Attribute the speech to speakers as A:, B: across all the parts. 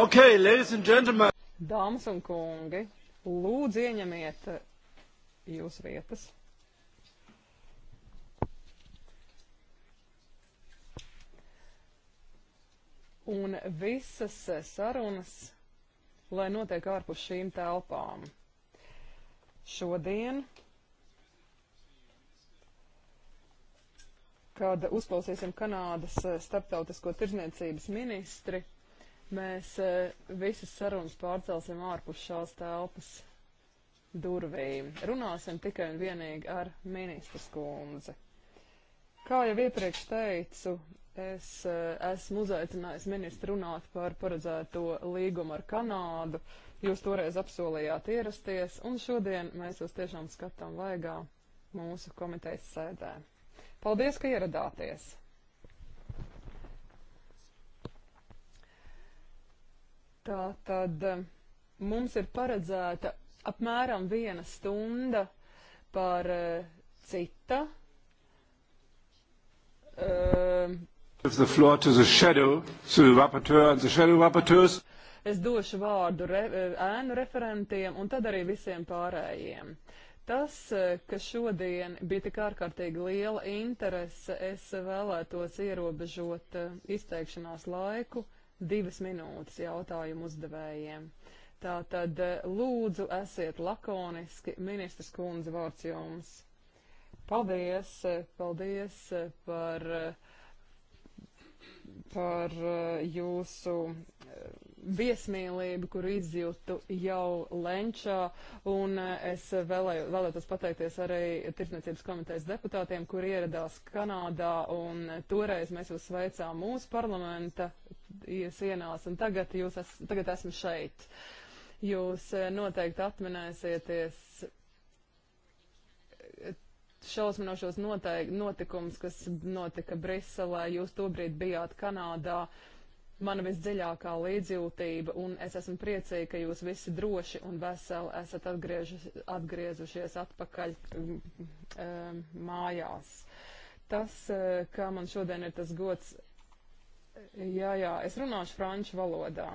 A: Okay, ladies and gentlemen. Dāmas un kungi, lūdzu ieņemiet jūsu vietas. Un visas sarunas, lai notiek ārpus šīm telpām. Šodien kad uzklausīsim Kanādas starptautisko tirzniecības ministri Mēs eh, visas sarunas pārcelsim ārpus šās telpas durvīm. Runāsim tikai un vienīgi ar ministras kundzi. Kā jau iepriekš teicu, es eh, esmu uzaicinājis ministru runāt par paredzēto līgumu ar Kanādu. Jūs toreiz apsolījāt ierasties, un šodien mēs jūs tiešām skatām vaigā mūsu komitejas sēdē. Paldies, ka ieradāties! Tā tad eh, mums ir paredzēta apmēram viena stunda par uh, cita. Uh, shadow, es došu vārdu re, eh, ēnu referentiem un tad arī visiem pārējiem. Tas, ka šodien bija tik ārkārtīgi liela interese, es vēlētos ierobežot izteikšanās laiku. Uh, divas minūtes jautājumu uzdevējiem. Tātad eh, lūdzu esiet lakoniski, ministrs kundze vārds jums. Paldies, eh, paldies eh, par, par jūsu viesmīlību, kur izjūtu jau Lenčā, un es vēlēju, vēlētos pateikties arī Tirzniecības komitejas deputātiem, kur ieradās Kanādā, un toreiz mēs jūs sveicām mūsu parlamenta iesienās, un tagad, jūs es, tagad esmu šeit. Jūs noteikti atminēsieties šausminošos noteik, notikums, kas notika Briselē, jūs tobrīd bijāt Kanādā. Uh, mana visdziļākā līdzjūtība, un es esmu priecīga, ka jūs visi droši un veseli esat atgriežu, atgriezušies atpakaļ um, um mājās. Tas, uh, kā man šodien ir tas gods, jā, jā, es runāšu franču valodā.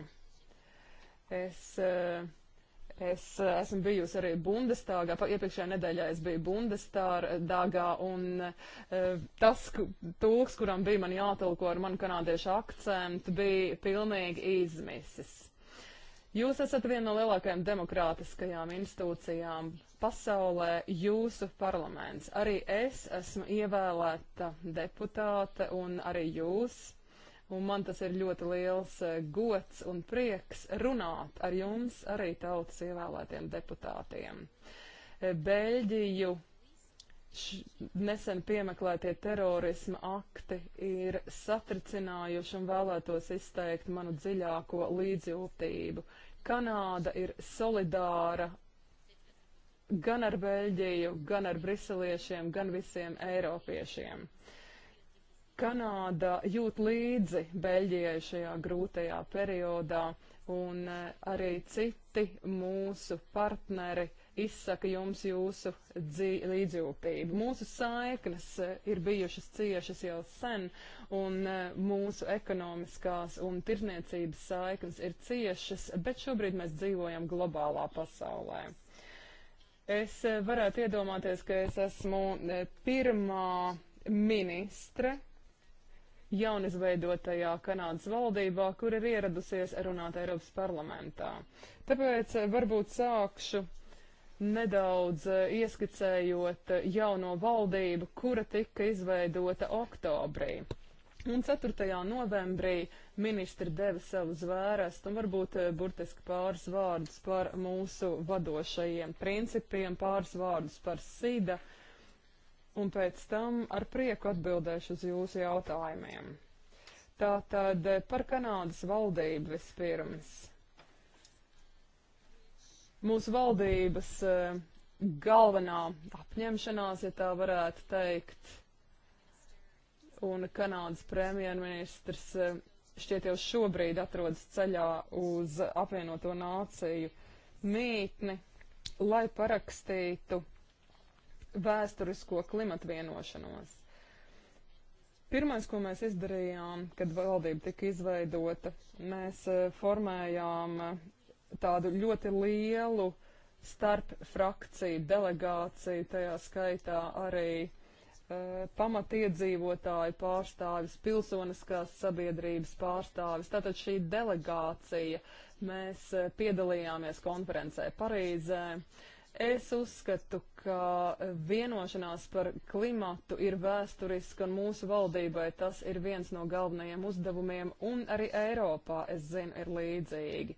A: Es uh, Es eh, esmu bijusi arī Bundestāgā, iepriekšējā nedēļā es biju Bundestāgā, un e, tas tulks, kuram bija man jātulko ar manu kanādiešu akcentu, bija pilnīgi izmisis. Jūs esat viena no lielākajām demokrātiskajām institūcijām pasaulē, jūsu parlaments. Arī es esmu ievēlēta deputāte un arī jūs un man tas ir ļoti liels eh, gods un prieks runāt ar jums, arī tautas ievēlētiem deputātiem. Eh, Beļģiju nesen piemeklētie terorisma akti ir satricinājuši un vēlētos izteikt manu dziļāko līdzjūtību. Kanāda ir solidāra gan ar Beļģiju, gan ar briseliešiem, gan visiem eiropiešiem. Uh, Kanāda jūt līdzi Beļģijai šajā grūtajā periodā, un eh, arī citi mūsu partneri izsaka jums jūsu līdzjūtību. Mūsu saiknes eh, ir bijušas ciešas jau sen, un eh, mūsu ekonomiskās un tirzniecības saiknes ir ciešas, bet šobrīd mēs dzīvojam globālā pasaulē. Es varētu iedomāties, ka es esmu pirmā ministre, jaunizveidotajā Kanādas valdībā, kur ir ieradusies runāt Eiropas parlamentā. Tāpēc eh, varbūt sākšu nedaudz eh, ieskicējot eh, jauno valdību, kura tika izveidota oktobrī. Un 4. novembrī ministri deva savu zvērstu un varbūt burtiski pāris vārdus par mūsu vadošajiem principiem, pāris vārdus par SIDA, uh, un pēc tam ar prieku atbildēšu uz jūsu jautājumiem. Tātad eh, par Kanādas valdību vispirms. Mūsu valdības eh, galvenā apņemšanās, ja tā varētu teikt, un Kanādas premjerministrs eh, šķiet jau šobrīd atrodas ceļā uz apvienoto nāciju mītni, lai parakstītu vēsturisko klimatu vienošanos. Pirmais, ko mēs izdarījām, kad valdība tika izveidota, mēs e, formējām e, tādu ļoti lielu starp frakciju delegāciju, tajā skaitā arī uh, pamatiedzīvotāju pārstāvis, pilsoniskās sabiedrības pārstāvis. Tātad šī delegācija mēs uh, piedalījāmies konferencē Parīzē. Uh, Es uzskatu, ka vienošanās par klimatu ir vēsturiska un mūsu valdībai tas ir viens no galvenajiem uzdevumiem, un arī Eiropā, es zinu, ir līdzīgi.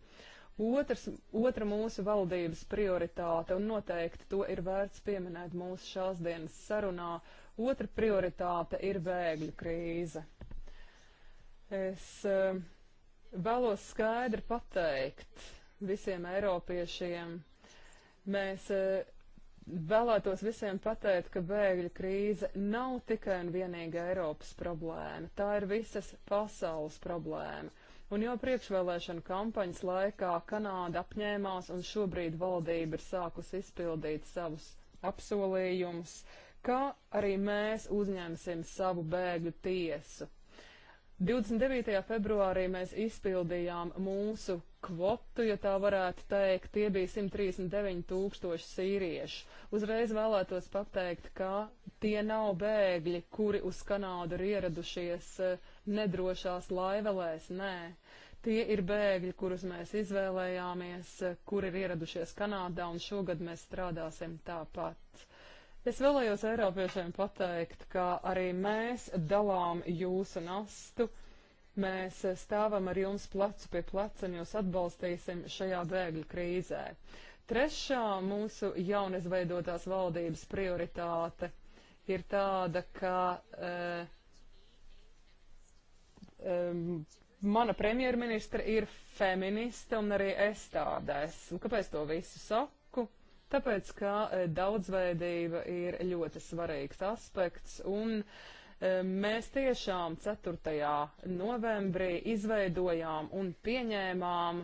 A: Otrs, otra mūsu valdības prioritāte, un noteikti to ir vērts pieminēt mūsu šās dienas sarunā, otra prioritāte ir bēgļu krīze. Es eh, vēlos skaidri pateikt visiem eiropiešiem, Mēs e, vēlētos visiem pateikt, ka bēgļu krīze nav tikai un vienīgi Eiropas problēma, tā ir visas pasaules problēma. Un jau priekšvēlēšana kampaņas laikā Kanāda apņēmās un šobrīd valdība ir sākusi izpildīt savus apsolījumus, ka arī mēs uzņemsim savu bēgļu tiesu. 29. februārī mēs izpildījām mūsu kvotu, ja tā varētu teikt, tie bija 139 tūkstoši sīriešu. Uzreiz vēlētos pateikt, ka tie nav bēgļi, kuri uz Kanādu ir ieradušies eh, nedrošās laivelēs, nē. Tie ir bēgļi, kurus mēs izvēlējāmies, eh, kuri ir ieradušies Kanādā, un šogad mēs strādāsim tāpat. Es vēlējos Eiropiešiem pateikt, ka arī mēs dalām jūsu nastu, mēs stāvam ar jums plecu pie pleca un jūs atbalstīsim šajā bēgļu krīzē. Trešā mūsu jaunizveidotās valdības prioritāte ir tāda, ka uh, um, mana premjerministra ir feminista un arī es tāda esmu. Nu, kāpēc to visu saku? Tāpēc, ka e, daudzveidība ir ļoti svarīgs aspekts un e, mēs tiešām 4. novembrī izveidojām un pieņēmām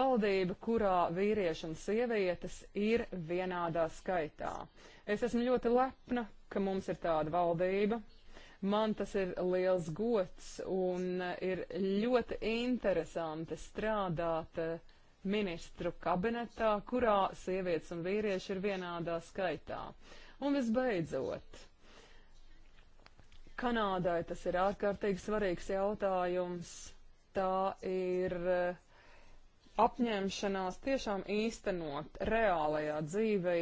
A: valdību, kurā vīrieši un sievietes ir vienādā skaitā. Es esmu ļoti lepna, ka mums ir tāda valdība. Man tas ir liels gods un e, ir ļoti interesanti strādāt uh, ministru kabinetā, kurā sievietes un vīrieši ir vienādā skaitā. Un visbeidzot, Kanādai tas ir ārkārtīgi svarīgs jautājums. Tā ir eh, apņemšanās tiešām īstenot reālajā dzīvē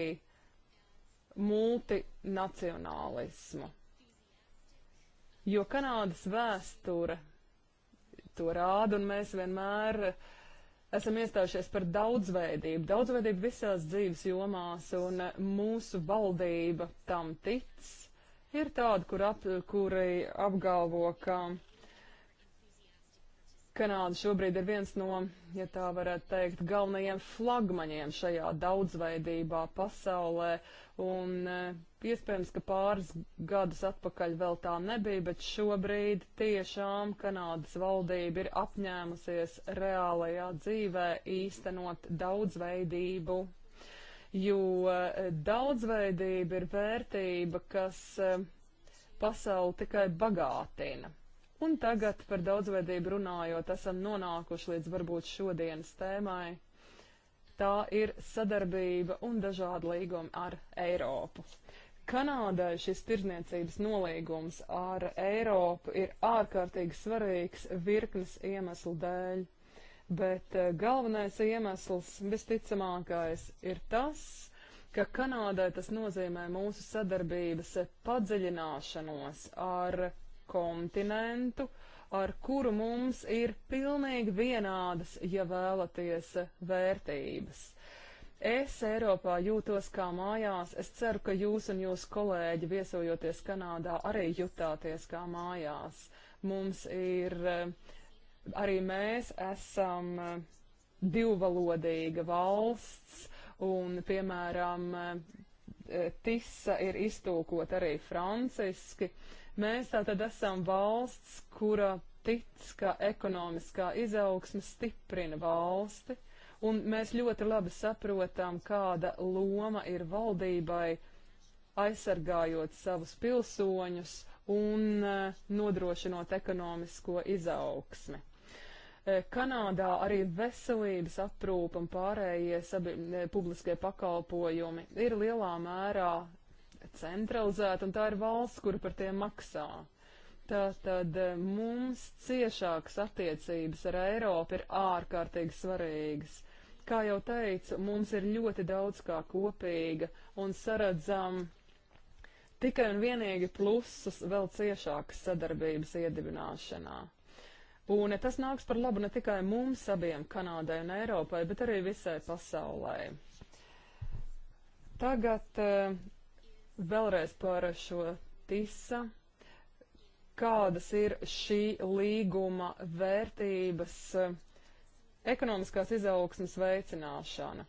A: multinacionālismu. Jo Kanādas vēsture to rāda, un mēs vienmēr uh, esam iestājušies par daudzveidību, daudzveidību visās dzīves jomās, un eh, mūsu valdība tam tic. Ir tāda, kur ap, kuri apgalvo, ka Kanāda šobrīd ir viens no, ja tā varētu teikt, galvenajiem flagmaņiem šajā daudzveidībā pasaulē. Uh, un e, iespējams, ka pāris gadus atpakaļ vēl tā nebija, bet šobrīd tiešām Kanādas valdība ir apņēmusies reālajā dzīvē īstenot daudzveidību, jo e, daudzveidība ir vērtība, kas e, pasauli tikai bagātina. Un tagad par daudzveidību runājot, esam nonākuši līdz varbūt šodienas tēmai tā ir sadarbība un dažādi līgumi ar Eiropu. Kanādai šis tirdzniecības nolīgums ar Eiropu ir ārkārtīgi svarīgs virknes iemeslu dēļ, bet eh, galvenais iemesls, visticamākais, ir tas, ka Kanādai tas nozīmē mūsu sadarbības padziļināšanos ar kontinentu, uh, ar kuru mums ir pilnīgi vienādas, ja vēlaties, vērtības. Es Eiropā jūtos kā mājās. Es ceru, ka jūs un jūsu kolēģi viesojoties Kanādā arī jutāties kā mājās. Mums ir, arī mēs esam divvalodīga valsts un, piemēram, Tisa ir iztūkot arī franciski. Uh, Mēs tātad esam valsts, kura tic, ka ekonomiskā izaugsme stiprina valsti, un mēs ļoti labi saprotam, kāda loma ir valdībai aizsargājot savus pilsoņus un eh, nodrošinot ekonomisko izaugsmi. Eh, Kanādā arī veselības aprūpa un pārējie sabi, eh, publiskie pakalpojumi ir lielā mērā centralizēta un tā ir valsts, kura par tiem maksā. Tātad eh, mums ciešākas attiecības ar Eiropu ir ārkārtīgi svarīgas. Kā jau teicu, mums ir ļoti daudz kā kopīga un saredzam tikai un vienīgi plusus vēl ciešākas sadarbības iedibināšanā. Un eh, tas nāks par labu ne tikai mums abiem, Kanādai un Eiropai, bet arī visai pasaulē. Tagad uh, Vēlreiz par šo tisa. Kādas ir šī līguma vērtības eh, ekonomiskās izaugsmas veicināšana?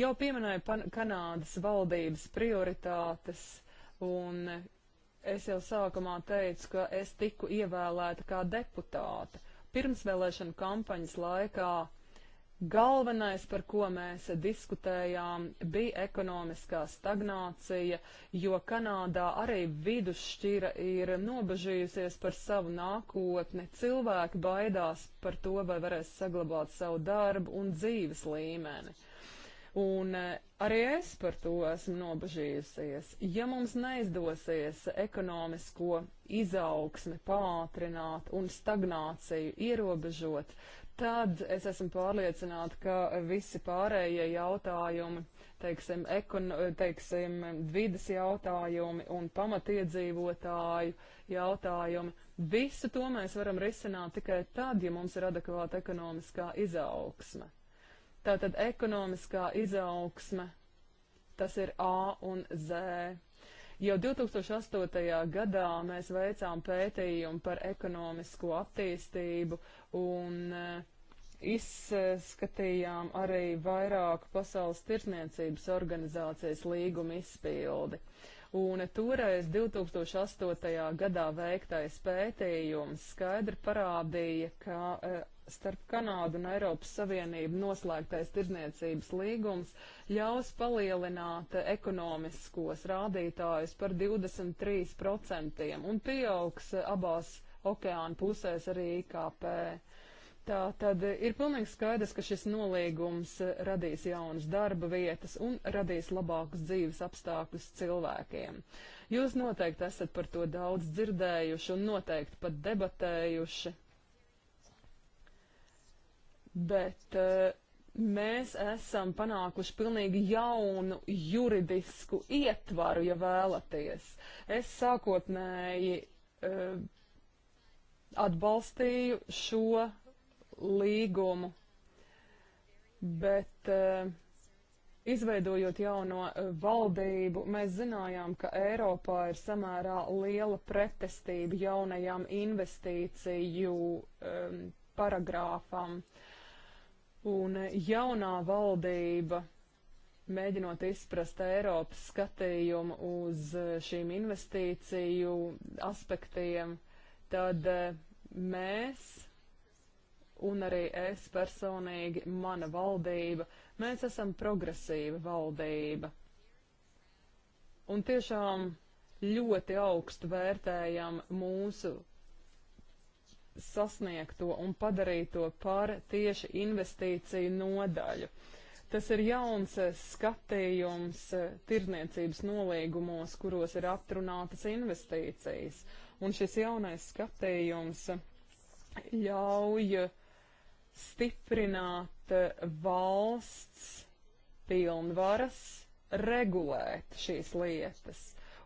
A: Jau pieminēju pan Kanādas valdības prioritātes, un es jau sākumā teicu, ka es tiku ievēlēta kā deputāte. Pirmsvēlēšana kampaņas laikā Galvenais, par ko mēs diskutējām, bija ekonomiskā stagnācija, jo Kanādā arī vidusšķira ir nobežījusies par savu nākotni. Cilvēki baidās par to, vai varēs saglabāt savu darbu un dzīves līmeni. Un e, arī es par to esmu nobežījusies. Ja mums neizdosies ekonomisko izaugsmi pātrināt un stagnāciju ierobežot, tad es esmu pārliecināta, ka visi pārējie jautājumi, teiksim, ekon, teiksim vidas jautājumi un pamatiedzīvotāju jautājumi, visu to mēs varam risināt tikai tad, ja mums ir adekvāta ekonomiskā izaugsme. Tātad ekonomiskā izaugsme, tas ir A un Z Jau 2008. gadā mēs veicām pētījumu par ekonomisko attīstību un eh, izskatījām arī vairāku pasaules tirsniecības organizācijas līgumu izpildi. Uh, un toreiz 2008. gadā veiktais pētījums skaidri parādīja, ka e, starp Kanādu un Eiropas Savienību noslēgtais tirdzniecības līgums ļaus palielināt ekonomiskos rādītājus par 23% un pieaugs abās okeāna pusēs arī IKP. Tā tad ir pilnīgi skaidrs, ka šis nolīgums eh, radīs jaunas darba vietas un radīs labākus dzīves apstākļus cilvēkiem. Jūs noteikti esat par to daudz dzirdējuši un noteikti pat debatējuši. Bet eh, mēs esam panākuši pilnīgi jaunu juridisku ietvaru, ja vēlaties. Es sākotnēji eh, atbalstīju šo līgumu. Bet uh, izveidojot jauno eh, valdību, mēs zinājām, ka Eiropā ir samērā liela pretestība jaunajām investīciju um, paragrāfam. Un eh, jaunā valdība mēģinot izprast Eiropas skatījumu uz šīm investīciju aspektiem, tad mēs un arī es personīgi, mana valdība, mēs esam progresīva valdība. Un tiešām ļoti augstu vērtējam mūsu sasniegto un padarīto par tieši investīciju nodaļu. Tas ir jauns eh, skatījums eh, tirdzniecības nolīgumos, kuros ir atrunātas investīcijas. Un šis jaunais skatījums ļauj uh, stiprināt eh, valsts pilnvaras regulēt šīs lietas.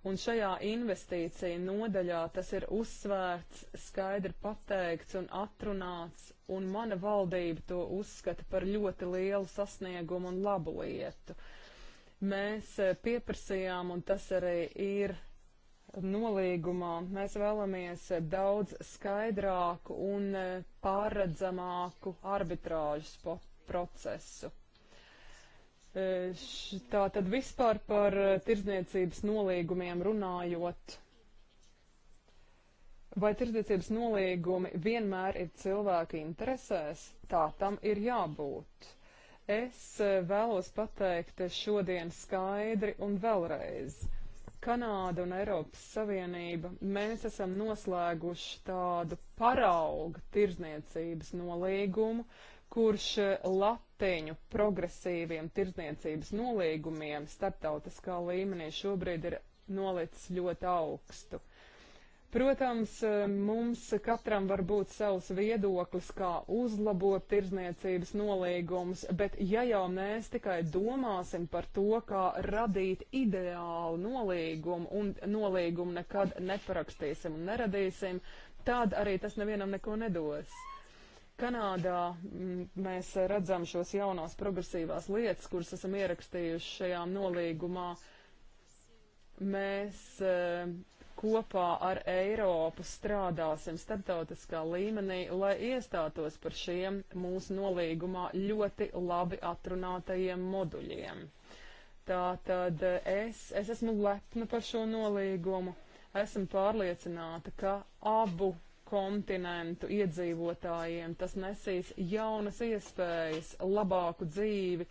A: Un šajā investīcija nodaļā tas ir uzsvērts, skaidri pateikts un atrunāts, un mana valdība to uzskata par ļoti lielu sasniegumu un labu lietu. Mēs eh, pieprasījām, un tas arī ir nolīgumā. Mēs vēlamies daudz skaidrāku un e, pārredzamāku arbitrāžas procesu. E, tā tad vispār par e, tirdzniecības nolīgumiem runājot. Vai tirdzniecības nolīgumi vienmēr ir cilvēku interesēs? Tā tam ir jābūt. Es vēlos pateikt šodien skaidri un vēlreiz. Kanāda un Eiropas Savienība, mēs esam noslēguši tādu parauga tirzniecības nolīgumu, kurš latiņu progresīviem tirzniecības nolīgumiem starptautiskā līmenī šobrīd ir nolicis ļoti augstu. Protams, eh, mums katram var būt savs viedoklis, kā uzlabot tirzniecības nolīgumus, bet ja jau mēs tikai domāsim par to, kā radīt ideālu nolīgumu un nolīgumu nekad neparakstīsim un neradīsim, tad arī tas nevienam neko nedos. Kanādā mm, mēs redzam šos jaunās progresīvās lietas, kuras esam ierakstījuši šajā nolīgumā. Mēs eh, kopā ar Eiropu strādāsim starptautiskā līmenī, lai iestātos par šiem mūsu nolīgumā ļoti labi atrunātajiem moduļiem. Tātad es, es esmu lepna par šo nolīgumu. Esmu pārliecināta, ka abu kontinentu iedzīvotājiem tas nesīs jaunas iespējas, labāku dzīvi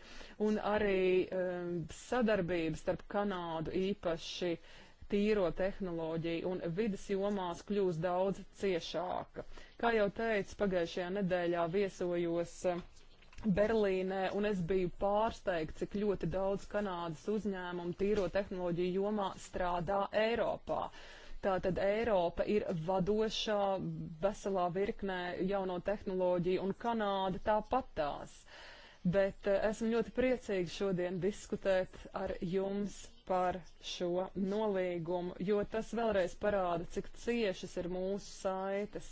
A: un arī um, sadarbības starp Kanādu īpaši uh, tīro tehnoloģiju un vidas jomās kļūs daudz ciešāka. Kā jau teicu, pagājušajā nedēļā viesojos eh, Berlīnē, un es biju pārsteigts, cik ļoti daudz Kanādas uzņēmumu tīro tehnoloģiju jomā strādā Eiropā. Tātad Eiropa ir vadošā veselā virknē jauno tehnoloģiju, un Kanāda tāpat tās. Bet eh, esmu ļoti priecīgi šodien diskutēt ar jums par šo nolīgumu, jo tas vēlreiz parāda, cik ciešas ir mūsu saites.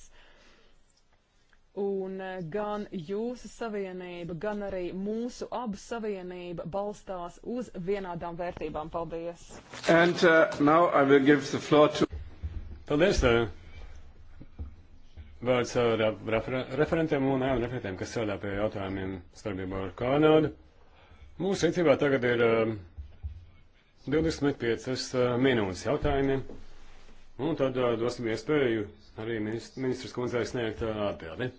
A: Un eh, gan jūsu savienība, gan arī mūsu abu savienība balstās uz vienādām vērtībām. Paldies!
B: And, uh, to... Paldies! Eh, vārds uh, refer referentiem un ēnu referentiem, kas strādā pie jautājumiem starpībā ar Kanādu. Mūsu rīcībā tagad ir uh, 25 eh, minūtes jautājumiem, un tad eh, dosim iespēju arī ministrs kundzei sniegt eh, atbildi.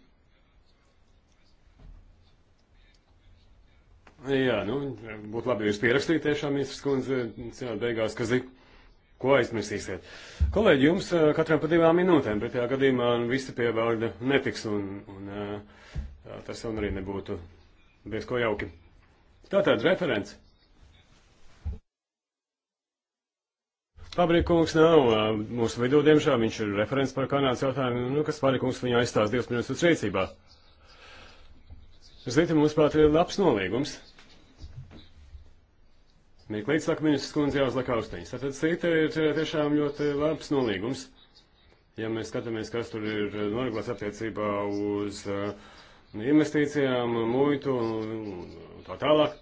B: Jā, nu, būtu labi jūs pierakstīt tiešām, ministrs kundze, jā, beigās, ka zik, ko aizmirsīsiet. Kolēģi, jums katram pa divām minūtēm, bet tajā gadījumā visi pie vārda netiks, un, un jā, tas jau arī nebūtu bez ko jauki. Tātad, referents. Fabrikungs nav mūsu vidū, diemžēl viņš ir referents par Kanādas jautājumu, nu, kas Fabrikungs viņu aizstās divas minūtes rīcībā. Ziti, mums prāt, ir labs nolīgums. Mīklīt, saka ministrs kundze, jāuzliek austiņas. Tātad Ziti ir tiešām ļoti labs nolīgums. Ja mēs skatāmies, kas tur ir noregulēts attiecībā uz investīcijām, muitu un tā tālāk.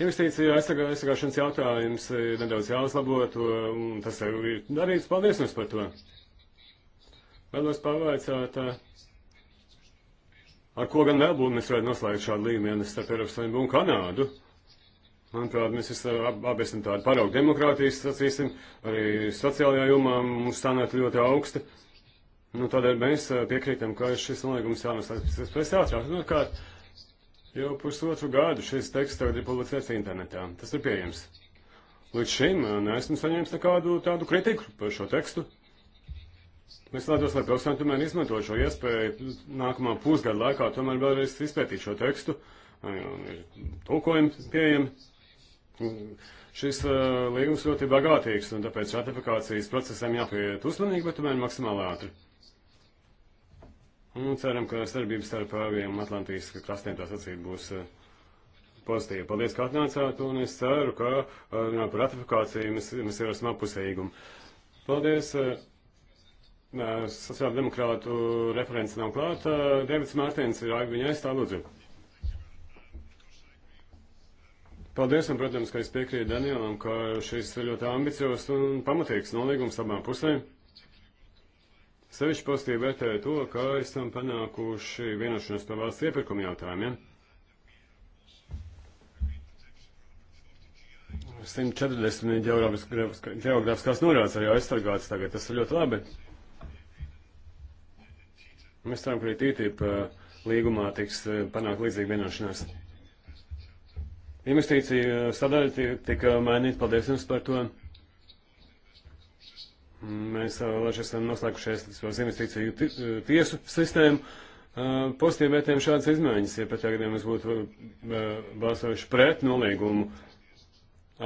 B: Investīciju aizsargā, aizsargāšanas jautājums ir nedaudz jāuzlabo, to, un tas jau ir darīts. Paldies jums par to. Vēlos pavaicāt, ar ko gan vēl būtu mēs varētu noslēgt šādu līmeni starp Eiropas Savienību un Kanādu. Manuprāt, mēs visi ab, abi esam tādi paraugi demokrātijas, sacīsim, arī sociālajā jomā mums stāvēt ļoti augsti. Nu, tādēļ mēs piekrītam, ka šis nolīgums jānoslēdz pēc ātrāk. Nu, kārt, Jau pusotru gadu šis teksts tagad ir publicēts internetā. Tas ir pieejams. Līdz šim uh, neesmu saņēmis nekādu tādu kritiku par šo tekstu. Es vēlētos, lai pilsēta tomēr izmanto šo iespēju nākamā pusgada laikā tomēr vēlreiz izpētīt šo tekstu. Uh, ir tulkojumi pieejami. Šis uh, līgums ļoti bagātīgs, un tāpēc ratifikācijas procesam jāpiet uzmanīgi, bet tomēr maksimāli ātri. Un ceram, ka starpības starp abiem Atlantijas krastiem tā sacīt būs eh, pozitīva. Paldies, ka atnācāt, un es ceru, ka eh, runā par ratifikāciju mēs, mēs jau esam apusējīgumu. Paldies. Eh, Sociāla demokrātu referents nav klāta. Devits Mārtiņš ir viņa aizstāv lūdzu. Paldies, un, protams, ka es piekrītu Danielam, ka šis ļoti ambiciozs un pamatīgs nolīgums abām pusēm. Sevišķi pozitīvi vērtēju to, ka esam panākuši vienošanos par valsts iepirkumu jautājumiem. Ja? 140 geogrāfiskās norādes arī aizsargātas tagad. Tas ir ļoti labi. Mēs ceram, ka arī TTIP uh, līgumā tiks uh, panākt līdzīgi vienošanās. Investīcija uh, sadaļa tika mainīta. Paldies jums par to. Mēs laši esam noslēgušies savas investīciju tiesu sistēmu. Pozitīvi vērtējam šādas izmaiņas, ja pat tagad mēs būtu balsojuši pret nolīgumu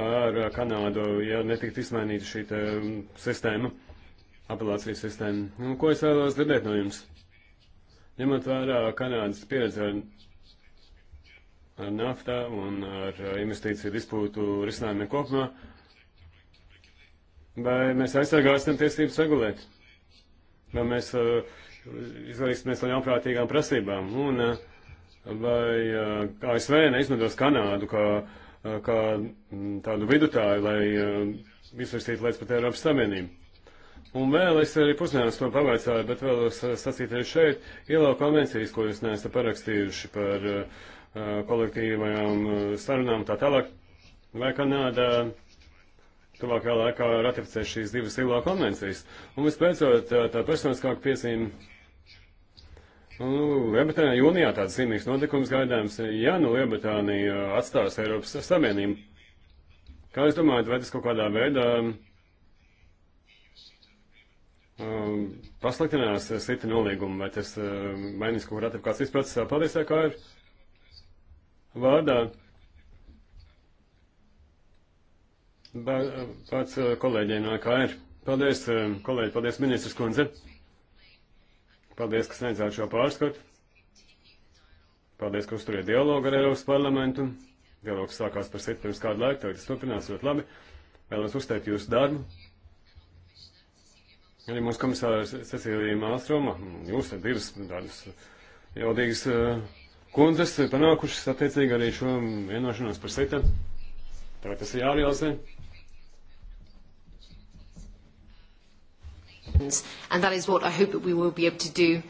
B: ar Kanādu, ja netiktu izmainīta šī sistēma, apelācijas sistēma. Un nu, ko es vēlos dzirdēt no jums? Ņemot vērā Kanādas pieredzi ar, ar naftā un ar investīciju dispūtu risinājumiem kopumā, uh, Vai mēs aizsargāsim tiesības regulēt? Vai mēs uh, izvairīsimies no ļaunprātīgām prasībām? Un uh, vai uh, eh, ASV neizmantos Kanādu kā, uh, kā mm, tādu vidutāju, lai uh, izvirsītu līdz pat Eiropas Savienību? Un vēl es arī pusdienās to pavaicāju, bet vēlos sacīt arī šeit, ielā konvencijas, ko jūs neesat parakstījuši par uh, kolektīvajām sarunām tā tālāk, vai Kanādā. Uh, tuvākajā laikā ratificēs šīs divas ILO konvencijas. Un vispēcot, tā, tā personiskāka piezīme. Nu, Lielbritānijā jūnijā tāds zīmīgs notikums gaidāms, ja nu Lielbritānija atstās Eiropas Savienību. Kā jūs domājat, vai tas kaut kādā veidā um, pasliktinās sita nolīgumu, vai tas um, mainīs kaut ko ratifikācijas procesā? Paldies, kā ir vārdā. Pats eh, kolēģiem no KR. Paldies, eh, kolēģi, paldies, ministrs kundze. Paldies, ka sniedzāt šo pārskatu. Paldies, ka uzturiet dialogu ar Eiropas parlamentu. Dialogs sākās par sit pirms kādu laiku, tagad tas turpinās ļoti labi. Vēlos uzteikt jūsu darbu. Arī mūsu komisāra Cecīlija Mālstroma, jūs te divas tādas jaudīgas eh, kundzes panākušas attiecīgi arī šo vienošanos par sita. Tagad tas ir jārealizē.
C: and that is what I hope that we will be able to do.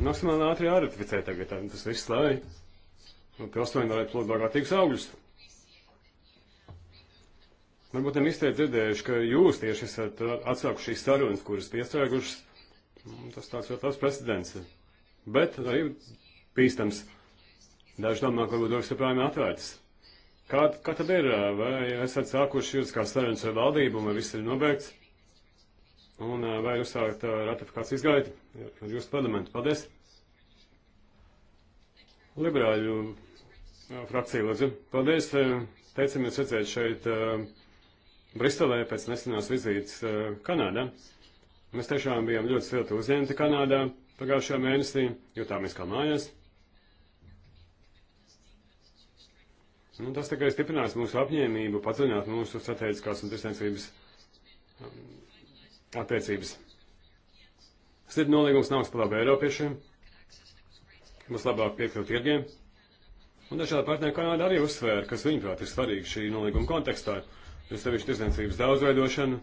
B: Maksimāli ātri jāratificē tagad tas viss, lai pilsoņi varētu plūt bagātīgus augļus. Varbūt ne visi te dzirdējuši, ka jūs tieši esat uh, atsākuši šīs sarunas, kuras piestrēgušas. Tas tāds ļoti labs precedents. Bet arī bīstams. Daži domā, ka varbūt durvis joprojām ir atvērtas. Kā, kā tad ir? Vai esat sākuši juridiskās sarunas ar valdību, vai viss ir nobeigts? Un eh, vai ir uzsākt eh, ratifikācijas gaita ar jūsu parlamentu? Paldies! Liberāļu eh, frakcija, lūdzu. Paldies! Teicamies redzēt šeit Bristolē pēc nesenās vizītes Kanādā. Mēs tiešām bijām ļoti silti uzņemti Kanādā pagājušajā mēnesī, jutāmies kā mājās. Nu, tas tikai stiprinās mūsu apņēmību, padziļinās mūsu strateģiskās un tirsniecības um, attiecības. Slidu nolīgums nav spēlēta Eiropiešiem, mums labāk piekļūt tirgiem. Un dažādi partneri Kanāda arī uzsvēra, kas viņuprāt ir svarīgi šī nolīguma kontekstā, jo sevišķi tirsniecības daudzveidošana,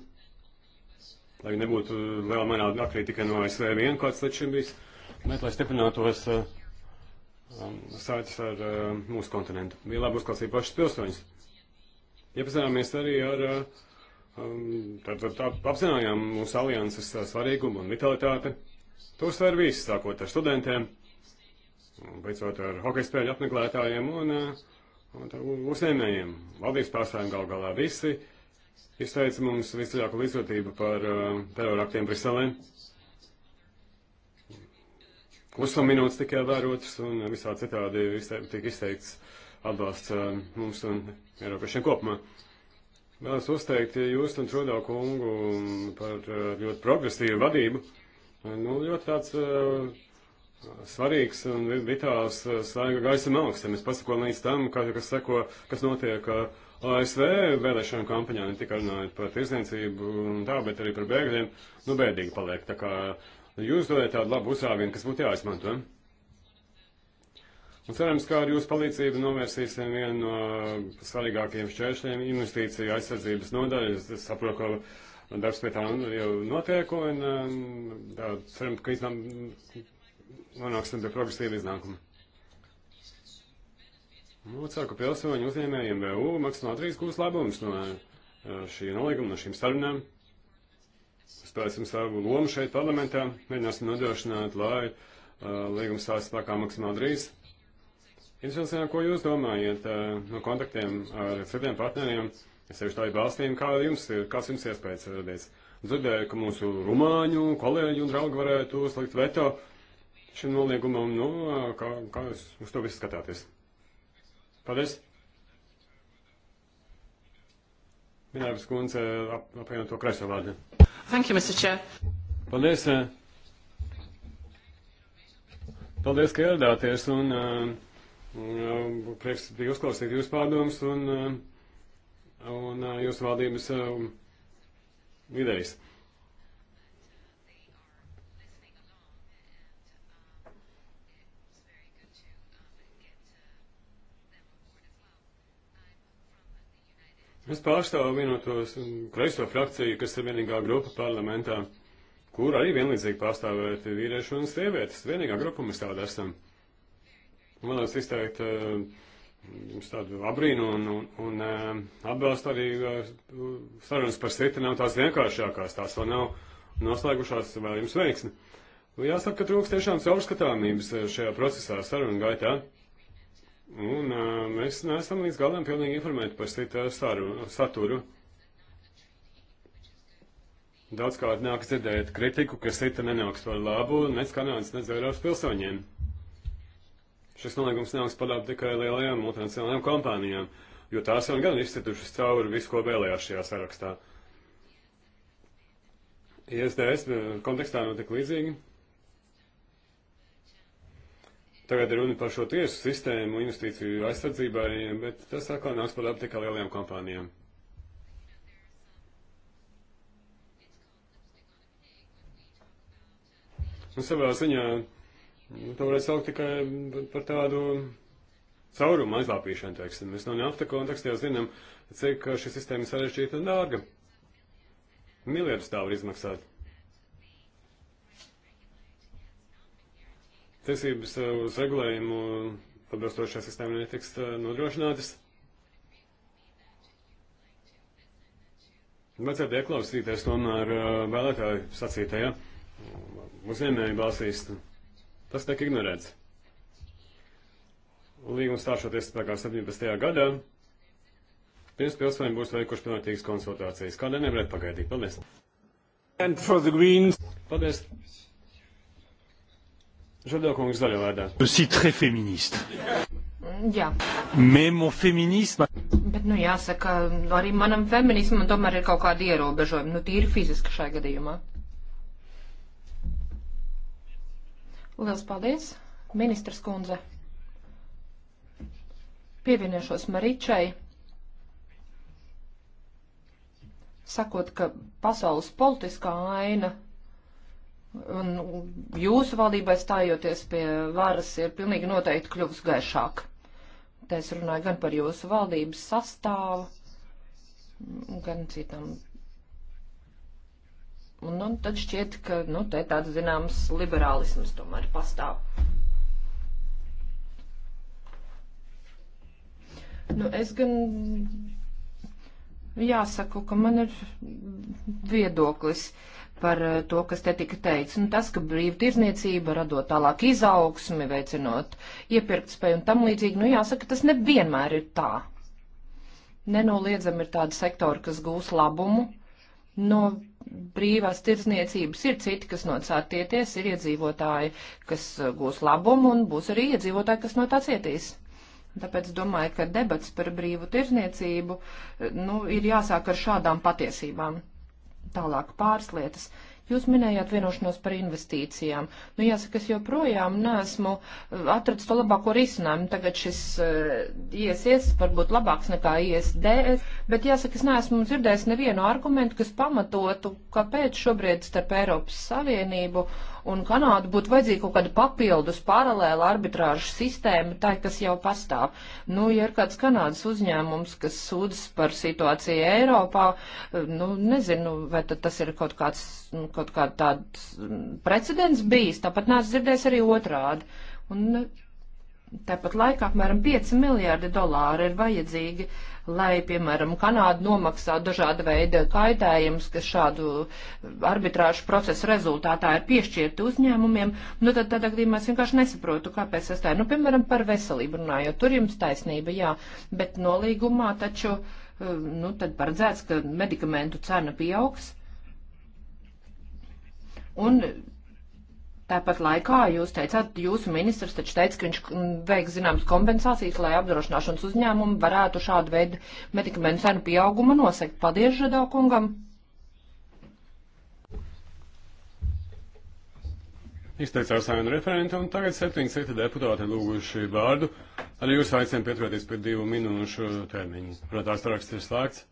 B: lai nebūtu liela manā atkarība tikai no ASV vien kāds līdz šim bijis, bet lai stiprinātos uh, Um, saites ar uh, mūsu kontinentu. Bija labi uzklausīt pašas pilsoņus. Iepazināmies arī ar, uh, um, tad, tad apzinājām mūsu alianses uh, svarīgumu un vitalitāti. To svēr visi, sākot ar studentiem, beidzot ar hokeja spēļu apmeklētājiem un, un uzņēmējiem, valdības pārstāvjiem gal galā visi izteica mums visdziļāko līdzjūtību par teroraktiem Briselē kluso minūtes tikai vērotas un visā citādi izteik, tiek izteikts atbalsts um, mums un Eiropiešiem kopumā. Vēlos uzteikt jūs un Trudau kungu par uh, ļoti progresīvu vadību. Nu, ļoti tāds uh, svarīgs un vitāls uh, svaiga gaisa melks. Ja mēs pasakojam līdz tam, kā, kas seko, kas notiek uh, ASV vēlēšanu kampaņā, ne tikai runājot par tirzniecību un tā, bet arī par bēgļiem, nu, bēdīgi paliek. Tā kā uh, Nu, jūs dodat tādu labu uzāvienu, kas būtu jāizmanto. Eh? Un cerams, ka ar jūsu palīdzību novērsīsim vienu no svarīgākajiem šķēršļiem - investīciju aizsardzības nodaļu. Es saprotu, ka darbs pie tā nu, jau notiek, un um, tā, cerams, ka iznām, nonāksim pie progresīva iznākuma. Nu, ceru, ka pilsoņi uzņēmējiem VU maksimāli drīz gūs labumus no uh, šī nolīguma, no šīm sarunām. No spēlēsim savu lomu šeit parlamentā, mēģināsim nodrošināt, lai uh, līgums stāsts spēkā maksimāli drīz. Interesanti, ko jūs domājat uh, no kontaktiem ar citiem partneriem, es sevišķi tāju balstīm, kā jums ir, kāds jums iespējas radies? Dzirdēju, ka mūsu rumāņu kolēģi un draugi varētu uzlikt veto šim noliegumam, nu, uh, kā, kā jūs uz to visu skatāties? Paldies! Minēvis kundze apvienot to kreiso vārdu. Thank you, Mr. Chair. Paldies. Eh. Paldies, ka ieradāties un uh, prieks bija uzklausīt jūsu pārdomas un, uh, un uh, jūsu valdības uh, idejas. Es pārstāvu vienotos um, kreiso frakciju, kas ir vienīgā grupa parlamentā, kur arī vienlīdzīgi pārstāvēt vīriešu un sievietes. Vienīgā grupa mēs tāda esam. Vēlos izteikt jums tādu abrīnu un, un, un um, atbalstu arī uh, sarunas par siti nav tās vienkāršākās, tās vēl nav noslēgušās, vēl jums veiksmi. Jāsaka, ka trūkst tiešām caurskatāmības uh, šajā procesā sarunu gaitā. Ja? Un mēs neesam līdz galam pilnīgi informēti par citu saturu. Daudzkārt nāks dzirdēt kritiku, ka cita nenāks par labu nec Kanādas, nec Eiropas pilsoņiem. Šis nolīgums nāks par labu tikai lielajām multinacionālajām kompānijām, jo tās jau gan izcietušas cauri visu, ko vēlējās šajā sarakstā. ISDS kontekstā notika līdzīgi. Tagad ir runa par šo tiesu sistēmu investīciju aizsardzībai, bet tas atkal nāks par labu tikai lielajām kompānijām. Un savā ziņā nu, to varētu saukt tikai par tādu caurumu aizlāpīšanu, teiksim. Mēs no nafta kontekstā jau zinām, cik šī sistēma sarežģīta un dārga. Miljardus tā var izmaksāt. tiesības eh, uz regulējumu atbilstošā sistēma netiks eh, nodrošinātas. Vajadzētu ieklausīties tomēr eh, vēlētāju sacītajā. Ja? Uzņēmēju balsīs. Tas tiek ignorēts. Līgums stāšoties spēkā 17. gadā. Pirms pilsoņiem būs veikuši pilnvērtīgas konsultācijas. Kādēļ nevarētu pagaidīt? Paldies! Paldies! Žadokungs zaļo vārdā. Tu esi tre feminist. Jā. Mēmo feminisma.
C: Bet, nu, jāsaka, arī manam feminismam tomēr ir kaut kādi ierobežojumi, nu, tīri fiziski šajā gadījumā. Liels paldies, ministrs kundze. Pievienošos Maričai. Sakot, ka pasaules politiskā aina Un jūsu valdībai stājoties pie varas ir pilnīgi noteikti kļuvusi gaišāk. Te es runāju gan par jūsu valdības sastāvu, gan citam. Un, un tad šķiet, ka, nu, te tāds zināms liberālisms tomēr pastāv. Nu, es gan jāsaku, ka man ir viedoklis. Uh, par eh, to, kas te tika teikts. Nu, tas, ka brīvtirzniecība radot tālāk izaugsmi, veicinot iepirktspēju un tam līdzīgi, nu jāsaka, tas nevienmēr ir tā. Nenoliedzami ir tādi sektori, kas gūs labumu no brīvās tirdzniecības, ir citi, kas no tā cieties, ir iedzīvotāji, kas eh, gūs labumu un būs arī iedzīvotāji, kas no tā cietīs. Tāpēc domāju, ka debats par brīvu tirdzniecību eh, nu, ir jāsāk ar šādām patiesībām tālāk pāris lietas. Jūs minējāt vienošanos par investīcijām. Nu, jāsaka, es joprojām neesmu eh, atradis to labāko risinājumu. Tagad šis uh, eh, ISS varbūt labāks nekā ISDS, bet jāsaka, es neesmu dzirdējis nevienu argumentu, kas pamatotu, kāpēc šobrīd starp Eiropas Savienību un Kanādu būtu vajadzīga kaut kāda papildus paralēla arbitrāžu sistēma, tā, kas jau pastāv. Nu, ja ir kāds Kanādas uzņēmums, kas sūdzas par situāciju Eiropā, nu, nezinu, vai tad tas ir kaut kāds, nu, kaut kāds tāds mm, precedents bijis, tāpat nāc dzirdēs arī otrādi. Un Tāpat laikā apmēram 5 miljārdi dolāri ir vajadzīgi, lai, piemēram, Kanāda nomaksā dažāda veida kaitējumus, kas šādu arbitrāžu procesu rezultātā ir piešķirti uzņēmumiem, nu tad tādā gadījumā es vienkārši nesaprotu, kāpēc tas tā ir. Nu, piemēram, par veselību runājot, tur jums taisnība, jā, bet nolīgumā taču, eh, nu, tad paredzēts, ka medikamentu cena pieaugs. Un Tāpat laikā jūs teicāt, jūsu ministrs taču teica, ka viņš mm, veiks zināmas kompensācijas, lai apdrošināšanas uzņēmumi varētu šādu veidu medikamentu cenu pieauguma nosegt. Paldies, Žadā kungam!
B: Izteicās ēnu referentu, un tagad septiņi citi deputāti lūguši vārdu. Arī jūs aicinu pieturēties pie divu minūšu termiņu. Protams, raksts ir slēgts.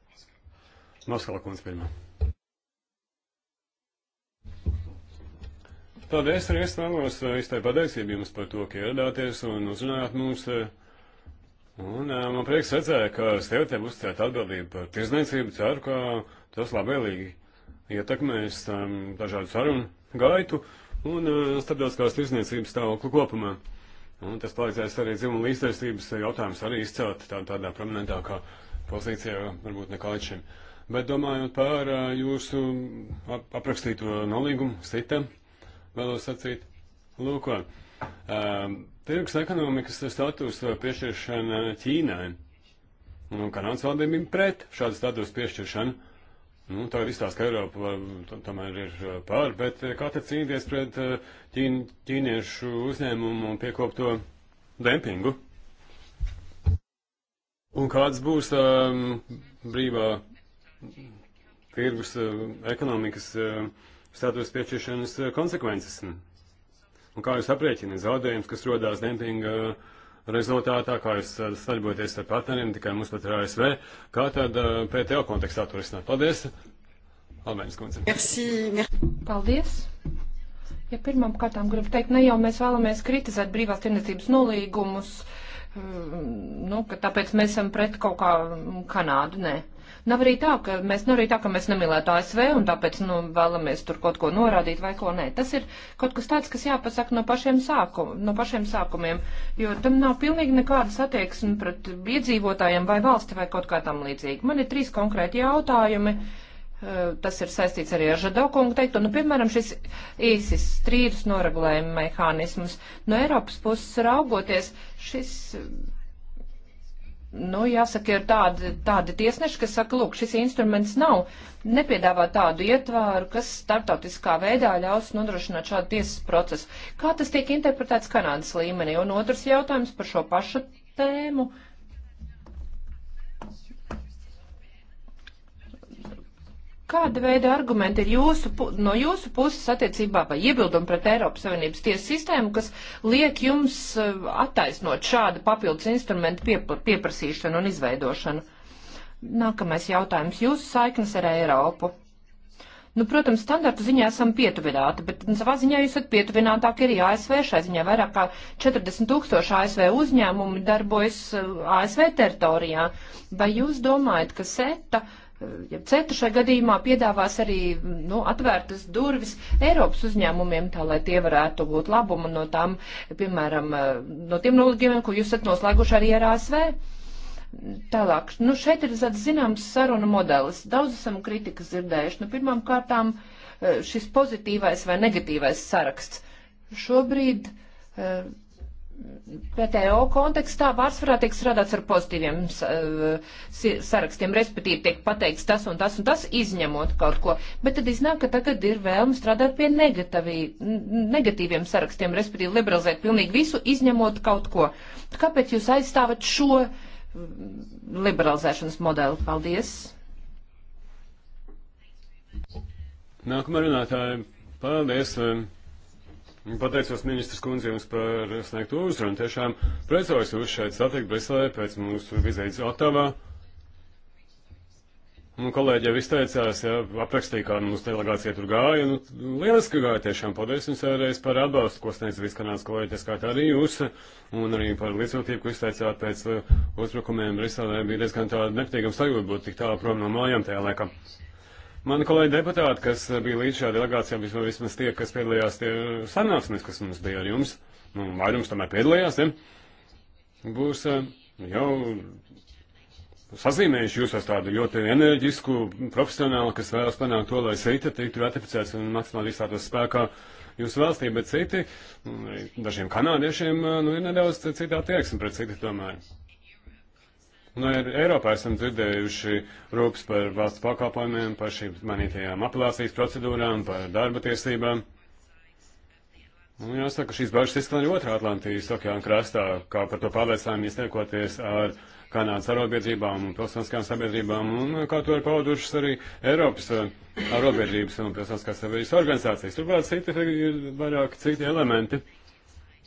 B: Moskala kundze pirmā. Paldies, arī es vēlos eh, izteikt pateicību jums par to, ka ieradāties un uzrunājāt mums. Eh. Un eh, man prieks redzēt, ka sievietēm uzticēt atbildību par tirzniecību. Ceru, ka tas labvēlīgi ietekmēs um, dažādu sarunu gaitu un uh, starptautiskās tirzniecības stāvokli kopumā. Un tas palīdzēs arī dzimumu līdztiesības jautājums arī izcelt tā, tādā prominentākā pozīcijā, varbūt nekā līdz šim. Bet domājot par uh, jūsu ap aprakstīto nolīgumu, sitam vēlos sacīt. Lūk, um, tirgus ekonomikas status piešķiršana Ķīnai. Un nu, Kanādas valdība ir pret šādu status piešķiršanu. Nu, tā ir izstāsts, ka Eiropa var, um, tomēr ir uh, pār, bet uh, kā tad cīnīties pret uh, ķīn, ķīniešu uzņēmumu un piekopto dempingu? Un kāds būs um, brīvā tirgus uh, ekonomikas uh, status piešķiršanas eh, konsekvences. Un kā jūs aprēķināt zaudējumus, kas rodās dempinga rezultātā, kā jūs eh, sadarbojaties ar partneriem, tikai mums pat ir ASV, kā tad eh, PTO kontekstā to risināt? Paldies! Almēnes kundze.
C: Paldies! Ja pirmām kārtām gribu teikt, ne jau mēs vēlamies kritizēt brīvās tirnestības nolīgumus, nu, ka tāpēc mēs esam pret kaut kā Kanādu, nē. Ne Nav arī tā, ka mēs, nav nu, arī tā, ka mēs nemīlētu ASV un tāpēc, nu, vēlamies tur kaut ko norādīt vai ko nē. Tas ir kaut kas tāds, kas jāpasaka no pašiem, sākum, no pašiem sākumiem, jo tam nav pilnīgi nekādas attieksmi pret iedzīvotājiem vai valsti vai kaut kā tam līdzīgi. Man ir trīs konkrēti jautājumi eh, tas ir saistīts arī ar Žadokungu teikto, nu, piemēram, šis īsis strīdus noregulējuma mehānisms. No Eiropas puses raugoties, šis nu, jāsaka, ir tādi, tādi tiesneši, kas saka, lūk, šis instruments nav, nepiedāvā tādu ietvāru, kas starptautiskā veidā ļaus nodrošināt šādu tiesas procesu. Kā tas tiek interpretēts Kanādas līmenī? Un otrs jautājums par šo pašu tēmu. Uh, Kāda veida argumenti ir jūsu, no jūsu puses attiecībā vai iebildumi pret Eiropas Savienības tiesu sistēmu, kas liek jums eh, attaisnot šādu papildus instrumentu pieprasīšanu un izveidošanu? Nākamais jautājums. Jūsu saiknes ar Eiropu. Nu, protams, standartu ziņā esam pietuvināti, bet savā ziņā jūs esat pietuvinātāki arī ASV. Šai ziņā vairāk kā 40 tūkstoši ASV uzņēmumi darbojas eh, ASV teritorijā. Vai jūs domājat, ka SETA? Uh, ja CETA šajā gadījumā piedāvās arī nu, atvērtas durvis Eiropas uzņēmumiem, tā lai tie varētu būt labumu no tām, piemēram, eh, no tiem nolīgumiem, ko jūs esat noslēguši arī ar ASV. Tālāk, nu, šeit ir zināms saruna modelis. Daudz esam kritikas dzirdējuši. Nu, pirmām kārtām eh, šis pozitīvais vai negatīvais saraksts. Šobrīd uh, PTO kontekstā pārsvarā tiek strādāts ar pozitīviem e, sarakstiem, respektīvi tiek pateikts tas un tas un tas, izņemot kaut ko. Bet tad iznāk, ka tagad ir vēlme strādāt pie negatīvi, negatīviem sarakstiem, respektīvi liberalizēt pilnīgi visu, izņemot kaut ko. Kāpēc jūs aizstāvat šo mm, liberalizēšanas modeli? Paldies!
B: Nākamā runātāja. Paldies! Vai... Um, Pateicos ministrs kundze jums par sniegto uzrunu. Tiešām priecājos jūs šeit satikt Briselē pēc mūsu vizītes Otavā. Un nu, kolēģi jau izteicās, ja aprakstīja, kā mūsu delegācija tur gāja. Nu, lieliski gāja tiešām. Paldies jums vēlreiz par atbalstu, ko sniedz viskanāls kolēģi, tā kā tā arī jūs. Un arī par līdzjūtību, ko izteicāt pēc uh, uzbrukumiem Briselē. Bija diezgan tāda nepatīkama sajūta būt tik tālu prom no mājām tajā laikā. Mani kolēģi deputāti, kas bija līdz šā delegācijā, vismaz, vismaz tie, kas piedalījās tie sanāksmes, kas mums bija ar jums, nu, vairums tomēr piedalījās, ja? būs eh, jau sazīmējuši jūs ar tādu ļoti enerģisku profesionālu, kas vēlas panākt to, lai sita tiktu ratificēts un maksimāli izstātos spēkā jūsu valstī, bet citi, nu, dažiem kanādiešiem, eh, nu, ir nedaudz citā tieksme pret citi tomēr. Nu, ir, Eiropā esam dzirdējuši rūpes par valsts pakalpojumiem, par šīm manītajām apelācijas procedūrām, par darba tiesībām. Un jāsaka, ka šīs bažas izskan arī otrā Atlantijas okeāna krastā, kā par to pārliecināmies tiekoties ar Kanādas arobiedrībām un pilsoniskām sabiedrībām, un kā to ir paudušas arī Eiropas eh, arobiedrības un pilsoniskās sabiedrības organizācijas. Turklāt citi ir vairāk citi elementi,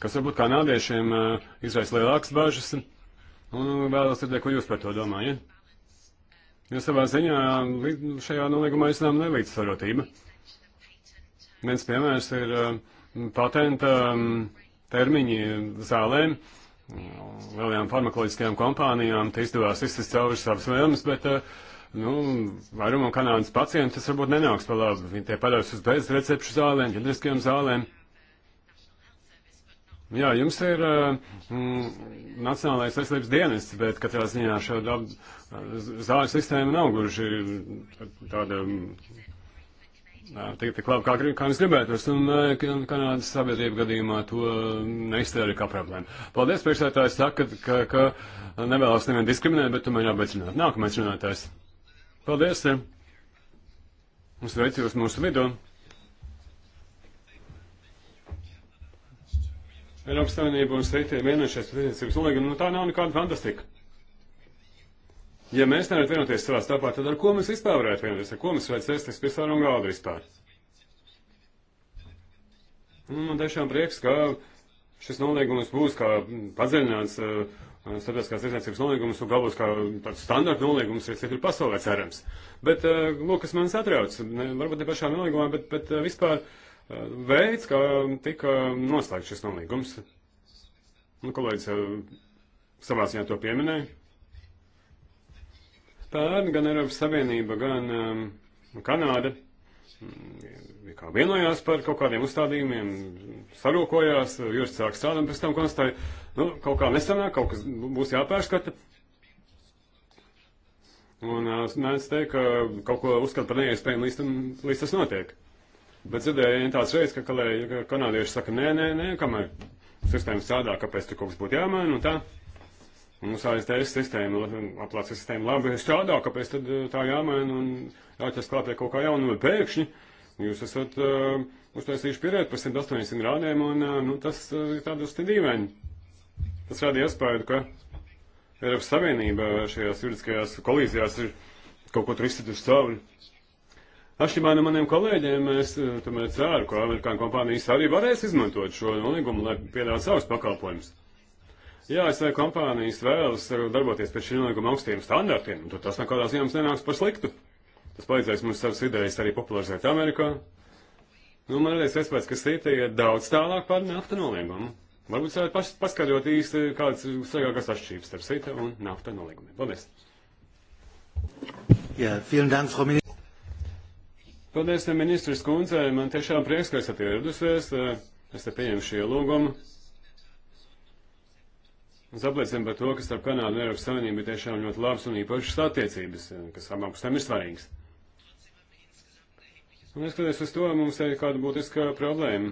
B: kas varbūt kanādiešiem eh, izraisa lielākas bažas. Un nu, vēlos dzirdēt, ko jūs par to domājat. Ja? Jo savā ziņā šajā nolīgumā izcinām nelīdzsvarotība. Viens piemērs ir um, patenta um, termiņi zālēm. Lielajām farmakoloģiskajām kompānijām te izdevās izsist cauri savas vēlmes, bet uh, nu, vairumam Kanādas pacientu tas varbūt nenāks par labu. Viņi tie paļaujas uz bezrecepšu zālēm, ģeneriskajām zālēm. Jā, jums ir mm, Nacionālais veselības dienests, bet katrā ziņā šāda eh, zāļu sistēma nav gluži tāda tik, tik laba, kā, kā mēs gribētos, un eh, Kanādas sabiedrība gadījumā to neiztēra kā problēmu. Paldies, priekšsētājs saka, ka, ka nevēlas nevienu diskriminēt, bet tomēr jābeidzināt. Nākamais runātājs. Paldies! Mums veic jūs mūsu vidū. Eiropas Savienība un Sveitiem vienojušies par tirdzniecības nolīgumu, nu tā nav nekāda fantastika. Ja mēs nevaram vienoties savā starpā, tad ar ko mēs vispār varētu vienoties? Ar ko mēs varētu sēsties pie sarunu galda vispār? Un nu, man tiešām prieks, ka šis nolīgums būs kā padziļināts uh, starptautiskās tirdzniecības nolīgums un galvos kā tāds standarta nolīgums ir citur pasaulē cerams. Bet, uh, lūk, kas man satrauc, ne, varbūt ne pašā nolīgumā, bet, bet uh, vispār. Uh, veids, kā tika noslēgts šis nolīgums. Nu, kolēģis savā ziņā to pieminēja. Pērn gan Eiropas Savienība, gan um, Kanāda mm, kā vienojās par kaut kādiem uzstādījumiem, sarūkojās, jūs sāk strādāt, pēc tam konstatēja, nu, kaut kā nesanāk, kaut kas būs jāpērskata. Un uh, nē, es teiktu, ka kaut ko uzskata par neiespējumu, līdz, tam, līdz tas notiek. Uh, Bet dzirdēju tās reizes, ka kalēji, kanādieši saka, nē, nē, nē, kamēr sistēma strādā, kāpēc tur kaut kas būtu jāmaina un tā. Un mums ASDS sistēma, aplāca sistēma labi strādā, kāpēc tad eh, tā jāmaina un jāķers klāt pie kaut kā jaunu, bet pēkšņi jūs esat uh, uztaisījuši pierēt par 180 grādiem un uh, nu, tas ir uh, tādus te dīvaini. Tas rada iespēju, ka Eiropas Savienība šajās juridiskajās kolīzijās ir kaut ko tur izsitusi cauri. Atšķirībā no maniem kolēģiem, es eh, tomēr ceru, ka amerikāņu kompānijas arī varēs izmantot šo nolīgumu, lai piedāvātu savus pakalpojumus. Jā, es vai kompānijas vēlas darboties pēc šī nolīguma augstiem standartiem, tad tas nekādā ziņā mums nenāks par sliktu. Tas palīdzēs mums savas idejas arī popularizēt Amerikā. Nu, man liekas, iespējas, ka Sīta ir daudz tālāk par nafta nolīgumu. Varbūt jūs varat paskaidrot īsti, kādas ir svarīgākās atšķirības starp Sīta un nafta nolīgumiem. Paldies! Jā, vielen dank, Frau Ministra. Paldies, ministrs kundze, man tiešām prieks, ka esat ieradusies, eh, esat pieņemši ielūgumu. Mēs apliecinām par to, ka starp Kanādu un Eiropas Savienību ir tiešām ļoti labas un īpašas attiecības, eh, kas abām pusēm ir svarīgas. Un neskatoties uz to, mums ir kāda būtiska problēma.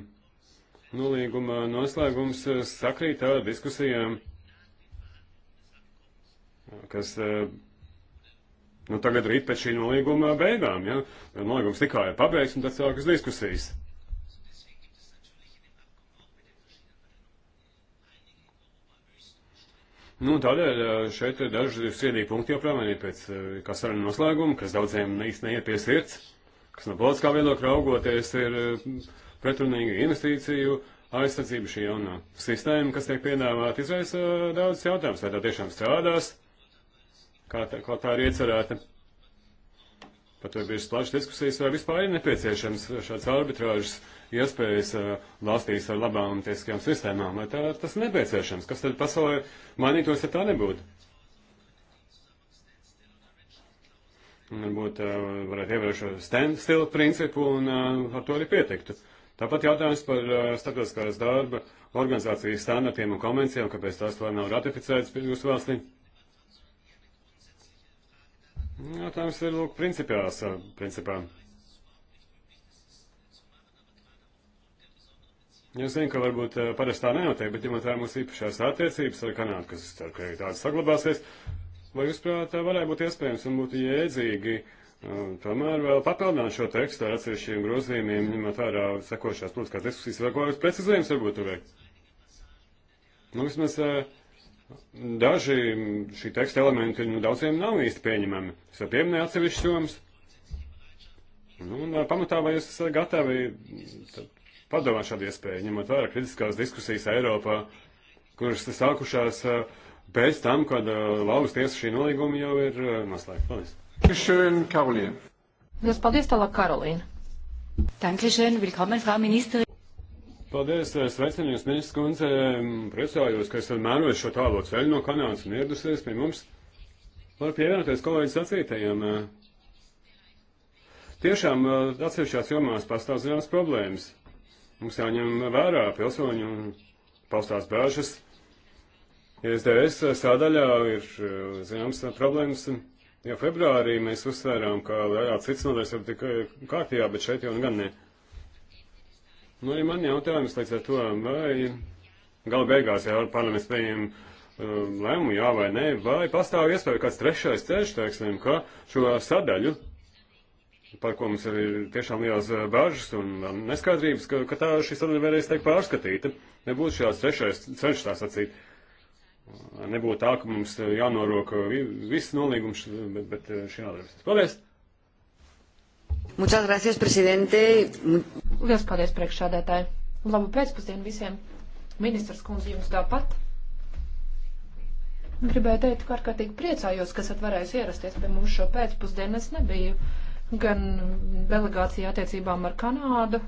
B: Nolīguma noslēgums eh, sakrīt ar diskusijām, kas Nu, tagad rīt pēc šī nolīguma beigām, ja? Nolīgums tikai ir pabeigts un tad sākas diskusijas. Nu, tādēļ eh, šeit ir daži sēdīgi punkti joprojām, arī pēc eh, kā saruna noslēguma, kas daudziem īsti neiet pie sirds, kas no politiskā viedokļa raugoties ir eh, pretrunīga investīciju aizsardzība šī jaunā sistēma, kas tiek piedāvāta, izraisa daudz jautājumus, vai tā tiešām strādās kā tā, kā tā ir iecerēta. Par to ir bijušas plašas diskusijas, vai vispār ir nepieciešams šāds arbitrāžas iespējas valstīs ar labām tiesiskajām sistēmām, vai tā, tas ir nepieciešams. Kas tad pasaulē mainītos, ja tā nebūtu? Un varbūt varētu ievērst šo stand still principu un ar to arī pietiktu. Tāpat jautājums par starptautiskās darba organizācijas standartiem un konvencijām, kāpēc tās vēl nav ratificētas jūsu valstī. Jautājums nu, ir, lūk, principiāls, principā. Jūs zināt, ka varbūt parasti tā nenotiek, bet ņemot ja vērā mūsu īpašās attiecības ar Kanādu, kas ceru, ka arī tādas saglabāsies, vai jūs prāt, varētu būt iespējams un būtu jēdzīgi tomēr vēl papildināt šo tekstu ar atsevišķiem grozījumiem, ņemot vērā sekošās politiskās diskusijas, vēl ko jūs precizējums varbūt tur vajag? Nu, vismaz uh, Daži šī teksta elementi nu, daudziem nav īsti pieņemami. Es jau pieminēju atsevišķus jomas. Nu, un pamatā vai jūs esat gatavi padomāt šādu iespēju, ņemot vērā kritiskās diskusijas Eiropā, kuras sākušās pēc tam, kad lauvas tiesa šī nolīguma jau ir noslēgta. Paldies! Šodien, Karolīna!
C: Jūs paldies tālāk, Karolīna! Dankeschön, willkommen, Frau Minister.
B: Paldies, eh, sveicinu jūs, ministrs kundze. Mm, priecājos, ka esat mērojis šo tālo ceļu no Kanādas un ieradusies pie mums. Var pievienoties kolēģis sacītajiem. Eh. Tiešām eh, atsevišķās jomās pastāv zināmas problēmas. Mums jāņem vērā pilsoņu paustās bāžas. ISDS sādaļā ir zināmas problēmas. Jau februārī mēs uzsvērām, ka jā, cits nodaļas jau tikai kārtībā, bet šeit jau gan ne. Nu, arī man jautājums līdz ar to, vai gala beigās jau parlaments pieņem um, lēmumu, jā vai nē, vai pastāv iespēja kāds trešais ceļš, teiksim, ka šo sadaļu, par ko mums ir tiešām liels uh, bažas un um, neskaidrības, ka, ka tā šī sadaļa vēlreiz tiek pārskatīta, nebūtu šāds trešais ceļš, tā sacīt. Nebūtu tā, ka mums uh, jānoroka viss nolīgums, bet, bet šī jādara. Paldies!
C: Muchas gracias, prezidente. Lielas paldies, priekšsādētāji. Labu pēcpusdienu visiem. Ministrs kundze jums tāpat. Gribēju teikt, ka ārkārtīgi priecājos, ka esat varējis ierasties pie mums šo pēcpusdienu. Es nebiju gan delegācijā attiecībām ar Kanādu.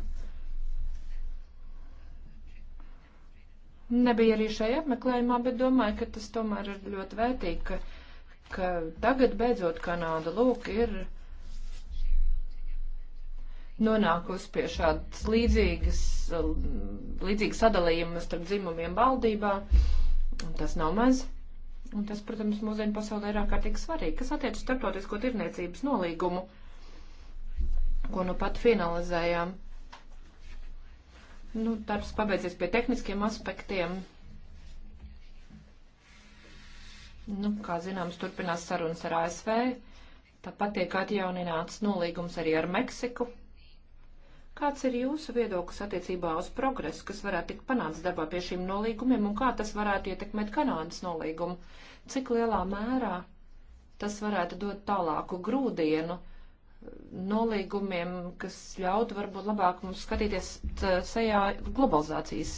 C: Nebija arī šajā apmeklējumā, bet domāju, ka tas tomēr ir ļoti vērtīgi, ka, ka tagad beidzot Kanāda lūk ir nonākusi pie šādas līdzīgas, līdzīgas sadalījuma starp dzimumiem valdībā, un tas nav maz. Un tas, protams, mūsdienu pasaulē ir ārkārtīgi svarīgi, kas attiec starptautisko tirniecības nolīgumu, ko nu pat finalizējām. Nu, darbs pabeidzies pie tehniskiem aspektiem. Nu, kā zināms, turpinās sarunas ar ASV. Tāpat tiek atjaunināts nolīgums arī ar Meksiku, Kāds ir jūsu viedoklis attiecībā uz progresu, kas varētu tikt panāts darbā pie šīm nolīgumiem, un kā tas varētu ietekmēt Kanādas nolīgumu? Cik lielā mērā tas varētu dot tālāku grūdienu nolīgumiem, kas ļautu varbūt labāk mums skatīties sejā globalizācijas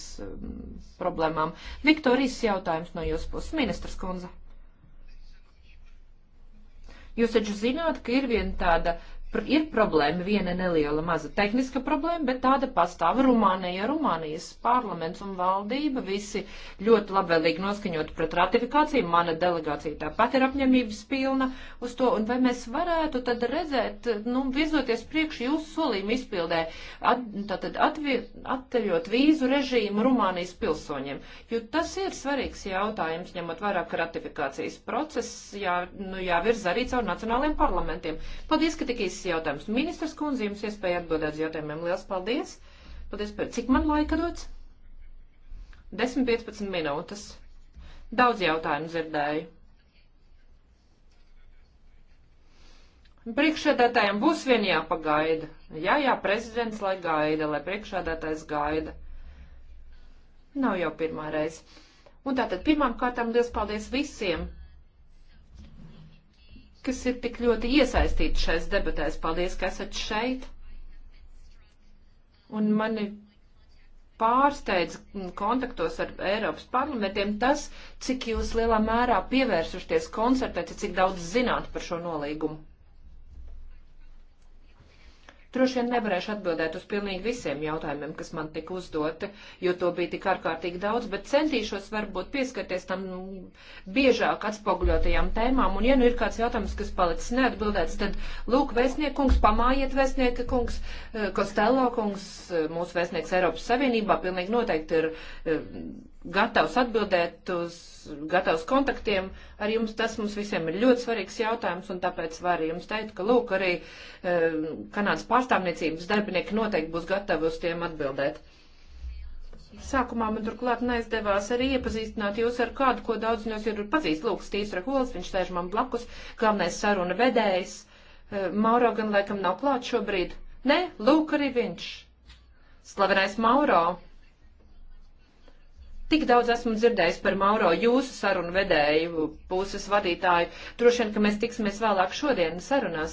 C: problēmām. Viktorijas jautājums no jūsu puses, ministrs Konza. Jūs taču zināt, ka ir viena tāda ir problēma, viena neliela maza tehniska problēma, bet tāda pastāv Rumānija, Rumānijas parlaments un valdība, visi ļoti labvēlīgi noskaņot pret ratifikāciju, mana delegācija tāpat ir apņemības pilna uz to, un vai mēs varētu tad redzēt, nu, virzoties priekš jūsu solījumu izpildē, at, tātad atvi, atteļot vīzu režīmu Rumānijas pilsoņiem, jo tas ir svarīgs jautājums, ņemot vairāk ratifikācijas process, jā, nu, jāvirza arī caur nacionāliem parlamentiem. Paldies, ka tik īsi visus jautājumus. Ministras kundze, jums iespēja atbildēt uz jautājumiem. Lielas paldies! Paldies par cik man laika dots? 10-15 minūtes. Daudz jautājumu dzirdēju. Priekšsēdētājiem būs vien jāpagaida. Jā, jā, prezidents lai gaida, lai priekšsēdētājs gaida. Nav jau pirmā reize. Un tātad pirmām kārtām liels paldies visiem! kas ir tik ļoti iesaistīti šais debatēs. Paldies, ka esat šeit. Un mani pārsteidz kontaktos ar Eiropas parlamentiem tas, cik jūs lielā mērā pievērsušties koncertēt, cik daudz zināt par šo nolīgumu. Droši vien nevarēšu atbildēt uz pilnīgi visiem jautājumiem, kas man tika uzdoti, jo to bija tik ārkārtīgi daudz, bet centīšos varbūt pieskarties tam biežāk atspoguļotajām tēmām, un ja nu ir kāds jautājums, kas palicis neatbildēts, tad lūk, vēstniekungs, pamājiet vēstniekungs, Kostelo kungs, eh, eh, mūsu vēstnieks Eiropas Savienībā pilnīgi noteikti ir eh, gatavs atbildēt uz, gatavs kontaktiem ar jums. Tas mums visiem ir ļoti svarīgs jautājums, un tāpēc varu jums teikt, ka lūk, arī e, Kanādas pārstāvniecības darbinieki noteikti būs gatavi uz tiem atbildēt. Sākumā man turklāt neizdevās arī iepazīstināt jūs ar kādu, ko daudz no jums ir pazīst. Lūk, Stīvs Rahols, viņš sēž man blakus, galvenais saruna vedējs. E, Mauro gan laikam nav klāt šobrīd. Nē, lūk arī viņš. Slavenais Mauro. Tik daudz esmu dzirdējis par Mauro jūsu sarunu vedēju puses vadītāju. Droši vien, ka mēs tiksimies vēlāk šodien sarunās.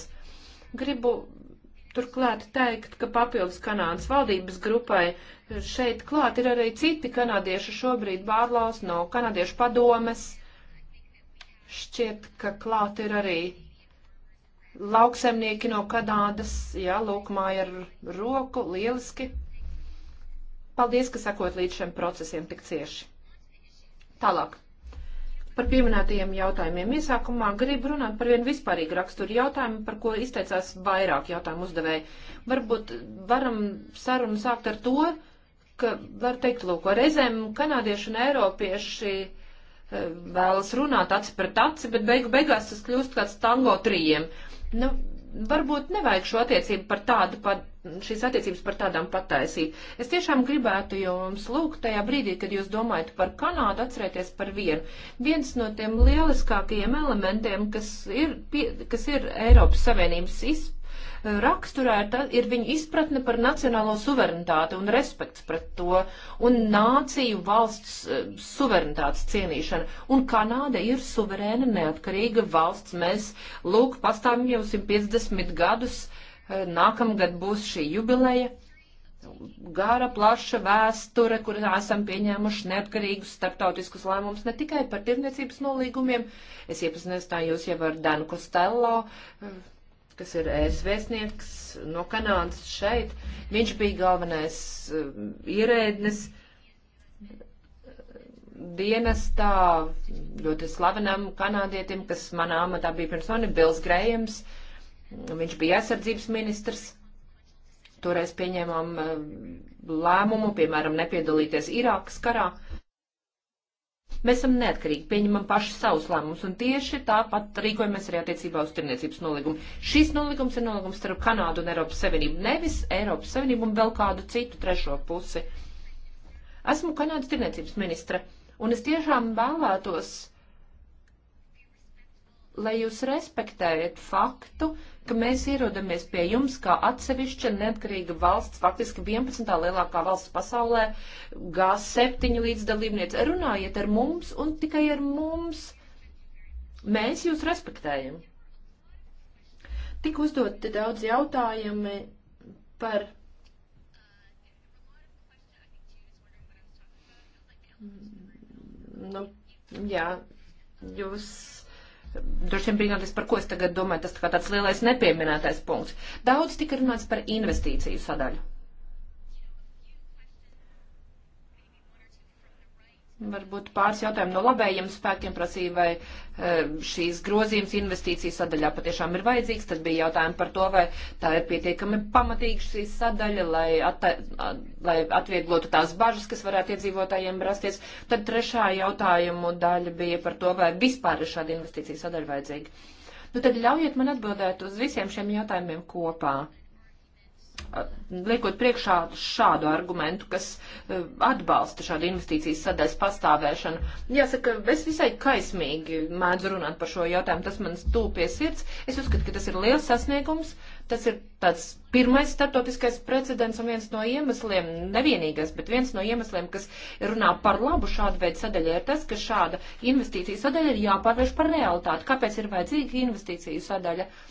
C: Gribu turklāt teikt, ka papildus Kanādas valdības grupai šeit klāt ir arī citi kanādieši šobrīd bārlaus no kanādiešu padomes. Šķiet, ka klāt ir arī lauksemnieki no Kanādas, jā, lūk, māja ar roku, lieliski. Paldies, ka sakot līdz šiem procesiem tik cieši. Tālāk. Par pieminētajiem jautājumiem iesākumā gribu runāt par vienu vispārīgu raksturu jautājumu, par ko izteicās vairāk jautājumu uzdevēji. Varbūt varam sarunu sākt ar to, ka var teikt, lūk, reizēm kanādieši un eiropieši eh, vēlas runāt aci pret aci, bet beigu beigās tas kļūst kāds tango trījiem. Nu, varbūt nevajag šo attiecību par tādu pat, šīs attiecības par tādām pataisīt. Es tiešām gribētu jums lūgt tajā brīdī, kad jūs domājat par Kanādu, atcerieties par vienu. Viens no tiem lieliskākajiem elementiem, kas ir, kas ir Eiropas Savienības izpētē, Eh, raksturē ir, tā, ir viņa izpratne par nacionālo suverenitāti un respekts pret to un nāciju valsts eh, suverenitātes cienīšana. Un Kanāda ir suverēna, neatkarīga valsts. Mēs, lūk, pastāvim jau 150 gadus, eh, nākamgad būs šī jubileja gara, plaša vēsture, kur esam pieņēmuši neatkarīgus starptautiskus lēmumus ne tikai par tirniecības nolīgumiem. Es iepazinās tā jūs jau ar Danu Kostello kas ir ēsvēstnieks no Kanādas šeit. Viņš bija galvenais eh, ierēdnis eh, dienestā ļoti slavenam kanādietim, kas manā amatā bija pirms mani, Bils Grējams. Viņš bija aizsardzības ministrs. Toreiz pieņēmām eh, lēmumu, piemēram, nepiedalīties Irākas karā. Uh, Mēs esam neatkarīgi, pieņemam paši savus lēmumus, un tieši tāpat rīkojamies arī attiecībā uz tirniecības nolīgumu. Šis nolīgums ir nolīgums starp Kanādu un Eiropas Savienību, nevis Eiropas Savienību un vēl kādu citu trešo pusi. Esmu Kanādas tirniecības ministra, un es tiešām vēlētos, lai jūs respektējat faktu, ka mēs ierodamies pie jums kā atsevišķa neatkarīga valsts, faktiski 11. lielākā valsts pasaulē, G7 līdzdalībniece. Runājiet ar mums un tikai ar mums. Mēs jūs respektējam. Tik uzdot daudz jautājumi par. Mm, nu, jā, jūs droši vien brīnoties, par ko es tagad domāju, tas tā kā tāds lielais nepieminētais punkts. Daudz tika runāts par investīciju sadaļu. Varbūt pāris jautājumu no labējiem spēkiem prasīja, vai e, šīs grozījums investīcijas sadaļā patiešām ir vajadzīgs. Tad bija jautājumi par to, vai tā ir pietiekami pamatīga šī sadaļa, lai, atta, lai atvieglotu tās bažas, kas varētu iedzīvotājiem rasties. Tad trešā jautājumu daļa bija par to, vai vispār ir šāda investīcija sadaļa vajadzīga. Nu tad ļaujiet man atbildēt uz visiem šiem jautājumiem kopā liekot priekšā šādu argumentu, kas e, atbalsta šādu investīcijas sadaļas pastāvēšanu. Jāsaka, es visai kaismīgi mēdzu runāt par šo jautājumu, tas man stūp pie sirds. Es uzskatu, ka tas ir liels sasniegums, tas ir tāds pirmais startotiskais precedents un viens no iemesliem, nevienīgais, bet viens no iemesliem, kas runā par labu šādu veidu sadaļai, ir tas, ka šāda investīcija sadaļa ir jāpārvērš par realitāti. Kāpēc ir vajadzīga investīcija sadaļa? Uh,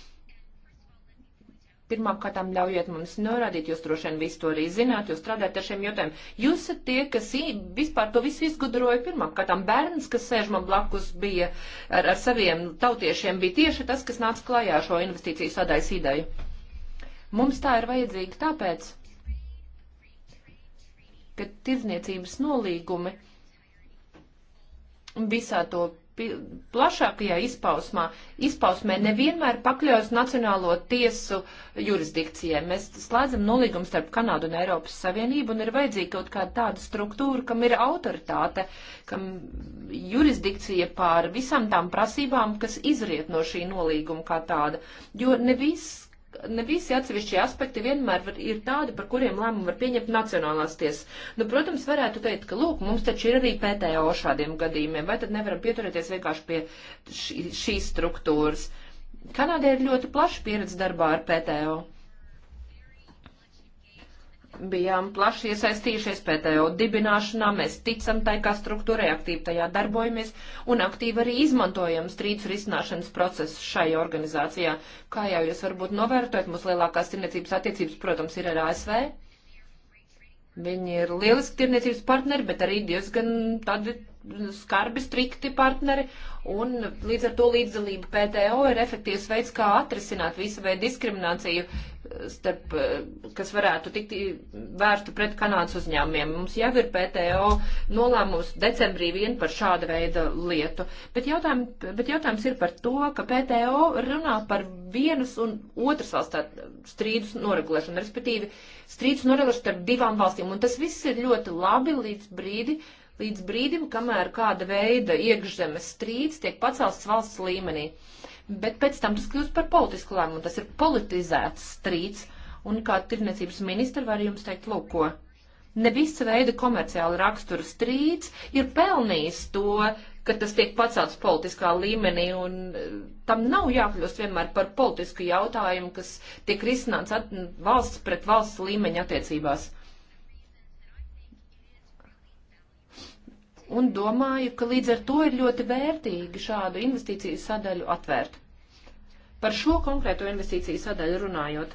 C: Pirmkārt, ļaujiet mums norādīt, jūs droši vien visu to arī zināt, jūs strādājat ar šiem jautājumiem. Jūs esat tie, kas vispār to visu izgudroja pirmkārt. Bērns, kas sēž man blakus, bija ar, ar saviem tautiešiem, bija tieši tas, kas nāca klajā šo investīciju sadaļas ideju. Mums tā ir vajadzīga tāpēc, ka tirdzniecības nolīgumi visā to plašākajā izpausmā, izpausmē nevienmēr pakļaujas Nacionālo tiesu jurisdikcijai. Mēs slēdzam nolīgumu starp Kanādu un Eiropas Savienību un ir vajadzīga kaut kāda tāda struktūra, kam ir autoritāte, kam jurisdikcija pār visām tām prasībām, kas izriet no šī nolīguma kā tāda. Jo ne viss ne visi atsevišķie aspekti vienmēr var, ir tādi, par kuriem lēmumu var pieņemt nacionālās tiesas. Nu, protams, varētu teikt, ka, lūk, mums taču ir arī PTO šādiem gadījumiem, vai tad nevaram pieturēties vienkārši pie šī, šīs struktūras. Kanādai ir ļoti plaša pieredze darbā ar PTO bijām plaši iesaistījušies pēdējo dibināšanā, mēs ticam tai kā struktūrai, aktīvi tajā darbojamies un aktīvi arī izmantojam strīdus risināšanas procesu šai organizācijā. Kā jau jūs varbūt novērtojat, mūsu lielākās tirniecības attiecības, protams, ir ar ASV. Viņi ir lieliski tirniecības partneri, bet arī diezgan tādi skarbi, strikti partneri, un līdz ar to līdzdalība PTO ir efektīvs veids, kā atrisināt visu veidu diskrimināciju, eh, starp, eh, kas varētu tikt eh, vērsta pret Kanādas uzņēmumiem. Mums jau ir PTO nolēmums decembrī vien par šādu veidu lietu, bet, jautājum, bet jautājums ir par to, ka PTO runā par vienas un otras valsts strīdus noregulēšanu, respektīvi strīdus noregulēšanu starp divām valstīm, un tas viss ir ļoti labi līdz brīdi, uh, līdz brīdim, kamēr kāda veida iekšzemes strīds tiek pacelts valsts līmenī. Bet pēc tam tas kļūst par politisku lēmumu, tas ir politizēts strīds. Un kā tirniecības ministra var jums teikt, lūk, ko? Ne visa veida komerciāla rakstura strīds ir pelnījis to, ka tas tiek pacelts politiskā līmenī, un e, tam nav jākļūst vienmēr par politisku jautājumu, kas tiek risināts valsts pret valsts līmeņa attiecībās. un domāju, ka līdz ar to ir ļoti vērtīgi šādu investīciju sadaļu atvērt. Par šo konkrēto investīciju sadaļu runājot.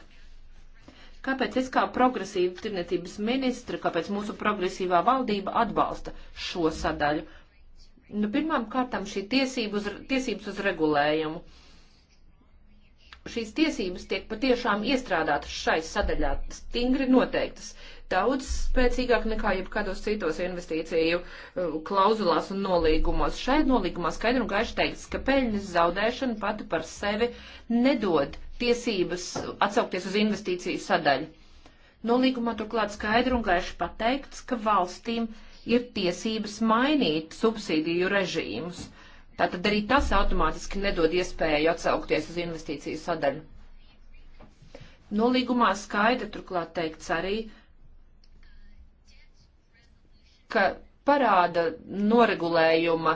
C: Kāpēc es kā progresīva tirniecības ministra, kāpēc mūsu progresīvā valdība atbalsta šo sadaļu? Nu, pirmām kārtām šī tiesība uz, tiesības uz regulējumu. Šīs tiesības tiek patiešām iestrādātas šai sadaļā, stingri noteiktas daudz spēcīgāk nekā jebkādos citos investīciju uh, klauzulās un nolīgumos. Šai nolīgumā skaidri un gaiši teikts, ka peļņas zaudēšana pati par sevi nedod tiesības atsaukties uz investīciju sadaļu. Nolīgumā turklāt skaidri un gaiši pateikts, ka valstīm ir tiesības mainīt subsīdiju režīmus. Tātad arī tas automātiski nedod iespēju atsaukties uz investīciju sadaļu. Nolīgumā skaidri turklāt teikts arī, ka parāda noregulējuma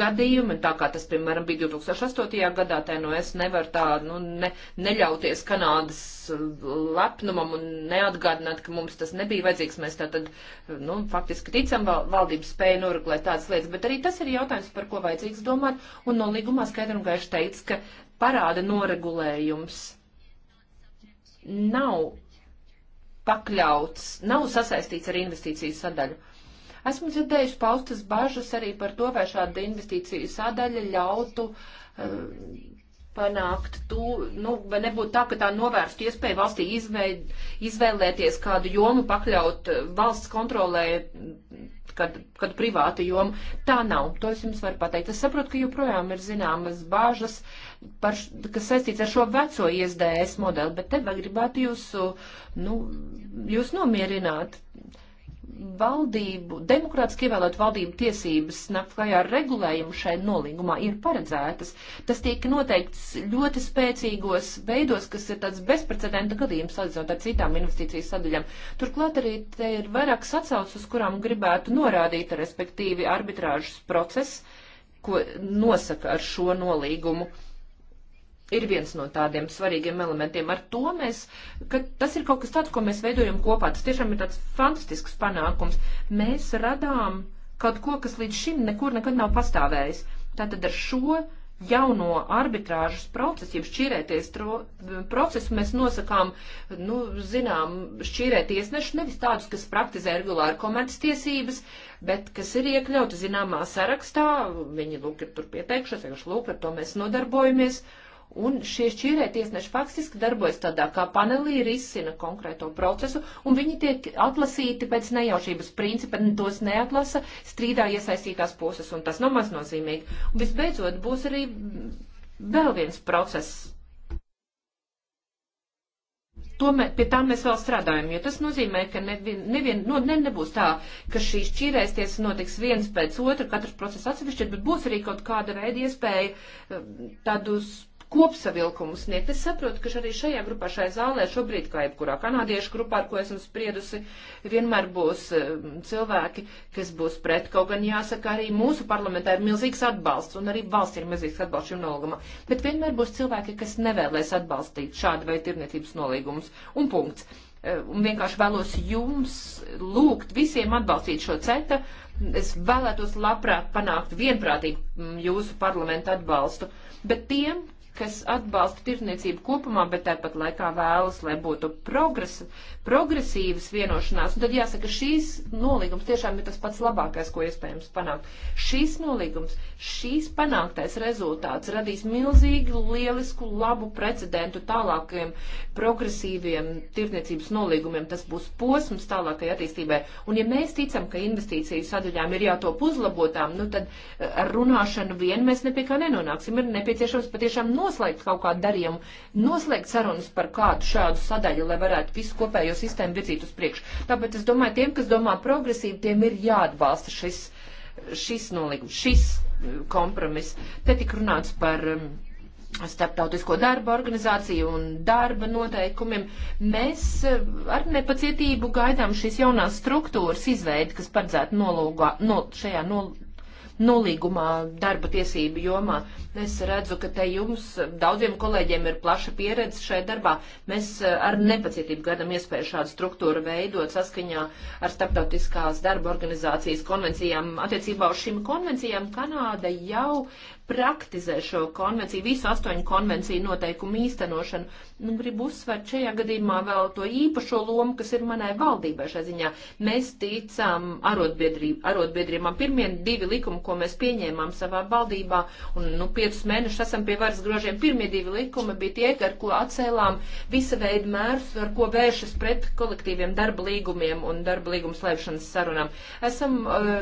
C: gadījumi, tā kā tas, piemēram, bija 2008. gadā, tā no nu es nevaru tā, nu, ne, neļauties Kanādas lepnumam un neatgādināt, ka mums tas nebija vajadzīgs. Mēs tā tad, nu, faktiski ticam, val, valdības spēja noregulēt tādas lietas, bet arī tas ir jautājums, par ko vajadzīgs domāt, un no līgumā skaidri un gaiši teica, ka parāda noregulējums nav pakļauts, nav sasaistīts ar investīciju sadaļu Esmu dzirdējusi paustas bažas arī par to, vai šāda investīcija sadaļa ļautu uh, panākt to, nu, vai nebūtu tā, ka tā novērstu iespēju valstī izveid, izvēlēties kādu jomu, pakļaut eh, valsts kontrolē, kad, kad privāta joma. Tā nav, to es jums varu pateikt. Es saprotu, ka joprojām ir zināmas bāžas, par, kas saistīts ar šo veco ISDS modeli, bet te vēl gribētu jūsu, nu, jūs nomierināt valdību, demokrātiski ievēlēt valdību tiesības nakt klajā ar regulējumu šai nolīgumā ir paredzētas. Tas tiek noteikts ļoti spēcīgos veidos, kas ir tāds bezprecedenta gadījums salīdzinot ar citām investīcijas sadaļām. Turklāt arī te ir vairākas atsauces, uz kurām gribētu norādīt, respektīvi arbitrāžas process, ko nosaka ar šo nolīgumu ir viens no tādiem svarīgiem elementiem. Ar to mēs, ka tas ir kaut kas tāds, ko mēs veidojam kopā. Tas tiešām ir tāds fantastisks panākums. Mēs radām kaut ko, kas līdz šim nekur nekad nav pastāvējis. Tātad ar šo jauno arbitrāžas procesu, jeb šķīrēties tro, procesu, mēs nosakām, nu, zinām, šķīrēties nešu nevis tādus, kas praktizē regulāri komerces tiesības, bet kas ir iekļauti zināmā sarakstā, viņi lūk ir tur pieteikšies, vienkārši lūk, ar to mēs nodarbojamies. Uh, Un šie šķīrē tiesneši faktiski darbojas tādā kā panelī, risina konkrēto procesu, un viņi tiek atlasīti pēc nejaušības principa, tos neatlasa strīdā iesaistītās puses, un tas nav maznozīmīgi. Un visbeidzot, būs arī vēl viens process To mē, pie tā mēs vēl strādājam, jo tas nozīmē, ka nevien, nevien, no, ne, nebūs tā, ka šīs šķīrēsties notiks viens pēc otra, katrs process atsevišķi, bet būs arī kaut kāda veida iespēja eh, tādus kopsavilkumu sniegt. Es saprotu, ka arī šajā grupā, šajā zālē šobrīd, kā jebkurā kanādiešu grupā, ar ko esmu spriedusi, vienmēr būs um, cilvēki, kas būs pret. Kaut gan jāsaka, arī mūsu parlamentā ir milzīgs atbalsts, un arī valsts ir milzīgs atbalsts šim nolīgumam. Bet vienmēr būs cilvēki, kas nevēlēs atbalstīt šādu veidu tirniecības nolīgumus. Un punkts uh, un vienkārši vēlos jums lūgt visiem atbalstīt šo CETA. Es vēlētos labprāt panākt vienprātīgu mm, jūsu parlamentu atbalstu, bet tiem, kas atbalsta tirzniecību kopumā, bet tāpat laikā vēlas, lai būtu progres, progresīvas vienošanās. Un tad jāsaka, šīs nolīgums tiešām ir tas pats labākais, ko iespējams panākt. Šīs nolīgums, šīs panāktais rezultāts radīs milzīgi lielisku labu precedentu tālākajiem progresīviem tirzniecības nolīgumiem. Tas būs posms tālākai attīstībai. Un ja mēs ticam, ka investīciju sadaļām ir jātop uzlabotām, nu tad eh, ar runāšanu vien mēs nepie kā nenonāksim. Ir nepieciešams patiešām nolīgums noslēgt kaut kādu darījumu, noslēgt sarunas par kādu šādu sadaļu, lai varētu visu kopējo sistēmu virzīt uz priekšu. Tāpēc es domāju, tiem, kas domā progresīvi, tiem ir jāatbalsta šis, šis nolīgums, šis eh, kompromiss. Te tik runāts par um, starptautisko darba organizāciju un darba noteikumiem. Mēs eh, ar nepacietību gaidām šīs jaunās struktūras izveidi, kas paredzēta no, šajā nol, nolīgumā darba tiesību jomā. Es redzu, ka te jums daudziem kolēģiem ir plaša pieredze šai darbā. Mēs eh, ar nepacietību gaidām iespēju šādu struktūru veidot saskaņā ar starptautiskās darba organizācijas konvencijām. Attiecībā uz šīm konvencijām Kanāda jau praktizē šo konvenciju, visu astoņu konvenciju noteikumu īstenošanu. Nu, gribu uzsvērt šajā gadījumā vēl to īpašo lomu, kas ir manai valdībai šajā ziņā. Mēs ticām arotbiedrībām. Pirmie divi likumi, ko mēs pieņēmām savā valdībā, un nu, piecus mēnešus esam pie varas grožiem, pirmie divi likumi bija tie, ar ko atcēlām visa veida mērus, ar ko vēršas pret kolektīviem darba līgumiem un darba līgumu slēpšanas sarunām. Esam uh,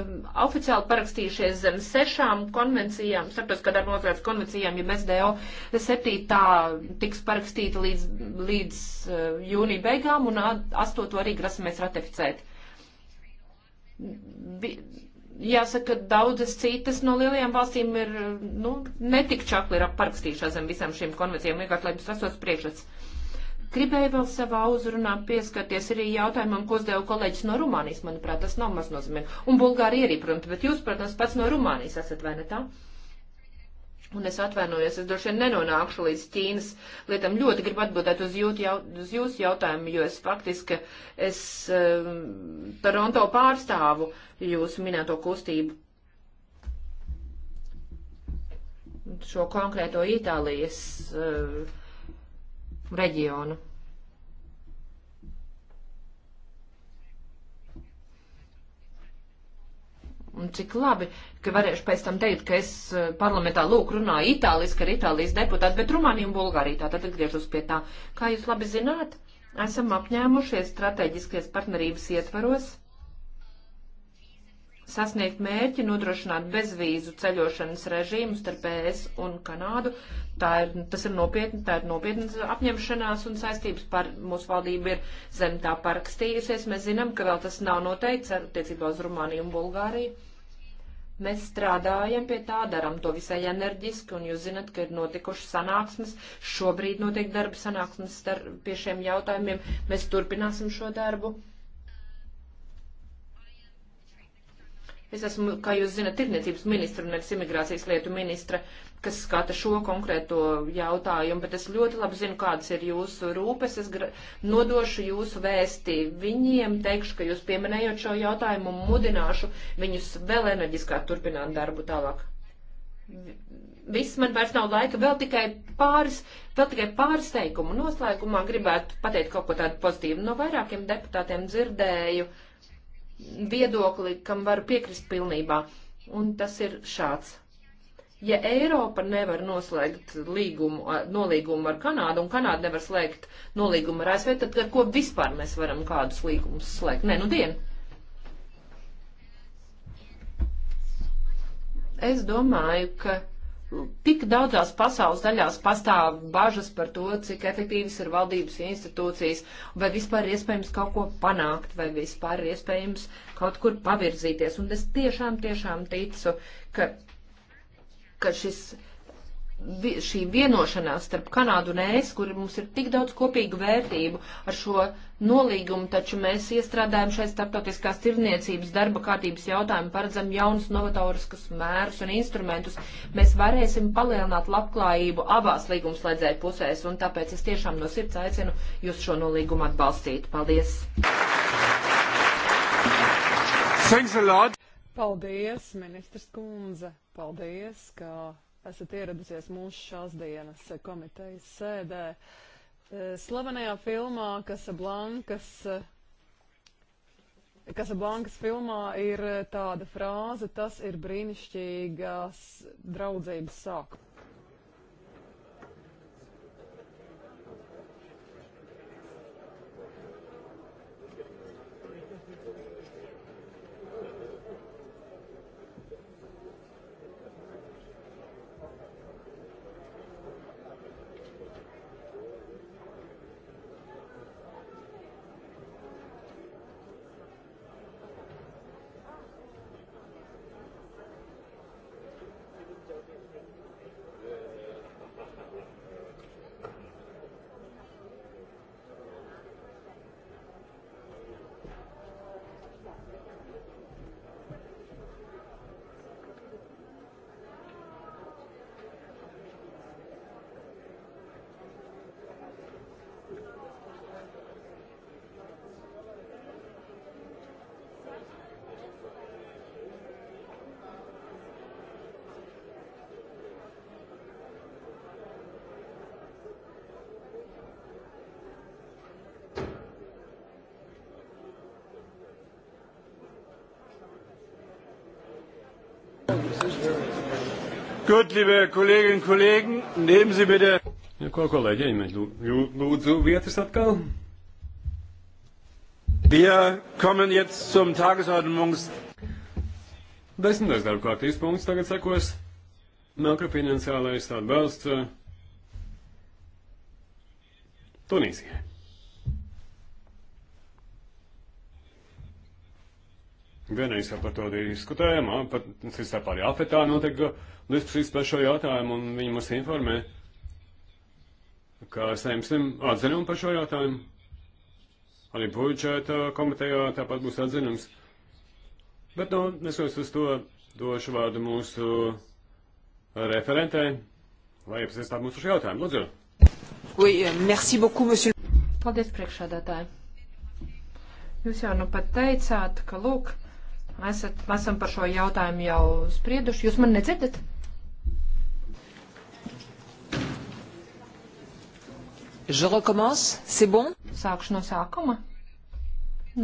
C: oficiāli parakstījušies zem sešām konvencijām, starptautiskajām kas, kad ar noslēdz konvencijām, ja SDO 7. tiks parakstīta līdz, līdz eh, jūnija beigām, un 8. arī grasamies ratificēt. Bi jāsaka, daudzas citas no lielajām valstīm ir, nu, netik čakli ir parakstījušās zem visām šīm konvencijām, vienkārši, lai mums rastos priekšrats. Gribēju vēl savā uzrunā pieskarties arī jautājumam, ko uzdeva kolēģis no Rumānijas, manuprāt, tas nav maz nozīmē. Un Bulgārija arī, protams, bet jūs, protams, pats no Rumānijas esat, vai ne tā? Uh, Un es atvainojos, es droši vien nenonākšu līdz Ķīnas lietām. Ļoti gribu atbildēt uz, jūt, jau, uz jūsu jautājumu, jo es faktiski es um, Toronto pārstāvu jūsu minēto kustību. Šo konkrēto Itālijas uh, reģionu. Un cik labi, ka varēšu pēc tam teikt, ka es eh, parlamentā lūk runāju itāliski ar itālijas deputātu, bet Rumānija un Bulgārija tā tad atgriežos pie tā. Kā jūs labi zināt, esam apņēmušies strateģiskies partnerības ietvaros sasniegt mērķi, nodrošināt bezvīzu ceļošanas režīmu starp ES un Kanādu. Tā ir, tas ir nopietni, tā ir nopietnas apņemšanās un saistības par mūsu valdību ir zem tā parakstījusies. Mēs zinām, ka vēl tas nav noteikts attiecībā uz Rumāniju un Bulgāriju Mēs strādājam pie tā, daram to visai enerģiski, un jūs zinat, ka ir notikušas sanāksmes, šobrīd notiek darba sanāksmes pie šiem jautājumiem, mēs turpināsim šo darbu. Es esmu, kā jūs zinat, tirniecības ministra un nevis imigrācijas lietu ministra, kas skata šo konkrēto jautājumu, bet es ļoti labi zinu, kādas ir jūsu rūpes. Es nodošu jūsu vēstī viņiem, teikšu, ka jūs pieminējot šo jautājumu un mudināšu viņus vēl enerģiskāk turpināt darbu tālāk. Viss man vairs nav laika, vēl tikai pāris, vēl tikai pāris teikumu. Noslēgumā gribētu pateikt kaut ko tādu pozitīvu. No vairākiem deputātiem dzirdēju viedokli, kam varu piekrist pilnībā. Un tas ir šāds Ja Eiropa nevar noslēgt līgumu, nolīgumu ar Kanādu un Kanāda nevar slēgt nolīgumu ar ASV, tad ar ko vispār mēs varam kādus līgumus slēgt? Nē, nu dien. Es domāju, ka tik daudzās pasaules daļās pastāv bažas par to, cik efektīvas ir valdības institūcijas, vai vispār ir iespējams kaut ko panākt, vai vispār ir iespējams kaut kur pavirzīties. Un es tiešām, tiešām ticu, ka ka šis, šī vienošanās starp Kanādu un ES, kur mums ir tik daudz kopīgu vērtību ar šo nolīgumu, taču mēs iestrādājam šai starptautiskās tirniecības darba kārtības jautājumu, paredzam jaunus novatoriskus mērus un instrumentus. Mēs varēsim palielināt labklājību abās līgumslēdzēju pusēs, un tāpēc es tiešām no sirds aicinu jūs šo nolīgumu atbalstīt. Paldies!
B: Thanks a lot!
A: Paldies, ministrs Kunze! Paldies, ka esat ieradusies mūsu šās dienas komitejas sēdē. E, slavenajā filmā Kasablankas. E, Kasablankas filmā ir e, tāda frāze, tas ir brīnišķīgas draudzības sākums.
B: Gut, liebe Kolleginnen und Kollegen, nehmen Sie bitte. Ja, ko, kolēģi, ieņemiet lūdzu vietas atkal. Wir kommen jetzt zum Tagesordnungs. Desmitais darba kārtības punkts tagad sekos. Makrofinansiālais atbalsts eh, Tunīsijai. Vienreiz jau par to diskutējām, par, tāpā arī apetā notiek diskusijas par šo jautājumu, un viņi mums informē, ka saņemsim atzinumu par šo jautājumu. Arī budžeta komitejā tāpat būs atzinums. Bet, nu, neskatoties uz to, došu vārdu mūsu referentē, lai iepazīstinātu mūsu šo jautājumu. Lūdzu.
A: Oui, euh, merci beaucoup, monsieur.
C: Paldies, priekšādātāji. Jūs jau nu pat teicāt, ka, lūk, Mēs esam par šo jautājumu jau sprieduši. Jūs mani nedzirdat?
A: Je recommence, c'est bon?
C: Sākšu no sākuma.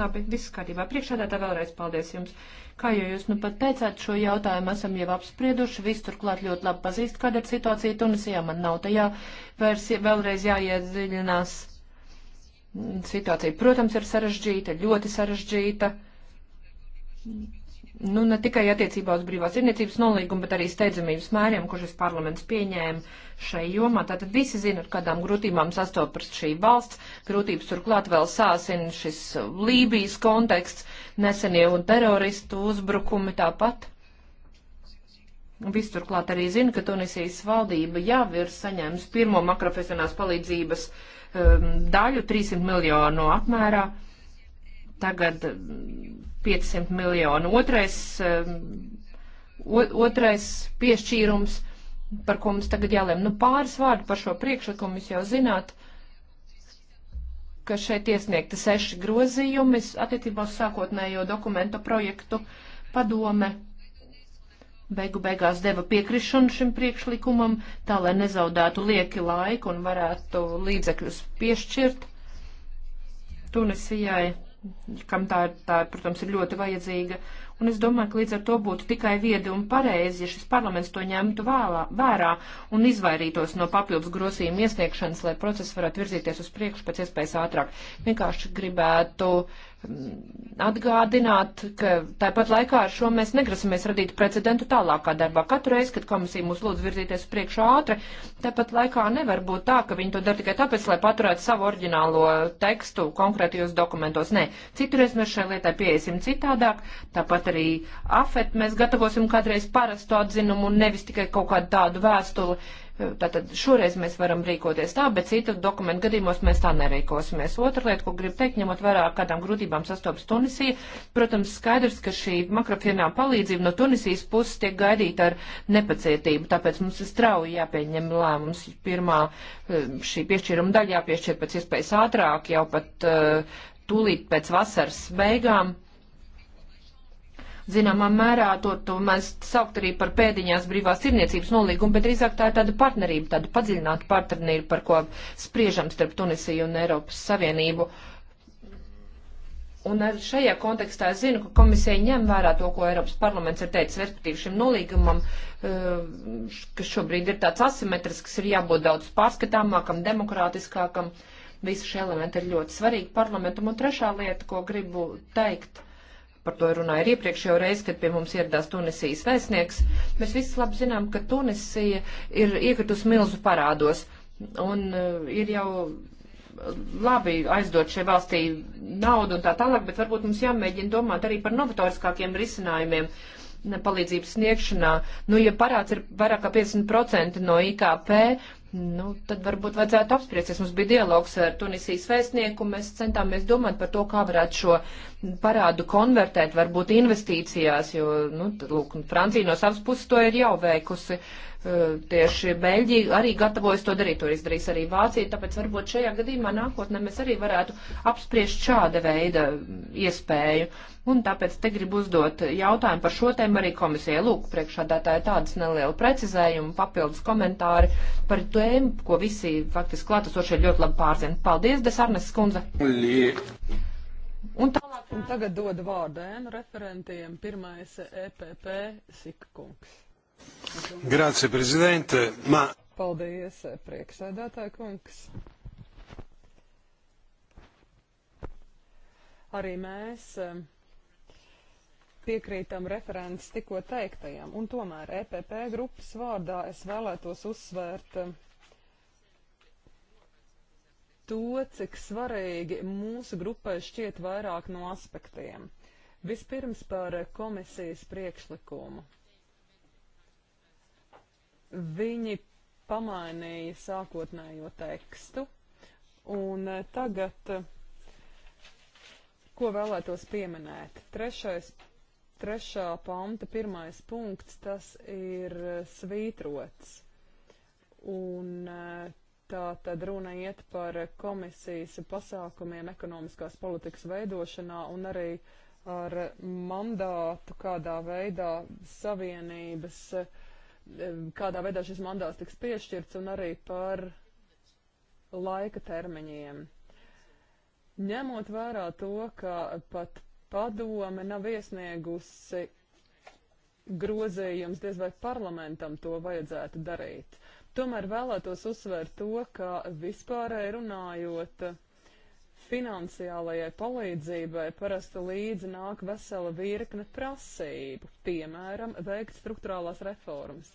C: Labi, viss kārtībā. Priekšādā tā vēlreiz paldies jums. Kā jau jūs nu pat teicāt, šo jautājumu esam jau apsprieduši, viss turklāt ļoti labi pazīst, kāda ir situācija Tunisijā. Man nav tajā vairs vēlreiz jāiedziļinās. Situācija, protams, ir sarežģīta, ļoti sarežģīta nu, ne tikai attiecībā uz brīvās tirniecības nolīgumu, bet arī steidzamības mēriem, ko šis parlaments pieņēma šai jomā. Tātad visi zina, ar kādām grūtībām sastopas šī valsts. Grūtības turklāt vēl sāsina šis Lībijas konteksts, nesenie un teroristu uzbrukumi tāpat. Viss turklāt arī zina, ka Tunisijas valdība jau ir saņēmusi pirmo makrofinansiālās palīdzības um, daļu 300 miljonu apmērā. Tagad 500 miljonu. Otrais, um, o, otrais piešķīrums, par ko mums tagad jālēm. Nu, pāris vārdi par šo priekšlikumu jūs jau zināt, ka šeit iesniegta seši grozījumi attiecībā uz sākotnējo dokumentu projektu padome. Beigu beigās deva piekrišanu šim priekšlikumam, tā lai nezaudētu lieki laiku un varētu līdzekļus piešķirt Tunisijai kam tā, ir, tā, protams, ir ļoti vajadzīga, Un es domāju, ka līdz ar to būtu tikai viedi un pareizi, ja šis parlaments to ņemtu vēlā, vērā un izvairītos no papildus grozījuma iesniegšanas, lai process varētu virzīties uz priekšu pēc iespējas ātrāk. Vienkārši gribētu mm, atgādināt, ka tāpat laikā ar šo mēs negrasamies radīt precedentu tālākā darbā. Katru reizi, kad komisija mūs lūdz virzīties uz priekšu ātri, tāpat laikā nevar būt tā, ka viņi to dara tikai tāpēc, lai paturētu savu oriģinālo tekstu konkrētajos dokumentos. Nē, citurreiz mēs šai lietai pieiesim citādāk, tāpat arī afet, mēs gatavosim kādreiz parastu atzinumu un nevis tikai kaut kādu tādu vēstuli. Tātad šoreiz mēs varam rīkoties tā, bet citu dokumentu gadījumos mēs tā nerīkosimies. Otra lieta, ko gribu teikt, ņemot vērā, kādām grūtībām sastopas Tunisija, protams, skaidrs, ka šī makrofinām palīdzība no Tunisijas puses tiek gaidīta ar nepacietību, tāpēc mums ir strauji jāpieņem lēmums. Pirmā eh, šī piešķīruma daļa jāpiešķir pēc iespējas ātrāk, jau pat uh, tūlīt pēc vasaras beigām. Uh, zināmā mērā to, to mēs saukt arī par pēdiņās brīvās tirniecības nolīgumu, bet drīzāk tā ir tāda partnerība, tāda padziļināta partnerība, par ko spriežam starp Tunisiju un Eiropas Savienību. Un ar šajā kontekstā es zinu, ka komisija ņem vērā to, ko Eiropas parlaments ir teicis, respektīvi šim nolīgumam, eh, kas šobrīd ir tāds asimetrisks, ir jābūt daudz pārskatāmākam, demokrātiskākam. Visi šie elementi ir ļoti svarīgi parlamentam. Un trešā lieta, ko gribu teikt, par to runāju arī iepriekšējo reizi, kad pie mums ieradās Tunisijas vēstnieks. Mēs visi labi zinām, ka Tunisija ir iekritus milzu parādos. Un uh, ir jau labi aizdot šai valstī naudu un tā tālāk, bet varbūt mums jāmēģina domāt arī par novatoriskākiem risinājumiem palīdzības sniegšanā. Nu, ja parāds ir vairāk kā 50% no IKP, Nu, tad varbūt vajadzētu apspriesties. Mums bija dialogs ar Tunisijas vēstnieku, mēs centāmies domāt par to, kā varētu šo parādu konvertēt, varbūt investīcijās, jo, nu, tad, lūk, Francija no savas puses to ir jau veikusi. Uh, Eh, tieši Beļģija arī gatavojas to darīt, to izdarīs arī Vācija, tāpēc varbūt šajā gadījumā nākotnē mēs arī varētu apspriest šāda veida iespēju. Un tāpēc te gribu uzdot jautājumu par šo tēmu arī komisijai. Lūk, priekšādātāja tādas neliela precizējuma, papildus komentāri par tēmu, ko visi faktiski klātesošie ļoti labi pārzina. Paldies, Desarnes skundze!
B: Un
A: tālāk. Un tagad dodu vārdu ēnu referentiem. Pirmais EPP Sikkungs.
B: Grācija, prezidente. Ma...
A: Paldies, prieksēdētāja kungs. Arī mēs eh, piekrītam referents tikko teiktajam, un tomēr EPP grupas vārdā es vēlētos uzsvērt eh, to, cik svarīgi mūsu grupai šķiet vairāk no aspektiem. Vispirms par komisijas priekšlikumu. Viņi pamainīja sākotnējo tekstu, un eh, tagad, eh, ko vēlētos pieminēt, trešais, trešā panta pirmais punkts, tas ir eh, svītrots, un tā tad runa iet par komisijas pasākumiem ekonomiskās politikas veidošanā un arī ar mandātu, kādā veidā savienības uh, Um, kādā veidā šis mandāts tiks piešķirts un arī par laika termiņiem. Ņemot vērā to, ka pat padome nav iesniegusi grozījums, diez vai parlamentam to vajadzētu darīt. Tomēr vēlētos uzsvērt to, ka vispārēji runājot, finansiālajai palīdzībai parasti līdzi nāk vesela virkne prasību, piemēram, veikt struktūrālās reformas.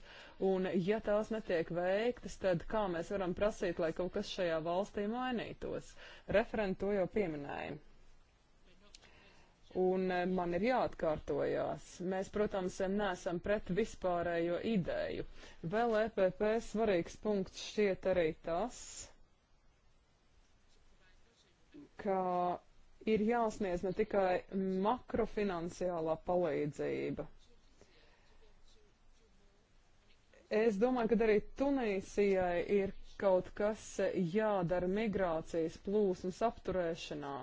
A: Un, ja tās netiek veiktas, tad kā mēs varam prasīt, lai kaut kas šajā valstī mainītos? Referenti to jau pieminēja. Un eh, man ir jāatkārtojās. Mēs, protams, neesam pret vispārējo ideju. Vēl EPP svarīgs punkts šķiet arī tas, ka ir jāsniedz ne tikai makrofinansiālā palīdzība. Es domāju, ka arī Tunīsijai ir kaut kas jādara migrācijas plūsmas apturēšanā.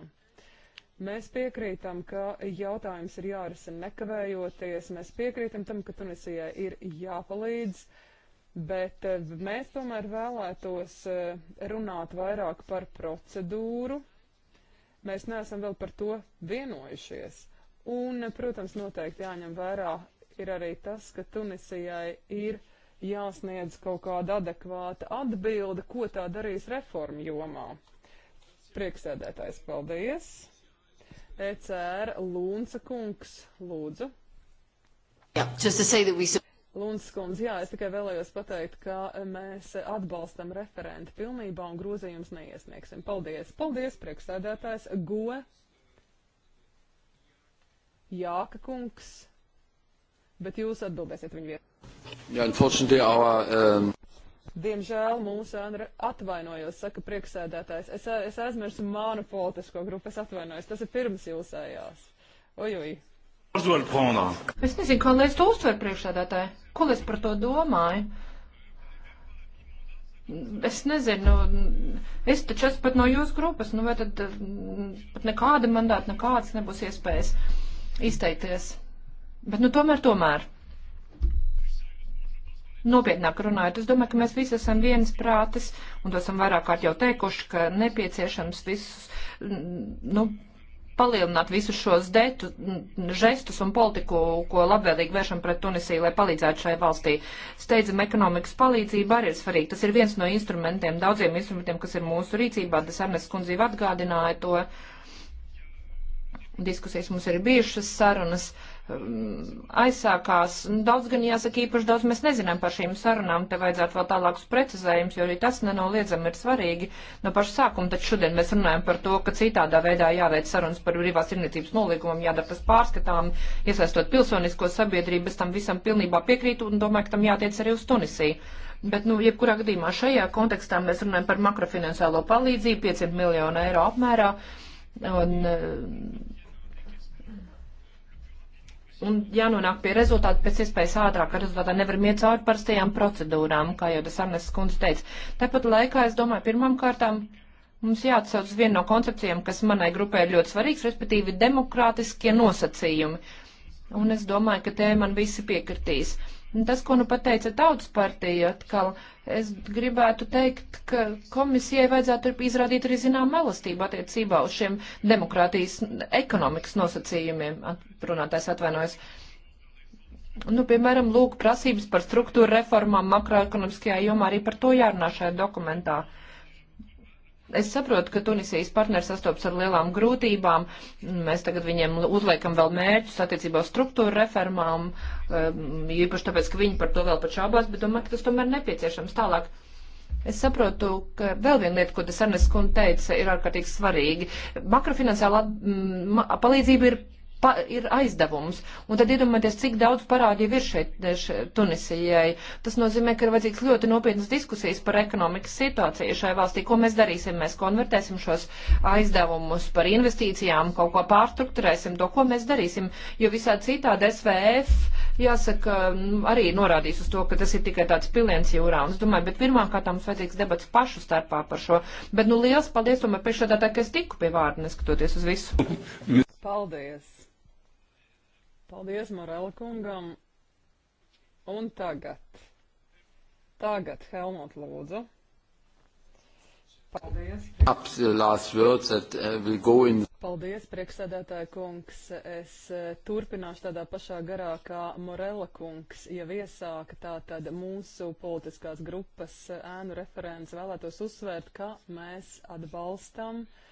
A: Mēs piekrītam, ka jautājums ir jārisina nekavējoties, mēs piekrītam tam, ka Tunisijai ir jāpalīdz, bet eh, mēs tomēr vēlētos eh, runāt vairāk par procedūru, Mēs neesam vēl par to vienojušies. Un, protams, noteikti jāņem vērā ir arī tas, ka Tunisijai ir jāsniedz kaut kāda adekvāta atbilde, ko tā darīs reformu jomā. Prieksēdētājs, paldies! ECR Lūnca kungs, lūdzu. Yeah, Lunskundze, jā, es tikai vēlējos pateikt, ka mēs atbalstam referentu pilnībā un grozījums neiesniegsim. Paldies! Paldies, priekšsēdētājs! Go! Jāka kungs! Bet jūs atbildēsiet viņu vietu. Jā, unfortunately, our... Um... Diemžēl mūsu Andra atvainojos, saka priekšsēdētājs. Es, es aizmirsu manu politisko grupu, es atvainojos. Tas ir pirms jūsējās. Ojoj! Oj. Es nezinu, kā lai es to uztveru
C: priekšsēdētāji. Ko es par to domāju? Es nezinu, es taču esmu pat no jūsu grupas, nu vai tad mm, pat nekāda mandāta, nekādas nebūs iespējas izteikties. Bet nu tomēr, tomēr. Nopietnāk runājot, es domāju, ka mēs visi esam vienas prātes, un to esam vairāk kārt jau teikuši, ka nepieciešams visus, mm, nu, palielināt visus šos detu, žestus un politiku, ko labvēlīgi vēršam pret Tunisiju, lai palīdzētu šai valstī. Steidzam, ekonomikas palīdzība arī ir svarīga. Tas ir viens no instrumentiem, daudziem instrumentiem, kas ir mūsu rīcībā. Tas Ernest Kundzīva atgādināja to. Diskusijas mums ir bijušas sarunas. Uh, aizsākās. Nu, daudz gan jāsaka, īpaši daudz mēs nezinām par šīm sarunām, te vajadzētu vēl tālākus precizējumus, jo arī tas nenoliedzami ir svarīgi no paša sākuma, tad šodien mēs runājam par to, ka citādā veidā jāveic sarunas par brīvās tirniecības nolīgumam, jādara tas pārskatām, iesaistot pilsonisko sabiedrību, es tam visam pilnībā piekrītu un domāju, ka tam jātiec arī uz Tunisiju. Bet, nu, jebkurā gadījumā šajā kontekstā mēs runājam par makrofinansālo palīdzību 500 miljonu eiro apmērā. Un, un jānonāk pie rezultātu pēc iespējas ātrāk, ka rezultātā nevaram iet cauri parastajām procedūrām, kā jau tas Arnes skundze teica. Tāpat laikā, es domāju, pirmām kārtām mums jāatsauc viena no koncepcijām, kas manai grupai ir ļoti svarīgs, respektīvi demokrātiskie nosacījumi. Un es domāju, ka tē man visi piekritīs. Tas, ko nu pateica Tautas partija atkal, es gribētu teikt, ka komisijai vajadzētu izrādīt arī zinām elastību attiecībā uz šiem demokrātijas ekonomikas nosacījumiem, runātājs atvainojas. Nu, piemēram, lūk, prasības par struktūra reformām makroekonomiskajā jomā arī par to jārunā šajā dokumentā. Uh, Es saprotu, ka Tunisijas partneri sastopas ar lielām grūtībām. Mēs tagad viņiem uzliekam vēl mērķus attiecībā uz struktūra reformām, um, īpaši tāpēc, ka viņi par to vēl pat šaubās, bet domāju, ka tas tomēr nepieciešams tālāk. Es saprotu, ka vēl viena lieta, ko tas Ernests kundze teica, ir ārkārtīgi svarīga. Makrofinanciālā palīdzība ir pa, ir aizdevums. Un tad iedomājieties, cik daudz parādi jau ir šeit, eh, šeit Tunisijai. Tas nozīmē, ka ir vajadzīgs ļoti nopietnas diskusijas par ekonomikas situāciju šai valstī. Ko mēs darīsim? Mēs konvertēsim šos aizdevumus par investīcijām, kaut ko pārstrukturēsim, to, ko mēs darīsim. Jo visā citādi SVF, jāsaka, arī norādīs uz to, ka tas ir tikai tāds piliens jūrā. Un es domāju, bet pirmkārt mums vajadzīgs debats pašu starpā par šo. Bet, nu, liels paldies, tomēr priekšādā tā, ka es tiku pie vārda, neskatoties uz visu.
A: Paldies! Paldies Morela kungam. Un tagad. Tagad Helmut lūdzu. Paldies.
B: Uh,
A: Paldies, priekšsēdētāja kungs. Es uh, turpināšu tādā pašā garā, kā Morela kungs jau iesāka. Tātad mūsu politiskās grupas uh, ēnu referents vēlētos uzsvērt, ka mēs atbalstam uh,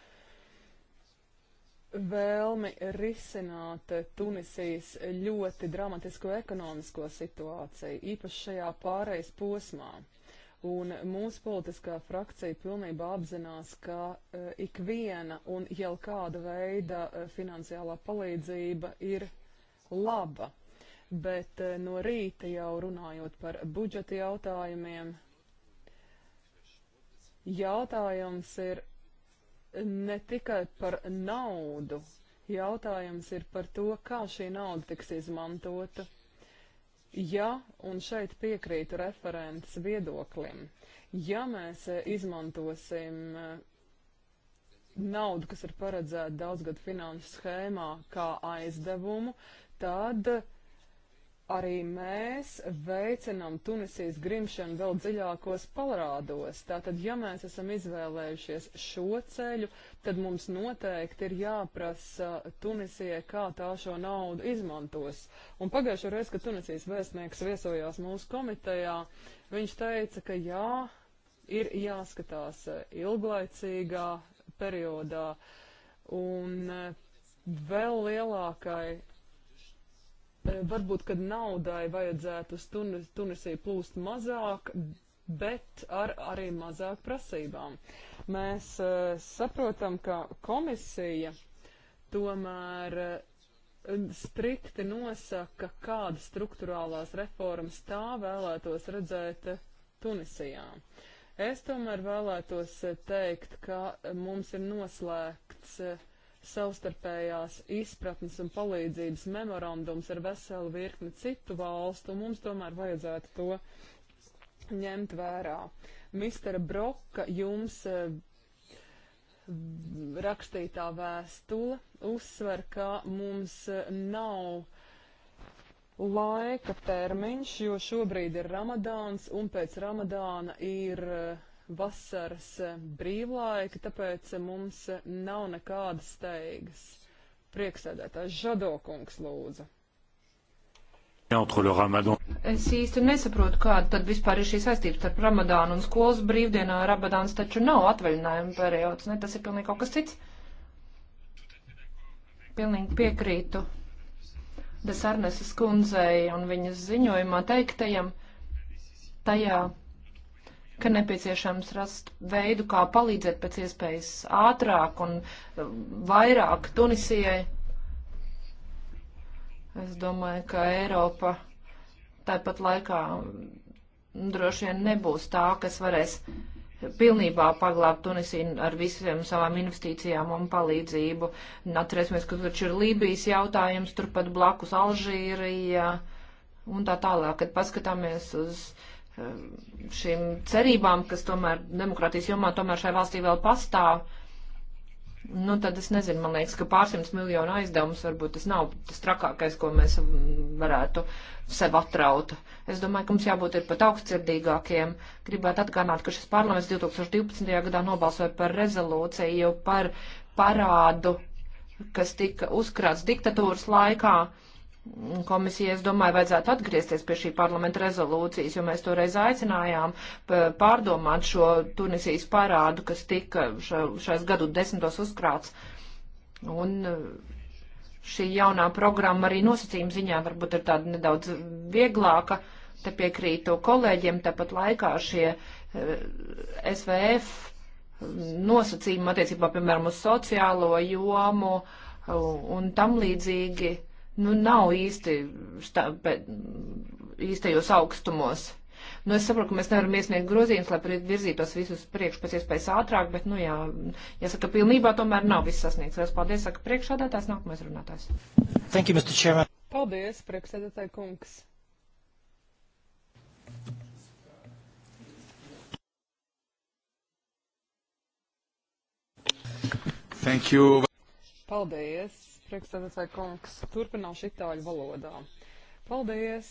A: vēlmi risināt Tunisijas ļoti dramatisko ekonomisko situāciju, īpaši šajā pārejas posmā. Un mūsu politiskā frakcija pilnībā apzinās, ka uh, ikviena un jau kāda veida uh, finansiālā palīdzība ir laba. Bet uh, no rīta jau runājot par budžeta jautājumiem, jautājums ir, ne tikai par naudu. Jautājums ir par to, kā šī nauda tiks izmantota. Ja, un šeit piekrītu referents viedoklim, ja mēs eh, izmantosim eh, naudu, kas ir paredzēta daudzgad finanšu schēmā, kā aizdevumu, tad arī mēs veicinām Tunisijas grimšanu vēl dziļākos parādos. Tātad, ja mēs esam izvēlējušies šo ceļu, tad mums noteikti ir jāprasa Tunisijai, kā tā šo naudu izmantos. Un pagājušo reizi, kad Tunisijas vēstnieks viesojās mūsu komitejā, viņš teica, ka jā, ir jāskatās ilglaicīgā periodā. Un eh, vēl lielākai Eh, varbūt, kad naudai vajadzētu uz Tunis, Tunisiju plūst mazāk, bet ar arī mazāk prasībām. Mēs uh, saprotam, ka komisija tomēr uh, strikti nosaka, kādas struktūrālās reformas tā vēlētos redzēt uh, Tunisijā. Es tomēr vēlētos teikt, ka mums ir noslēgts uh, savstarpējās izpratnes un palīdzības memorandums ar veselu virkni citu valstu, un mums tomēr vajadzētu to ņemt vērā. Mistera Broka jums e, rakstītā vēstule uzsver, ka mums e, nav laika termiņš, jo šobrīd ir Ramadāns un pēc Ramadāna ir uh, vasaras eh, brīvlaika, tāpēc eh, mums eh, nav nekādas steigas. Prieksēdētājs Žadokungs lūdzu.
C: Es īsti nesaprotu, kāda tad vispār ir šī saistība starp Ramadānu un skolas brīvdienā. Ramadāns taču nav atvaļinājuma periods, ne? Tas ir pilnīgi kaut kas cits. Pilnīgi piekrītu Desarneses kundzei un viņas ziņojumā teiktajam tajā ka nepieciešams rast veidu, kā palīdzēt pēc iespējas ātrāk un um, vairāk Tunisijai. Es domāju, ka Eiropa tāpat laikā mm, droši vien nebūs tā, kas varēs pilnībā paglābt Tunisiju ar visiem savām investīcijām un palīdzību. Atcerēsimies, ka taču ir Lībijas jautājums, turpat blakus Alžīrija un tā tālāk, kad paskatāmies uz. Uh, Um, šīm cerībām, kas tomēr demokrātijas jomā tomēr šai valstī vēl pastāv, nu tad es nezinu, man liekas, ka pārsimts miljonu aizdevums varbūt tas nav tas trakākais, ko mēs varētu sev atraut. Es domāju, ka mums jābūt ir pat augstcirdīgākiem. Gribētu atgādināt, ka šis parlaments 2012. gadā nobalsoja par rezolūciju par parādu, kas tika uzkrāts diktatūras laikā. Uh, Komisija, es domāju, vajadzētu atgriezties pie šī parlamenta rezolūcijas, jo mēs toreiz aicinājām pārdomāt šo Tunisijas parādu, kas tika šais gadu desmitos uzkrāts. Un e, šī jaunā programma arī nosacījuma ziņā varbūt ir tāda nedaudz vieglāka, te piekrītu kolēģiem, tāpat laikā šie e, SVF nosacījumi attiecībā, piemēram, uz sociālo jomu un tam līdzīgi nu, nav īsti šta, bet, īstajos augstumos. Nu, es saprotu, ka mēs nevaram iesniegt grozījumus, lai virzītos visus priekš pēc iespējas ātrāk, bet, nu, jā, jāsaka, pilnībā tomēr nav viss sasniegts. Es paldies, saka priekšādātājs, nākamais runātājs. Thank you, Mr. Chairman. Paldies,
A: priekšsēdētāji kungs. Thank you. Paldies priekšsēdētāji kungs. Turpināšu itāļu valodā. Paldies!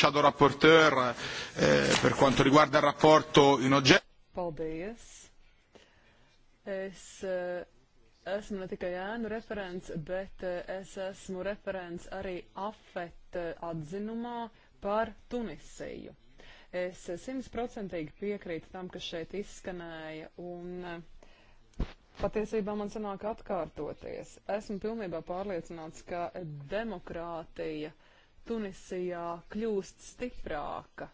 C: Shadow Rapporteur
B: eh, per quanto riguarda il rapporto in oggetto.
A: Paldies! Es eh, esmu ne tikai ēnu referents, bet eh, es esmu referents arī AFET eh, atzinumā par Tunisiju. Es simtprocentīgi piekrītu tam, kas šeit izskanēja, un eh, Patiesībā man sanāk atkārtoties. Esmu pilnībā pārliecināts, ka demokrātija Tunisijā kļūst stiprāka.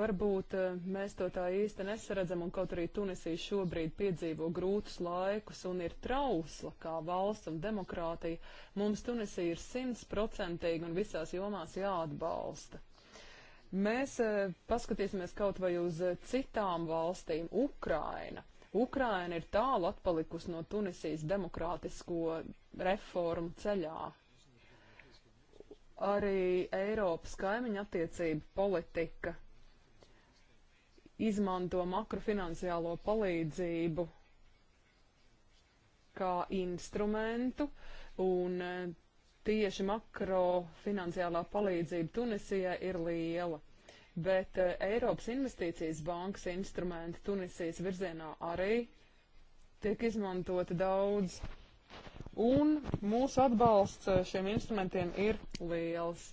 A: Varbūt eh, mēs to tā īsti nesaredzam, un kaut arī Tunisija šobrīd piedzīvo grūtus laikus un ir trausla kā valsts un demokrātija, mums Tunisija ir simtprocentīgi un visās jomās jāatbalsta. Mēs eh, paskatīsimies kaut vai uz eh, citām valstīm. Ukraina Ukraina ir tālu atpalikusi no Tunisijas demokrātisko reformu ceļā. Arī Eiropas kaimiņa attiecība politika izmanto makrofinansiālo palīdzību kā instrumentu, un eh, tieši makrofinansiālā palīdzība Tunisijai ir liela bet eh, Eiropas investīcijas bankas instrumenti Tunisijas virzienā arī tiek izmantoti daudz. Un mūsu atbalsts eh, šiem instrumentiem ir liels.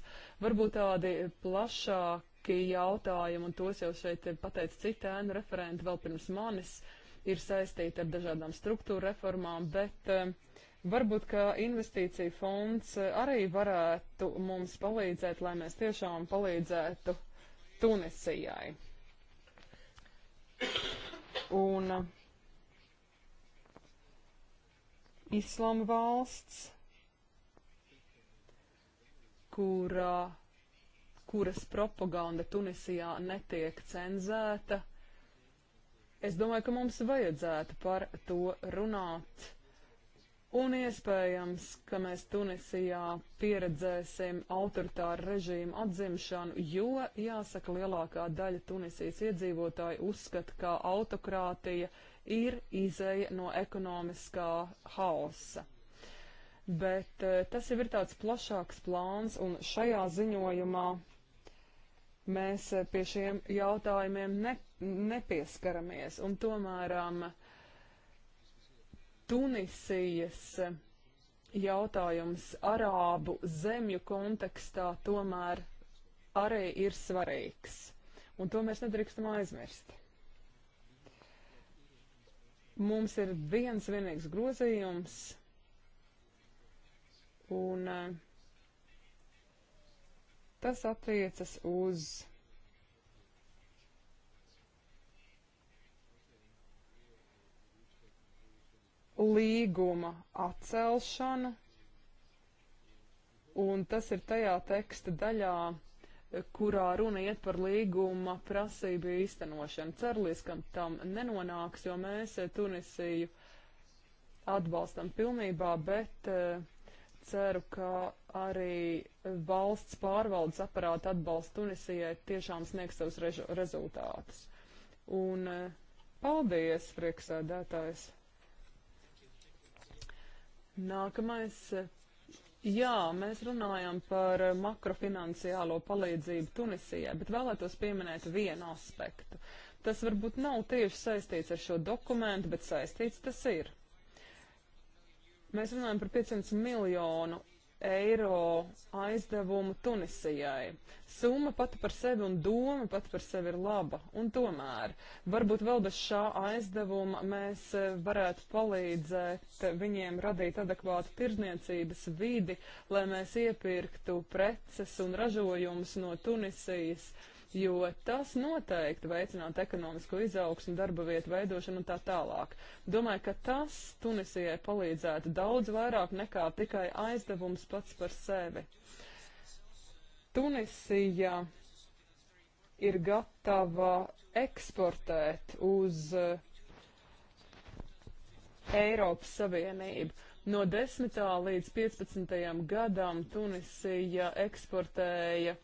A: Varbūt tādi plašāki jautājumi, un tos jau šeit pateica cita ēnu referenta vēl pirms manis, ir saistīti ar dažādām struktūra reformām, bet uh, Varbūt, ka investīcija fonds arī varētu mums palīdzēt, lai mēs tiešām palīdzētu Tunisijai. Un uh, Islama valsts, kurā, uh, kuras propaganda Tunisijā netiek cenzēta, es domāju, ka mums vajadzētu par to runāt Un iespējams, ka mēs Tunisijā pieredzēsim autoritāru režīmu atzimšanu, jo, jāsaka, lielākā daļa Tunisijas iedzīvotāji uzskata, ka autokrātija ir izēja no ekonomiskā haosa. Bet eh, tas jau ir tāds plašāks plāns, un šajā ziņojumā mēs eh, pie šiem jautājumiem ne, nepieskaramies. Un tomēr um, Tunisijas jautājums arābu zemju kontekstā tomēr arī ir svarīgs. Un to mēs nedrīkstam aizmirst. Mums ir viens vienīgs grozījums, un eh, tas attiecas uz līguma atcelšanu, un tas ir tajā teksta daļā, kurā runa iet par līguma prasību īstenošanu. Cerlīs, ka tam nenonāks, jo mēs eh, Tunisiju atbalstam pilnībā, bet eh, ceru, ka arī valsts pārvaldes aparāta atbalsts Tunisijai tiešām sniegs savus rezultātus. Un eh, paldies, prieksēdētājs! Nākamais. Jā, mēs runājam par makrofinanciālo palīdzību Tunisijai, bet vēlētos pieminēt vienu aspektu. Tas varbūt nav tieši saistīts ar šo dokumentu, bet saistīts tas ir. Mēs runājam par 500 miljonu eiro aizdevumu Tunisijai. Summa pati par sevi un doma pati par sevi ir laba. Un tomēr, varbūt vēl bez šā aizdevuma mēs e, varētu palīdzēt viņiem radīt adekvātu tirdniecības vidi, lai mēs iepirktu preces un ražojumus no Tunisijas. Uh, jo tas noteikti veicinātu ekonomisko izaugsmu, darba vietu veidošanu un tā tālāk. Domāju, ka tas Tunisijai palīdzētu daudz vairāk nekā tikai aizdevums pats par sevi. Tunisija ir gatava eksportēt uz uh, Eiropas Savienību. No 10. līdz 15. gadam Tunisija eksportēja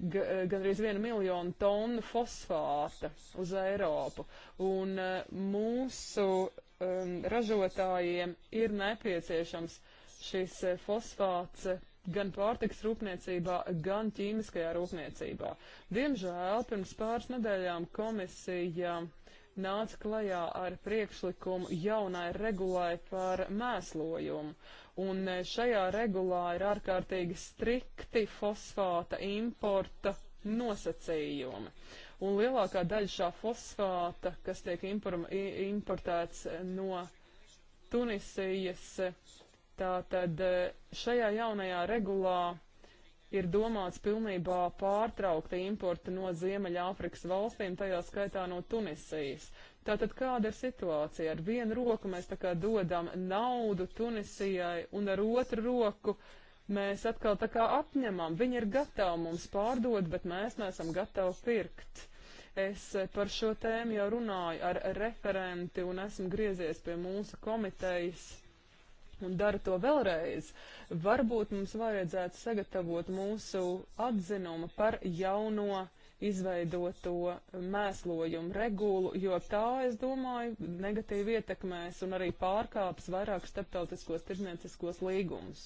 A: Eh, gandrīz vienu miljonu tonu fosfāta uz Eiropu. Un eh, mūsu um, ražotājiem ir nepieciešams šis eh, fosfāts gan pārtiks rūpniecībā, gan ķīmiskajā rūpniecībā. Diemžēl pirms pāris nedēļām komisija nāca klajā ar priekšlikumu jaunai regulai par mēslojumu. Un e, šajā regulā ir ārkārtīgi strikti fosfāta importa nosacījumi. Un lielākā daļa šā fosfāta, kas tiek importēts no Tunisijas, tātad e, šajā jaunajā regulā ir domāts pilnībā pārtraukt importu no Ziemeļāfrikas valstīm, tajā skaitā no Tunisijas. Tātad kāda ir situācija? Ar vienu roku mēs tā kā dodam naudu Tunisijai un ar otru roku mēs atkal tā kā apņemam. Viņi ir gatavi mums pārdot, bet mēs neesam gatavi pirkt. Es par šo tēmu jau runāju ar referenti un esmu griezies pie mūsu komitejas un dara to vēlreiz. Varbūt mums vajadzētu sagatavot mūsu atzinumu par jauno izveidoto mēslojumu regulu, jo tā, es domāju, negatīvi ietekmēs un arī pārkāps vairāk starptautiskos tirdzniecīskos līgumus.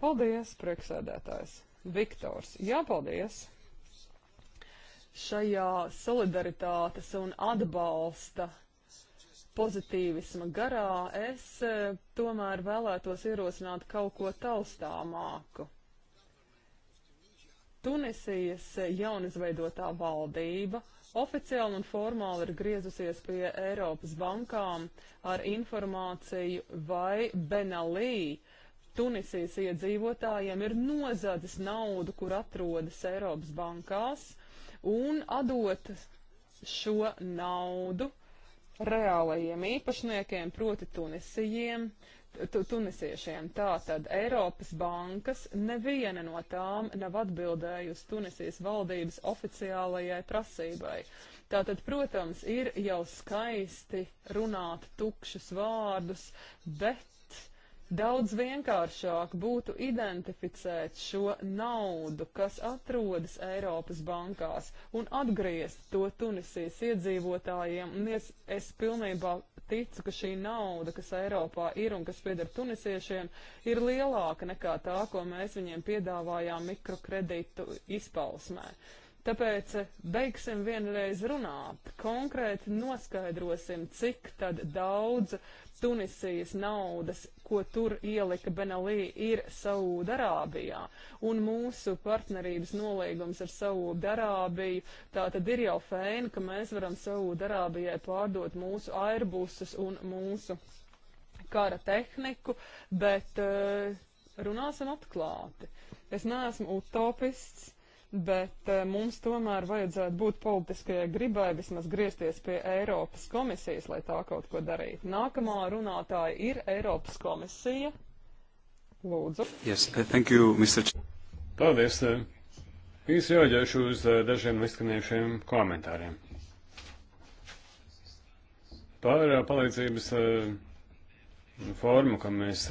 A: Paldies, priekšsēdētājs. Viktors, jāpaldies! Šajā solidaritātes un atbalsta pozitīvisma garā es eh, tomēr vēlētos ierosināt kaut ko taustāmāku. Tunisijas jaunizveidotā valdība oficiāli un formāli ir griezusies pie Eiropas bankām ar informāciju, vai Benalī Tunisijas iedzīvotājiem ir nozadzis naudu, kur atrodas Eiropas bankās, un atdot šo naudu reālajiem īpašniekiem, proti Tunisijiem, tunisiešiem. Tātad Eiropas bankas neviena no tām nav atbildējusi Tunisijas valdības oficiālajai prasībai. Tātad, protams, ir jau skaisti runāt tukšus vārdus, bet daudz vienkāršāk būtu identificēt šo naudu, kas atrodas Eiropas bankās, un atgriezt to Tunisijas iedzīvotājiem. Un es, es pilnībā ticu, ka šī nauda, kas Eiropā ir un kas pieder tunisiešiem, ir lielāka nekā tā, ko mēs viņiem piedāvājām mikrokredītu izpausmē. Tāpēc eh, beigsim vienreiz runāt, konkrēti noskaidrosim, cik tad daudz uh, Tunisijas naudas, ko tur ielika Benalī, ir Saūdarābijā. Un mūsu partnerības nolīgums ar Saūdarābiju, tā tad ir jau fēna, ka mēs varam Saūdarābijai pārdot mūsu airbusus un mūsu kara tehniku, bet uh, runāsim atklāti. Es neesmu utopists, bet eh, mums tomēr vajadzētu būt politiskajai gribai vismaz griezties pie Eiropas komisijas, lai tā kaut ko darītu. Nākamā runātāja ir Eiropas komisija. Lūdzu.
B: Yes, thank you, Mr. Č Paldies. Eh, īsi reaģēšu uz eh, dažiem izskanējušiem komentāriem. Par palīdzības formu, kam mēs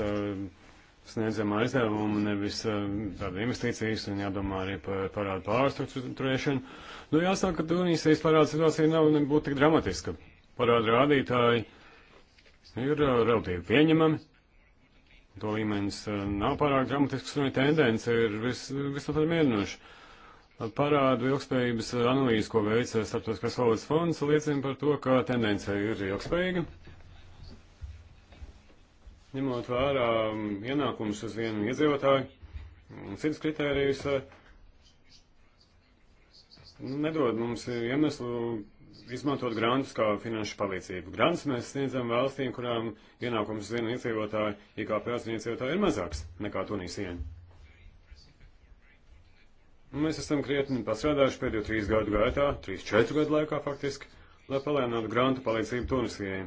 B: sniedzam aizdevumu, nevis eh, tādu investīcijas, un jādomā arī par parādu pārstruktūrēšanu. Nu, jāsaka, ka Tunīsijas parāda situācija nav nebūtu tik dramatiska. Parāda rādītāji ir eh, relatīvi pieņemami. To līmenis eh, nav pārāk dramatisks, un tendence ir vis, visnotaļ mierinoša. Parādu ilgspējības analīze, ko veica Startautiskās valodas fonds, liecina par to, ka tendence ir ilgspējīga ņemot vērā um, ienākumus uz vienu iedzīvotāju un um, citas kritērijas, nu, nedod mums iemeslu izmantot grantus kā finanšu palīdzību. Grants mēs sniedzam valstīm, kurām ienākums uz vienu iedzīvotāju, IKP vienu iedzīvotāju ir mazāks nekā Tunīsijai. Mēs esam krietni pastrādājuši pēdējo trīs gadu gaitā, trīs, četru gadu laikā faktiski, lai palēnātu grantu palīdzību Tunisijai.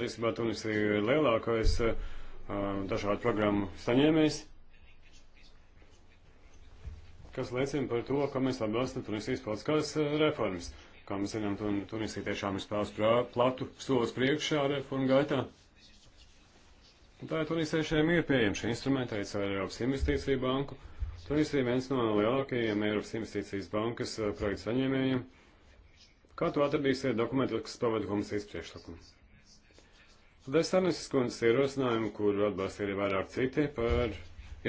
B: Līdzībā Tunisija ir lielākais uh, dažādu programmu saņēmējs, kas liecina par to, ka mēs atbalstam Tunisijas politiskās eh, reformas. Kā mēs zinām, tun, Tunisija tiešām ir spēles platu solis priekšā reformu gaitā. Un tā ir tunisiešiem ir pieejama šī instrumenta, teica ar Eiropas investīciju banku. Tunisija ir viens no lielākajiem Eiropas investīcijas bankas eh, projektu saņēmējiem. Kā tu atradīsiet dokumentu, kas pavada komisijas priekšlikumu? Tad Sarniskas kundzes ierosinājumu, kuru atbalsta arī vairāk citi par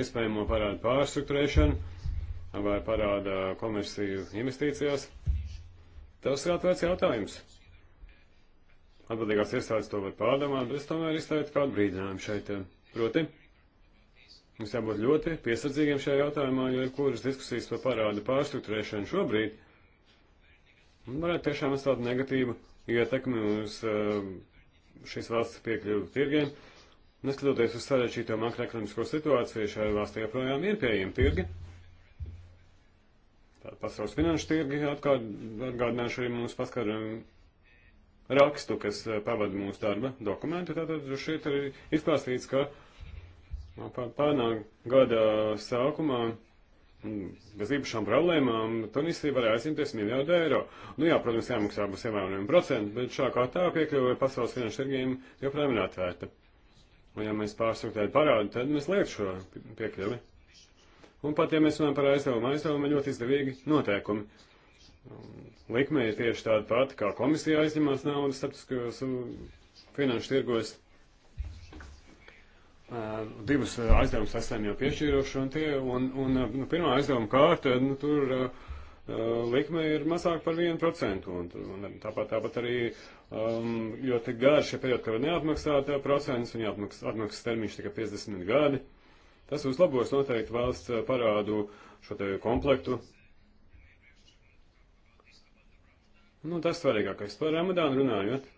B: iespējamo parādu pārstruktūrēšanu vai parāda komerciju investīcijās. Tas ir atvērts jautājums. Atbildīgās iestādes to var pārdomāt, bet es tomēr izteiktu kādu brīdinājumu šeit. Eh, proti, mums jābūt ļoti piesardzīgiem šajā jautājumā, jo ir kuras diskusijas par parādu pārstruktūrēšanu šobrīd varētu tiešām atstāt negatīvu ietekmi uz uh, šīs valsts piekļuvu tirgiem. Neskatoties uz sarežģīto makroekonomisko situāciju, šai valstī joprojām ir pieejami tirgi. Tāda pasaules finanšu tirgi atgādināšu arī mūsu paskarojumu rakstu, kas eh, pavada mūsu darba dokumentu. Tātad šeit arī izklāstīts, ka nu, pārnāk gada sākumā bez īpašām problēmām Tunisija varēja aizņemties miljardu eiro. Nu jā, protams, jāmaksā būs ievērojami procenti, bet šā kā tā piekļuva pasaules finanšu tirgiem joprojām ir atvērta. Un ja mēs pārstruktētu parādu, tad mēs liek šo piekļuvi. Un pat, ja mēs runājam par aizdevumu, aizdevumu ir ļoti izdevīgi noteikumi. Likme ir tieši tāda pati, kā komisija aizņemās naudu starptautiskajos uh, finanšu tirgos divas aizdevumu sastāvdaļas jau piešķīroši, un, tie, un, un nu, pirmā aizdevuma kārta, nu, tur uh, likme ir mazāk par 1%, un, un tāpat, tāpat arī, um, jo tik garš šie periodi, kad neatmaksāt procents, un jāatmaksas atmaksas termiņš tikai 50 gadi, tas uzlabos noteikti valsts parādu šo te komplektu. Nu, tas svarīgākais par Ramadānu runājot.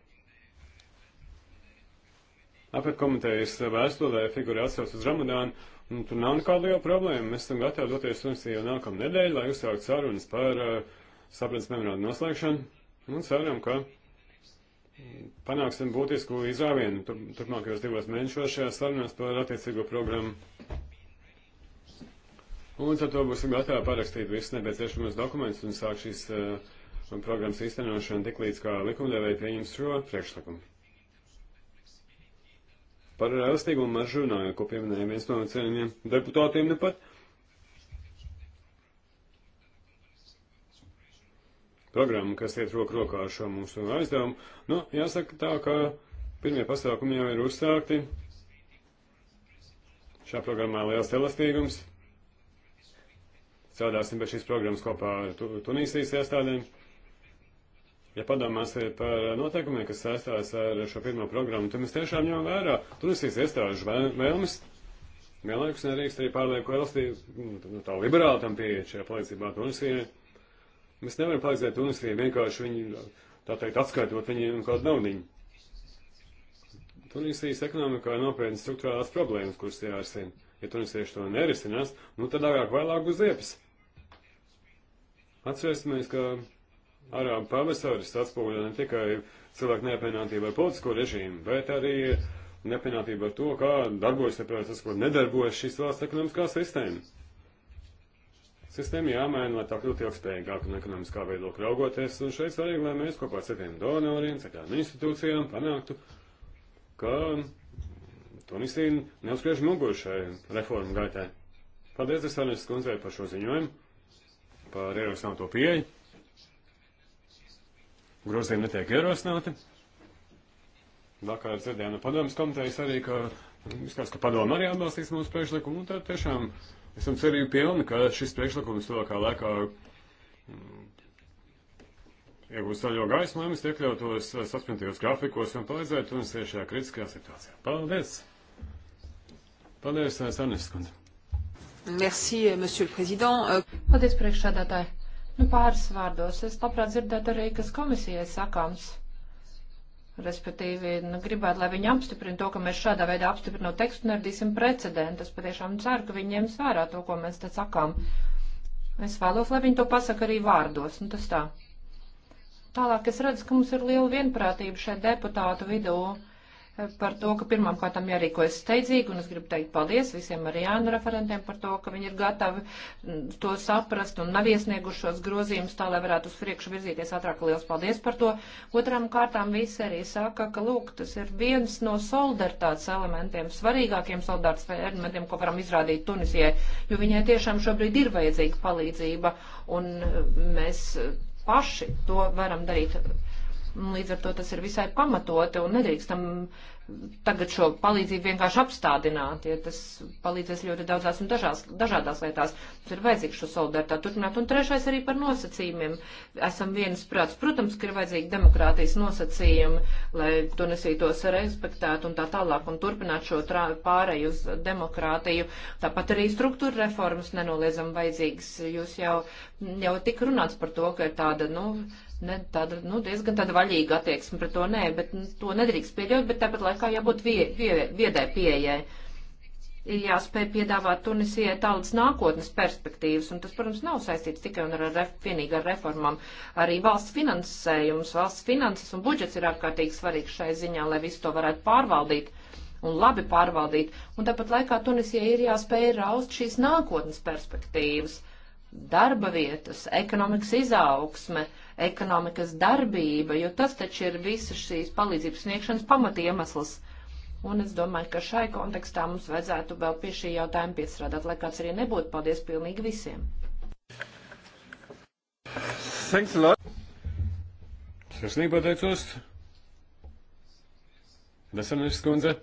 B: Apiet komitejas vēstulē figūra atsauc uz Ramadānu, un tur nav nekāda liela problēma. Mēs esam gatavi doties Tunisijā nākamā nedēļa, lai uzsākt sarunas par uh, sapratnes memorādu noslēgšanu, un ceram, ka panāksim būtisku izrāvienu tur, turpmākajos divos mēnešos šajā sarunās par attiecīgo programmu. Un ar to būsim gatavi parakstīt visus nepieciešamos dokumentus un sākt šīs uh, programmas īstenošanu tik līdz kā likumdevēja pieņems šo priekšlikumu. Par elastīgumu maržu runāju, ko pieminēja viens no cienījumiem deputātiem nepat. Nu Programma, kas iet roku rokā ar šo mūsu aizdevumu. Nu, jāsaka tā, ka pirmie pasākumi jau ir uzsākti. Šā programmā liels elastīgums. Strādāsim pie šīs programmas kopā ar Tunīsijas iestādēm. Tu Ja padomāsiet par noteikumiem, kas saistās ar šo pirmo programmu, tad mēs tiešām ņemam vērā Tunisijas iestāžu vēlmes. Vienlaikus nedrīkst arī pārlieku elstību, nu, nu, tā liberāli tam pieeja šajā palīdzībā Tunisijai. Mēs nevaram palīdzēt Tunisijai vienkārši viņu, tā teikt, atskaitot viņiem kādu naudiņu. Tunisijas ekonomikā ir nopietnas struktūrālās problēmas, kuras jārisina. Ja tunisieši to nerisinās, nu tad agrāk vēlāk uz iepes. Atcerēsimies, ka Arābu pavasaris atspoguļo ne tikai cilvēku neapmienātību ar politisko režīmu, bet arī neapmienātību ar to, kā darbojas, neprāt, tas, ko nedarbojas šīs valsts ekonomiskā sistēma. Sistēma jāmaina, lai tā kļūtu ilgspējīgāka un ekonomiskā viedokļa raugoties, un šeit svarīgi, lai mēs kopā ar citiem donoriem, citām institūcijām panāktu, ka Tunisija neuzskriež muguru šai reformu gaitai. Paldies, Esanes kundzei, par šo ziņojumu, par ierosināto pieeju grozījumi netiek ierosināti. Vakar dzirdējām no padomas komitejas arī, ka izskatās, ka padoma arī atbalstīs mūsu priekšlikumu, un tad tiešām esam cerību pilni, ka šis priekšlikums tuvākā laikā mm, iegūs zaļo gaismu, lai mēs iekļautos eh, sasprintajos grafikos un palīdzētu Tunisijai šajā kritiskajā situācijā. Paldies! Paldies, eh, Sanis Kundze!
A: Merci, eh, monsieur le président. Paldies, priekšsādātāji!
C: Nu, pāris vārdos. Es labprāt dzirdētu arī, kas komisijai sakāms. Respektīvi, nu, gribētu, lai viņi apstiprina to, ka mēs šādā veidā apstiprinot tekstu neradīsim precedentu. Es patiešām ceru, ka viņi ņems vērā to, ko mēs te sakām. Es vēlos, lai viņi to pasaka arī vārdos. Nu, tas tā. Tālāk es redzu, ka mums ir liela vienprātība šeit deputātu vidū. Uh, par to, ka pirmām kārtām jārīkojas steidzīgi, un es gribu teikt paldies visiem arī ēnu referentiem par to, ka viņi ir gatavi mm, to saprast un nav iesniegušos grozījumus tā, lai varētu uz priekšu virzīties ātrāk. Liels paldies par to. Otram kārtām visi arī saka, ka, lūk, tas ir viens no solidaritātes elementiem, svarīgākiem solidaritātes elementiem, ko varam izrādīt Tunisijai, jo viņai tiešām šobrīd ir vajadzīga palīdzība, un mm, mēs paši to varam darīt Līdz ar to tas ir visai pamatoti un nedrīkstam tagad šo palīdzību vienkārši apstādināt, ja tas palīdzēs ļoti daudzās un dažās, dažādās lietās. Mums ir vajadzīgs šo solidaritāti turpināt. Un trešais arī par nosacījumiem. Esam vienas prāts. Protams, ka ir vajadzīgi demokrātijas nosacījumi, lai to nesītos respektēt un tā tālāk un turpināt šo pārēju uz demokrātiju. Tāpat arī struktūra reformas nenoliedzam vajadzīgas. Jūs jau, jau tik runāts par to, ka ir tāda, nu, ne, tāda, nu, diezgan tāda vaļīga attieksme pret to, nē, bet nu, to nedrīkst pieļaut, bet tāpat laikā jābūt vie, vie, viedai pieejai. Ir jāspēj piedāvāt Tunisijai tādas nākotnes perspektīvas, un tas, protams, nav saistīts tikai un ar ref, vienīgi ar reformām. Arī valsts finansējums, valsts finanses un budžets ir ārkārtīgi svarīgs šai ziņā, lai visu to varētu pārvaldīt un labi pārvaldīt. Un tāpat laikā Tunisijai ir jāspēj raust šīs nākotnes perspektīvas, darba vietas, ekonomikas izaugsme. Uh, ekonomikas darbība, jo tas taču ir visas šīs palīdzības sniegšanas pamatiemesls. Un es domāju, ka šai kontekstā mums vajadzētu vēl pie šī jautājuma piestrādāt, lai kāds arī nebūtu. Paldies pilnīgi visiem!
B: Thanks a lot! Sirsnīgi pateicos! Veselnieks kundze!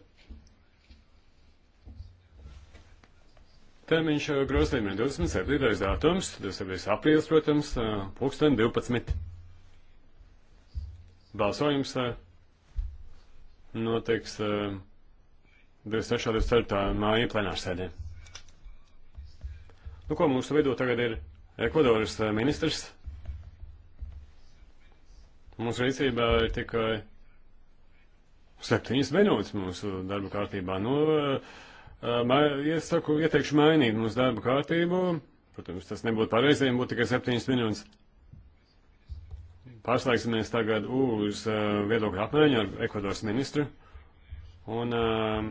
B: termiņš eh, grozījumiem 27. datums, 27. aprīlis, protams, eh, pulksten 12. Balsojums noteiks 26. 24. māja plenārsēdē. Nu, ko mūsu vidū tagad ir Ekvadoras eh, ministrs? Mūsu rīcībā ir tikai septiņas minūtes mūsu darba kārtībā. Nu, no, Uh, es saku, ieteikšu mainīt mūsu darba kārtību. Protams, tas nebūtu pareizi, ja būtu tikai septiņas minūtes. Pārslēgsimies tagad uz uh, viedokļu apmaiņu ar Ekvadoras ministru. Un uh,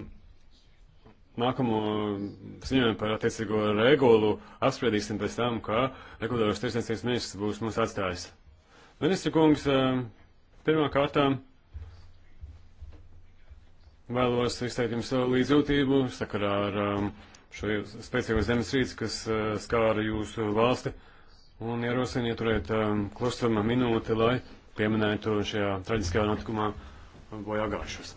B: nākamo ziņojumu par attiecīgo regulu apspriedīsim pēc tam, kā Ekvadoras tirsniecības ministrs būs mums atstājis. Ministra kungs, uh, pirmā kārtā. Uh, Vēlos izteikt jums līdzjūtību sakarā ar um, šo spēcīgo zemestrīci, kas uh, skāra jūsu valsti, un ierosinu ieturēt um, klusuma minūti, lai pieminētu šajā traģiskajā notikumā bojā gājušos.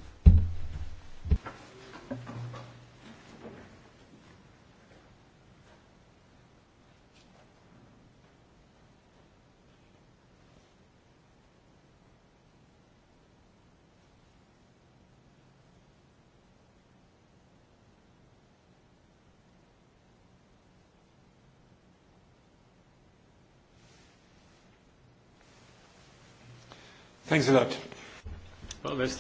B: Thanks a lot. Paldies.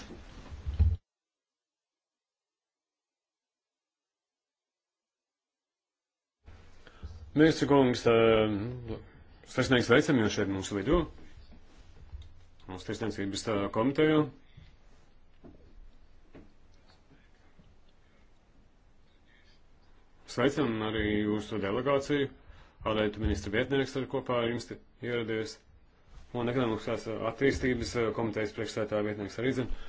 B: Ministra kungs, starpnieks veicam jūs šeit mūsu vidū, mūsu tirsniecības komitejā. Sveicam arī jūsu delegāciju, ārlietu ministra vietnieks, ar kopā ar jums ieradies un ekonomiskās eh, attīstības eh, komitejas priekšsētāja vietnieks arī zina.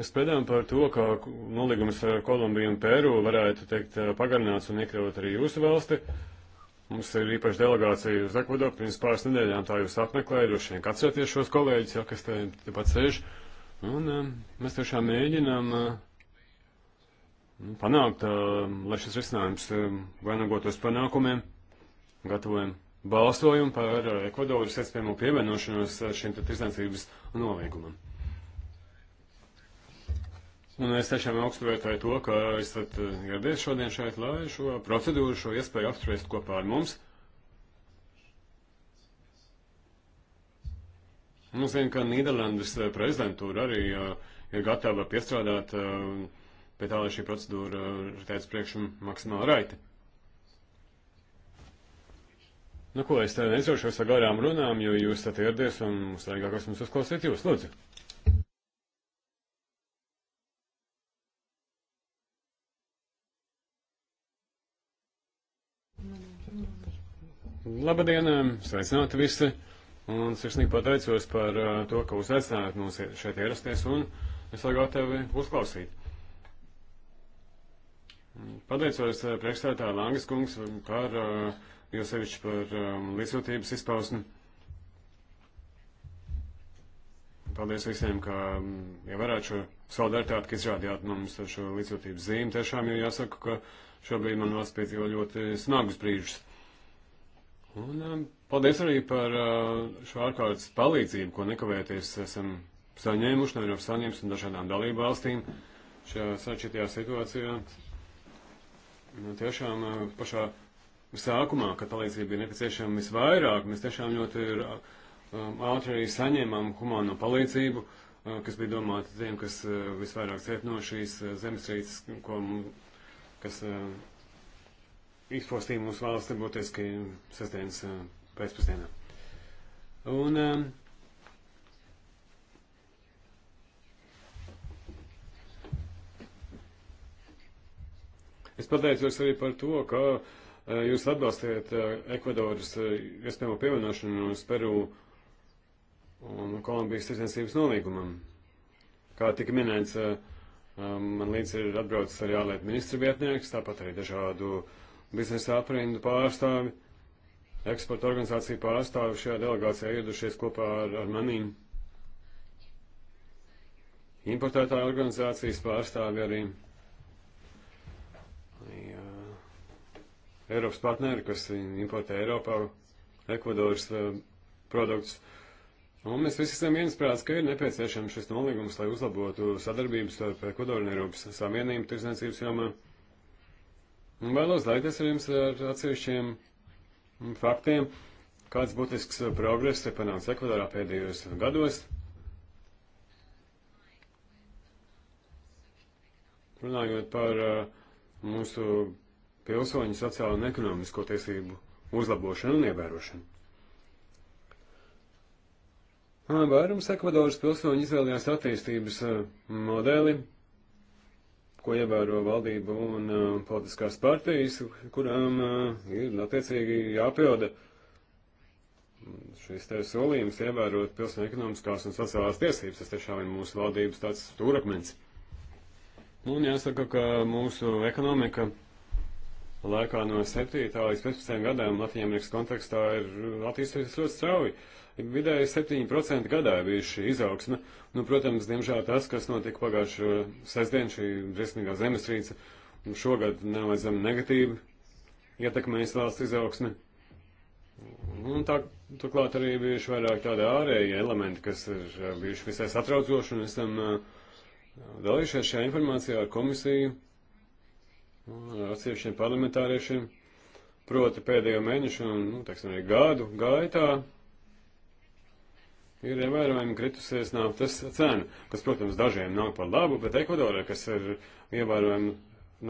B: Spēdām par to, ka nolīgums ar Kolumbiju un Pēru varētu teikt eh, pagarināts un iekļaut arī jūsu valsti. Mums ir īpaši delegācija uz Ekvadoru, pirms pāris nedēļām tā jūs apmeklēja, droši vien atcerieties šos kolēģis, jau kas te, te pats sēž. Un mēs tiešām mēģinām uh, panākt, lai šis risinājums vainagotos panākumiem, gatavojam balsojumu par Ekvadoras iespējamo pievienošanos šim tirdzniecības nolīgumam. Un es tiešām augstu vērtēju to, ka esat ieradies šodien šeit, lai šo procedūru, šo iespēju apspriest kopā ar mums. Un es zinu, ka Nīderlandes prezidentūra arī ir gatava piestrādāt uh, pie tā, lai šī procedūra eh, ritētas priekšum maksimāli raiti. Nu, ko es te nezrošos ar garām runām, jo jūs te ieradies un mums svarīgākais mums uzklausīt jūs, lūdzu. Labdien, eh, sveicināti visi, un sirsnīgi pateicos par eh, to, ka uzveicinājāt mums šeit ierasties, un es vēl gatavi uzklausīt. Pateicos eh, priekšstādā Langas kungs um, par, eh, jo sevišķi par um, līdzjūtības izpausmi. Paldies visiem, ka ievērāt um, ja šo solidaritāti, ka izrādījāt mums šo līdzjūtības zīmi. Tiešām jau jāsaka, ka šobrīd man valsts piedzīvo ļoti smagus brīžus. Un paldies arī par uh, šo ārkārtas palīdzību, ko nekavēties esam saņēmuši no Eiropas Savienības un dažādām dalību valstīm šajā sačītajā situācijā. Nu, tiešām eh, pašā sākumā, kad palīdzība bija nepieciešama visvairāk, mēs tiešām ļoti ir, eh, ātri arī saņēmām humāno palīdzību, eh, kas bija domāta tiem, kas visvairāk ciet no šīs zemestrīces, ko mums, kas izpostīja mūsu valsts, būtiski sestdienas pēcpusdienā. Un, Es pateicos arī par to, ka e, jūs atbalstiet e, Ekvadoras e, iespējamo pievienošanu uz Peru un Kolumbijas tirdzniecības nolīgumam. Kā tika minēts, man līdz ir atbraucis arī ārlietu ministra vietnieks, tāpat arī dažādu biznesa aprindu pārstāvi, eksporta organizāciju pārstāvi šajā delegācijā ieradušies kopā ar, ar manīm. Importētāju organizācijas pārstāvi arī. Eiropas partneri, kas importē Eiropā Ekvadoras eh, produktus. Un mēs visi esam viensprāts, ka ir nepieciešams šis nolīgums, lai uzlabotu sadarbības starp Ekvadoru un Eiropas Savienību tirsniecības jomā. Un vēlos dalīties ar jums ar atsevišķiem faktiem, kāds būtisks progress ir panākts Ekvadorā pēdējos gados. Runājot par uh, mūsu pilsoņu sociālo un ekonomisko tiesību uzlabošanu un ievērošanu. Vairums Ekvadoras pilsoņu izvēlējās attīstības eh, modeli, ko ievēro valdība un eh, politiskās partijas, kurām eh, ir attiecīgi jāpilda šīs te solījums ievērot pilsoņu ekonomiskās un sociālās tiesības. Tas tiešām ir mūsu valdības tāds stūrakmens. Nu, un jāsaka, ka mūsu ekonomika laikā no 7. līdz 15. gadam Latvijas kontekstā ir uh, attīstījusies ļoti strauji. Vidēji 7% gadā bija šī izaugsme. Nu, protams, diemžēl tas, kas notika pagājušā sestdien, šī briesmīgā zemestrīce, nu, šogad nevajadzam negatīvi ietekmējas valsts izaugsme. Un tā, turklāt arī bijuši vairāk tādi ārēji elementi, kas ir uh, bijuši visai satraucoši, un esam uh, dalījušies šajā informācijā ar komisiju ar atsevišķiem parlamentāriešiem, proti pēdējo mēnešu un, nu, teiksim, gadu gaitā ir ievērojami kritusies naftas cena, kas, protams, dažiem nāk par labu, bet Ekvadorai, kas ir ievērojami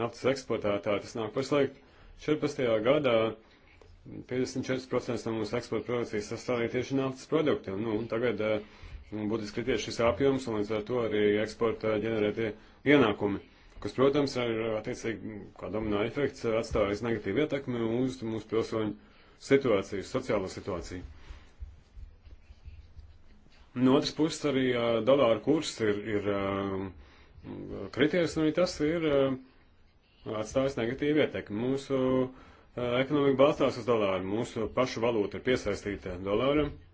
B: naftas eksportētāji, tas nāk par sliktu. 14. gadā 54% no mūsu eksporta produkcijas sastāvīja tieši naftas produkti, un, nu, un tagad eh, būtiski tieši šis apjoms, un līdz ar to arī eksporta ģenerētie ienākumi kas, protams, ir eh, attiecīgi kā domino efekts eh, atstājis negatīvu ietekmi uz mūsu pilsoņu situāciju, sociālo situāciju. No otras puses arī uh, eh, dolāra kurs ir, ir uh, krities, un nu, arī tas ir uh, atstājis negatīvu ietekmi. Mūsu uh, ekonomika balstās uz dolāru, mūsu pašu valūta ir piesaistīta dolāram. Uh,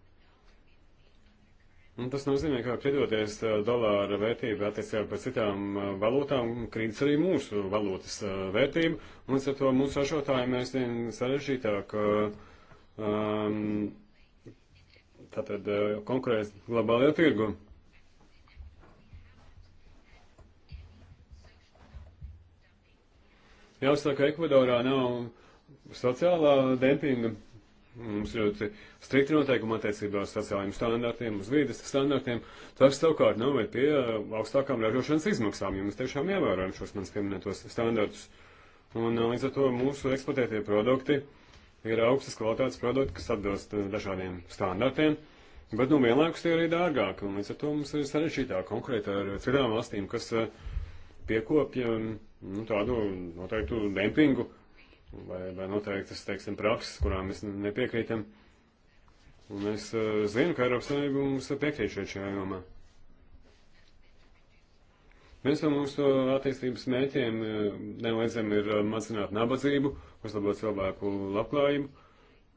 B: Un tas nozīmē, ka piedoties eh, dolāra vērtība attiecībā par citām eh, valūtām, krītas arī mūsu valūtas eh, vērtība, un ar to mūsu ražotājiem mēs vien sarežģītāk um, tātad konkurēs globālajā tirgu. Jāuzsaka, Ekvadorā nav sociālā dempinga. Mums ļoti strikti noteikumi attiecībā uz sociālajiem standartiem, uz vīdes standartiem. Tas savukārt noved pie uh, augstākām ražošanas izmaksām, jo mēs tiešām ievērojam šos manis pieminētos standartus. Un uh, līdz ar to mūsu eksportētie produkti ir augstas kvalitātes produkti, kas atbilst uh, dažādiem standartiem, bet nu vienlaikus tie ir arī dārgāki. Un līdz ar to mums ir sarežģītāk konkurēt ar citām valstīm, kas piekopja um, nu, tādu noteiktu dempingu vai, vai noteiktas, teiksim, prakses, kurām mēs nepiekrītam. Un es uh, zinu, ka Eiropas Savienība mums piekrīt šeit šajā jomā. Viens no mūsu attīstības mērķiem uh, eh, nenoliedzam ir eh, mazināt nabadzību, uzlabot cilvēku labklājību.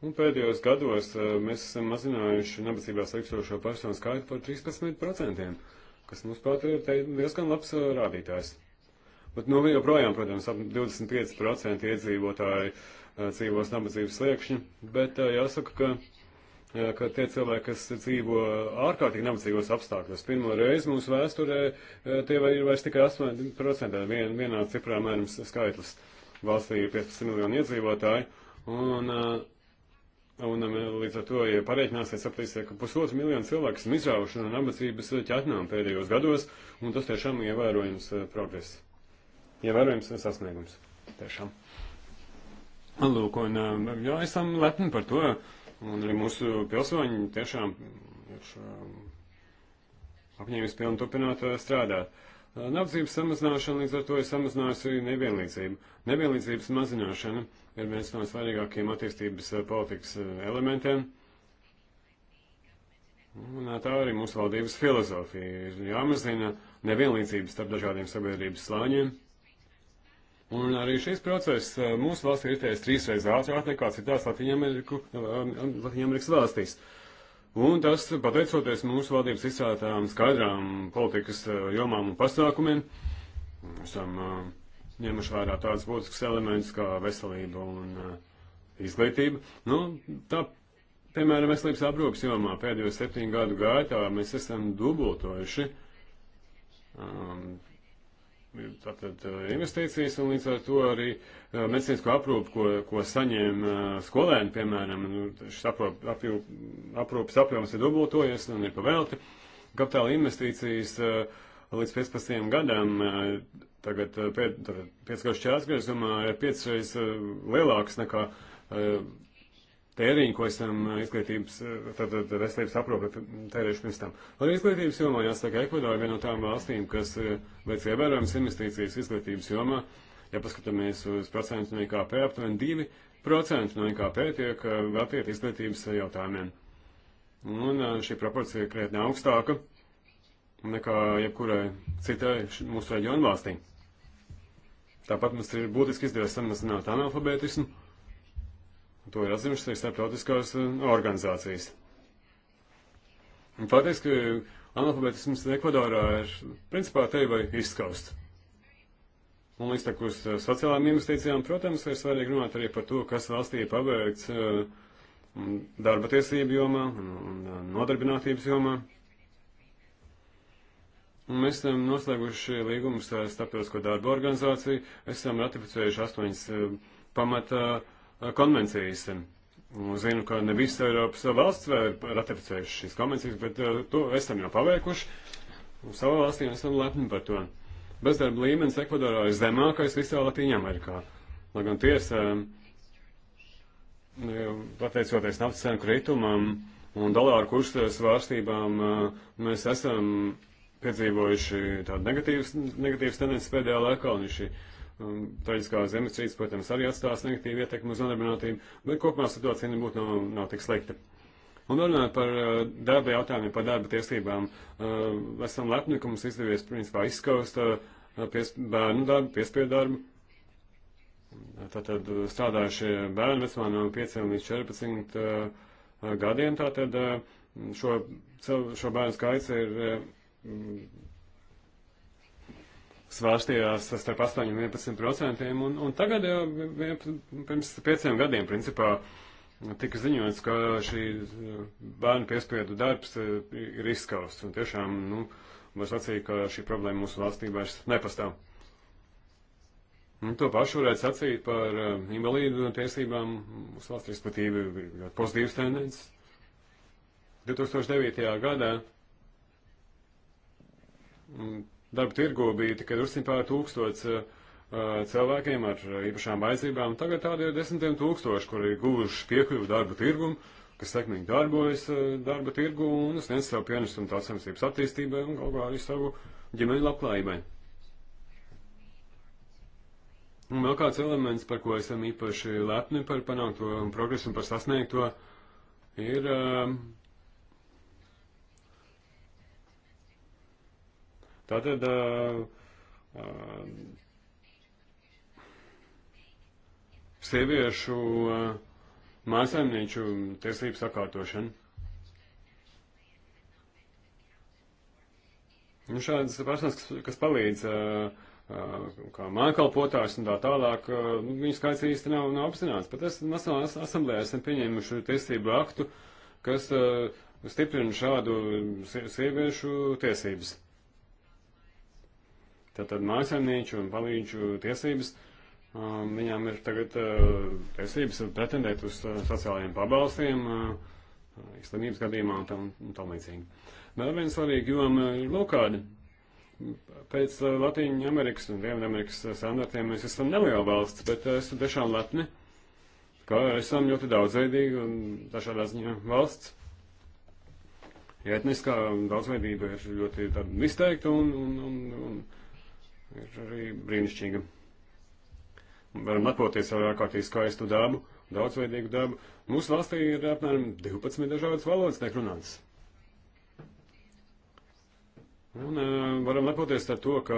B: Un pēdējos gados uh, mēs esam mazinājuši nabadzībā seksošo personu skaitu par 13%, kas mums pat ir diezgan labs rādītājs. Bet, nu, joprojām, protams, ap 25% iedzīvotāji eh, dzīvos nabadzības sliekšņi, bet eh, jāsaka, ka, eh, ka tie cilvēki, kas dzīvo ārkārtīgi nabadzīgos apstākļos, pirmo reizi mūsu vēsturē, tie vai ir vairs tikai 8% vien, vienā ciprā mērums skaitlis. Valstī ir 15 miljoni iedzīvotāji, un, un līdz ar to, ja pareiķināsiet, sapratīsiet, ka pusotru miljonu cilvēku esam izrauši no nabadzības ķetnām pēdējos gados, un tas tiešām ievērojams progress ievērojams sasniegums. Tiešām. Lūk, un um, jā, esam lepni par to. Un arī mūsu pilsoņi tiešām ir um, apņēmis pilni turpināt uh, strādāt. Uh, nabadzības samazināšana līdz ar to ir samazinājusi arī nevienlīdzību. Nevienlīdzības mazināšana ir viens no svarīgākajiem attīstības uh, politikas elementiem. Un tā arī mūsu valdības filozofija ir jāmazina nevienlīdzības starp dažādiem sabiedrības slāņiem. Un arī šis process mūsu valstī ir tieši trīsreiz ātrāk nekā citās Latvijas-Amerikas valstīs. Un tas pateicoties mūsu valdības izstrādātām skaidrām politikas jomām un pasākumiem, esam ņemuši vērā tādas būtiskas elementus kā veselība un izglītība. Nu, tā, piemēram, veselības aprūpas jomā pēdējo septiņu gadu gaitā mēs esam dubultojuši um, tātad eh, investīcijas un līdz ar to arī eh, medicīnisko aprūpu, ko, ko saņem eh, skolēni, piemēram, nu, šis aprūp, aprūp, aprūpas apjoms ir dubultojies un ir pavēlti. Kapitāla investīcijas līdz 15 gadam, tagad 5 gadu šķērsgriezumā ir 5 reizes lielāks nekā tēriņu, ko esam eh, izglītības, eh, tātad veselības aprūpe tērējuši pirms tam. Arī izglītības jomā jāsaka, Ekvadora ir viena no tām valstīm, kas eh, veic ievērojams investīcijas izglītības jomā. Ja paskatāmies uz procentu no IKP, aptuveni 2% no IKP tiek veltīti izglītības jautājumiem. Un šī proporcija ir krietni augstāka nekā jebkurai citai mūsu reģionu valstī. Tāpat mums ir būtiski izdevies samazināt analfabētismu To ir atzinušas arī starptautiskās um, organizācijas. Faktiski analfabētisms Ekvadorā ir principā te vai izskaust. Un līdz tekus uh, sociālām investīcijām, protams, ir svarīgi runāt arī par to, kas valstī ir paveikts uh, darba tiesību jomā un nodarbinātības jomā. Un mēs esam noslēguši līgumus ar starptautisko darba organizāciju, esam ratificējuši astoņas pamata uh, konvencijas. Zinu, ka ne visas Eiropas valsts vēl ir ratificējušas šīs konvencijas, bet eh, to esam jau paveikuši. Savā valstī esam lepni par to. Bezdarba līmenis Ekvadorā ir zemākais visā Latvijā Amerikā. Lai gan tiesa, eh, pateicoties naftas cenu kritumam un dolāru kursa svārstībām, eh, mēs esam piedzīvojuši tādu negatīvas, negatīvas tendences pēdējā laikā, un šī Traģiskā zemestrīce, protams, arī atstās negatīvu ietekmi uz nodarbinātību, bet kopumā situācija nebūtu nav, nav tik slikta. Un runājot par uh, darba jautājumiem, par darba tiesībām, uh, esam lepni, ka mums izdevies, principā, izskaust uh, pies, bērnu darbu, piespiedu darbu. Tātad strādājušie bērni vecumā no 5 līdz 14 gadiem, tātad šo, šo bērnu skaits ir svārstījās starp 8 un 11 procentiem, un, un tagad jau pirms pieciem gadiem, principā, tika ziņots, ka šī eh, bērnu piespiedu darbs eh, ir izskausts, un tiešām, nu, var sacīt, ka šī problēma mūsu valstī vairs nepastāv. Un to pašu varētu sacīt par eh, invalīdu tiesībām mūsu valstī, respektīvi, ir ļoti pozitīvas tendences. 2009. gadā darba tirgo bija tikai drusciņ pār tūkstots uh, cilvēkiem ar eh, īpašām vajadzībām. Tagad tādi ir desmitiem tūkstoši, kuri guvuši piekļuvu darba tirgumu, kas sekmīgi darbojas uh, darba tirgu un sniedz savu pienesumu tās saimniecības attīstībai un galvā arī savu ģimeņu labklājībai. Un vēl kāds elements, par ko esam īpaši lepni par panākto progresu un par sasniegto, ir uh, Tātad uh, uh, sieviešu uh, mājasemnieču tiesību sakārtošana. Nu, šādas personas, kas, kas palīdz, kā mājakalpotājs un tā tālāk, nu, viņu skaits īsti nav, nav apzināts. Pat es Nacionālajā asamblējā esam pieņēmuši tiesību aktu, kas stiprina šādu sieviešu tiesības. Tātad mājasemnieču un palīdžu tiesības, um, viņām ir tagad uh, tiesības pretendēt uz uh, sociālajiem pabalstiem, uh, slimības gadījumā un tam, un tam līdzīgi. Vēl viens svarīgi joma ir lokādi. Pēc uh, Latīņu Amerikas un Dienvidamerikas standartiem mēs esam neliela valsts, bet uh, esam tiešām lepni, ka esam ļoti daudzveidīgi un dažādā ziņā valsts. Ja etniskā daudzveidība ir ļoti izteikta un, un, un, un ir arī brīnišķīga. Varam atpūties ar ārkārtīgi skaistu dabu, daudzveidīgu dabu. Mūsu valstī ir apmēram 12 dažādas valodas tiek runāts. Un uh, varam lepoties ar to, ka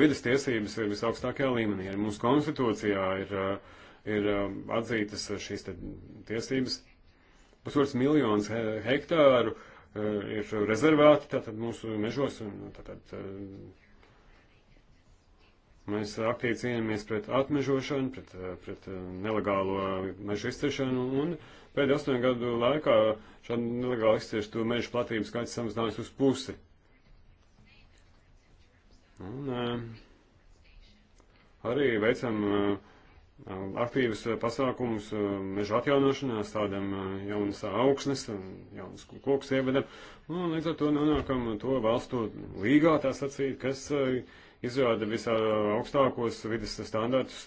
B: vidas tiesības ir visaugstākajā līmenī. Arī mūsu konstitūcijā ir, uh, ir uh, atzītas šīs tiesības. Pusotrs miljonus he hektāru uh, ir rezervēti tātad mūsu mežos un tātad. Uh, Mēs aktīvi cīnāmies pret atmežošanu, pret, eh, pret eh, nelegālo mežu izciršanu, un pēdējo astoņu gadu laikā šādu nelegālu izcirstu mežu platību skaits samazinājās uz pusi. Un eh, arī veicam aktīvas pasākumus mežu atjaunošanā, stādam jaunas augsnes, jaunas kokus ievedam, un līdz ar to nonākam to valstu līgā, tā sacīt, kas uh, izrāda visā augstākos vidas standartus,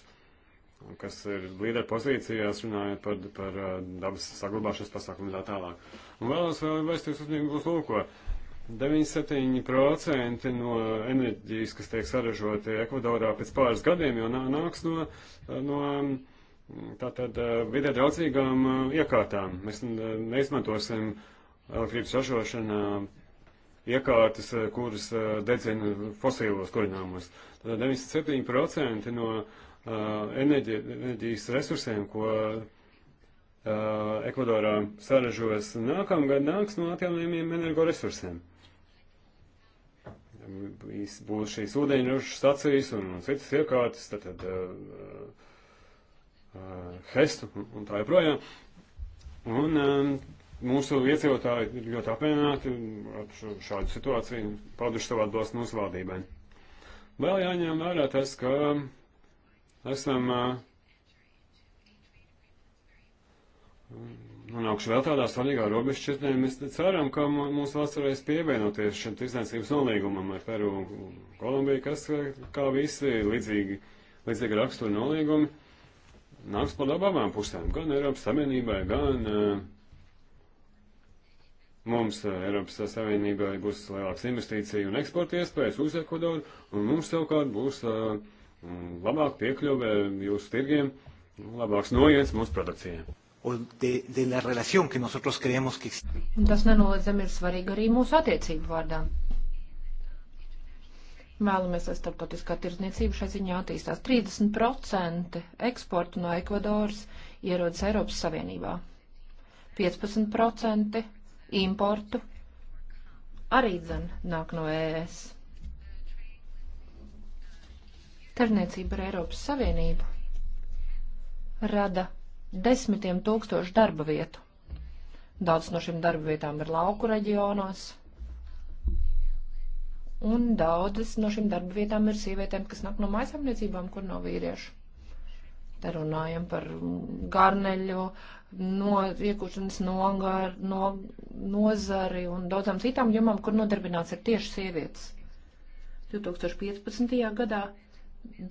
B: kas ir līderi pozīcijās, runājot par, par uh, dabas saglabāšanas pasākumu tā tālāk. Un vēlos vēl vēsties uzņēmumus lūko. 97% no enerģijas, kas tiek saražota Ekvadorā pēc pāris gadiem, jau nāks no, no tātad uh, vidē draudzīgām uh, iekārtām. Mēs neizmantosim elektrības ražošanā iekārtas, eh, kuras eh, dedzina fosīlos kurināmos. Tad 97% no eh, enerģi, enerģijas resursiem, ko Ekvadorā saražos nākamgad, nāks no atjaunojumiem energoresursiem. Būs šīs ūdeņražu stacijas un citas iekārtas, tad, tad uh, uh, hestu un tā joprojām. Un um, mūsu iedzīvotāji ir ļoti apmierināti ar šo, šādu situāciju un pauduši savu atbalstu mūsu valdībai. Vēl jāņem vērā tas, ka esam eh, nonākuši vēl tādā svarīgā robežšķirtnē. Mēs ceram, ka mūsu valsts varēs pievienoties šim tirsniecības nolīgumam ar Peru un Kolumbiju, kas eh, kā visi līdzīgi, līdzīgi rakstura nolīgumi nāks par labām pusēm, gan Eiropas Savienībai, gan uh, Mums eh, Eiropas Savienībai būs lielāks investīciju un eksporta iespējas uz Ekvadoru, un mums savukārt būs eh, mm, labāk piekļuvē jūsu tirgiem, labāks noiets mūsu produkcijai. De, de la relación que nosotros creemos que existe.
C: Un tas nenoliedzami ir svarīgi arī mūsu attiecību vārdā. Vēlamies, lai starptautiskā tirzniecība šai ziņā attīstās. 30% eksporta no Ekvadoras ierodas Eiropas Savienībā. 15% importu arī dzen nāk no ES. Tarniecība ar Eiropas Savienību rada desmitiem tūkstošu darba vietu. Daudz no šiem darba vietām ir lauku reģionos, un daudzas no šiem darba vietām ir sievietēm, kas nāk no mājasamniecībām, kur nav vīriešu. Te runājam par garneļu, no, iekūšanas nogar, no, nozari un daudzām citām jomām, kur nodarbināts ir tieši sievietes. 2015. gadā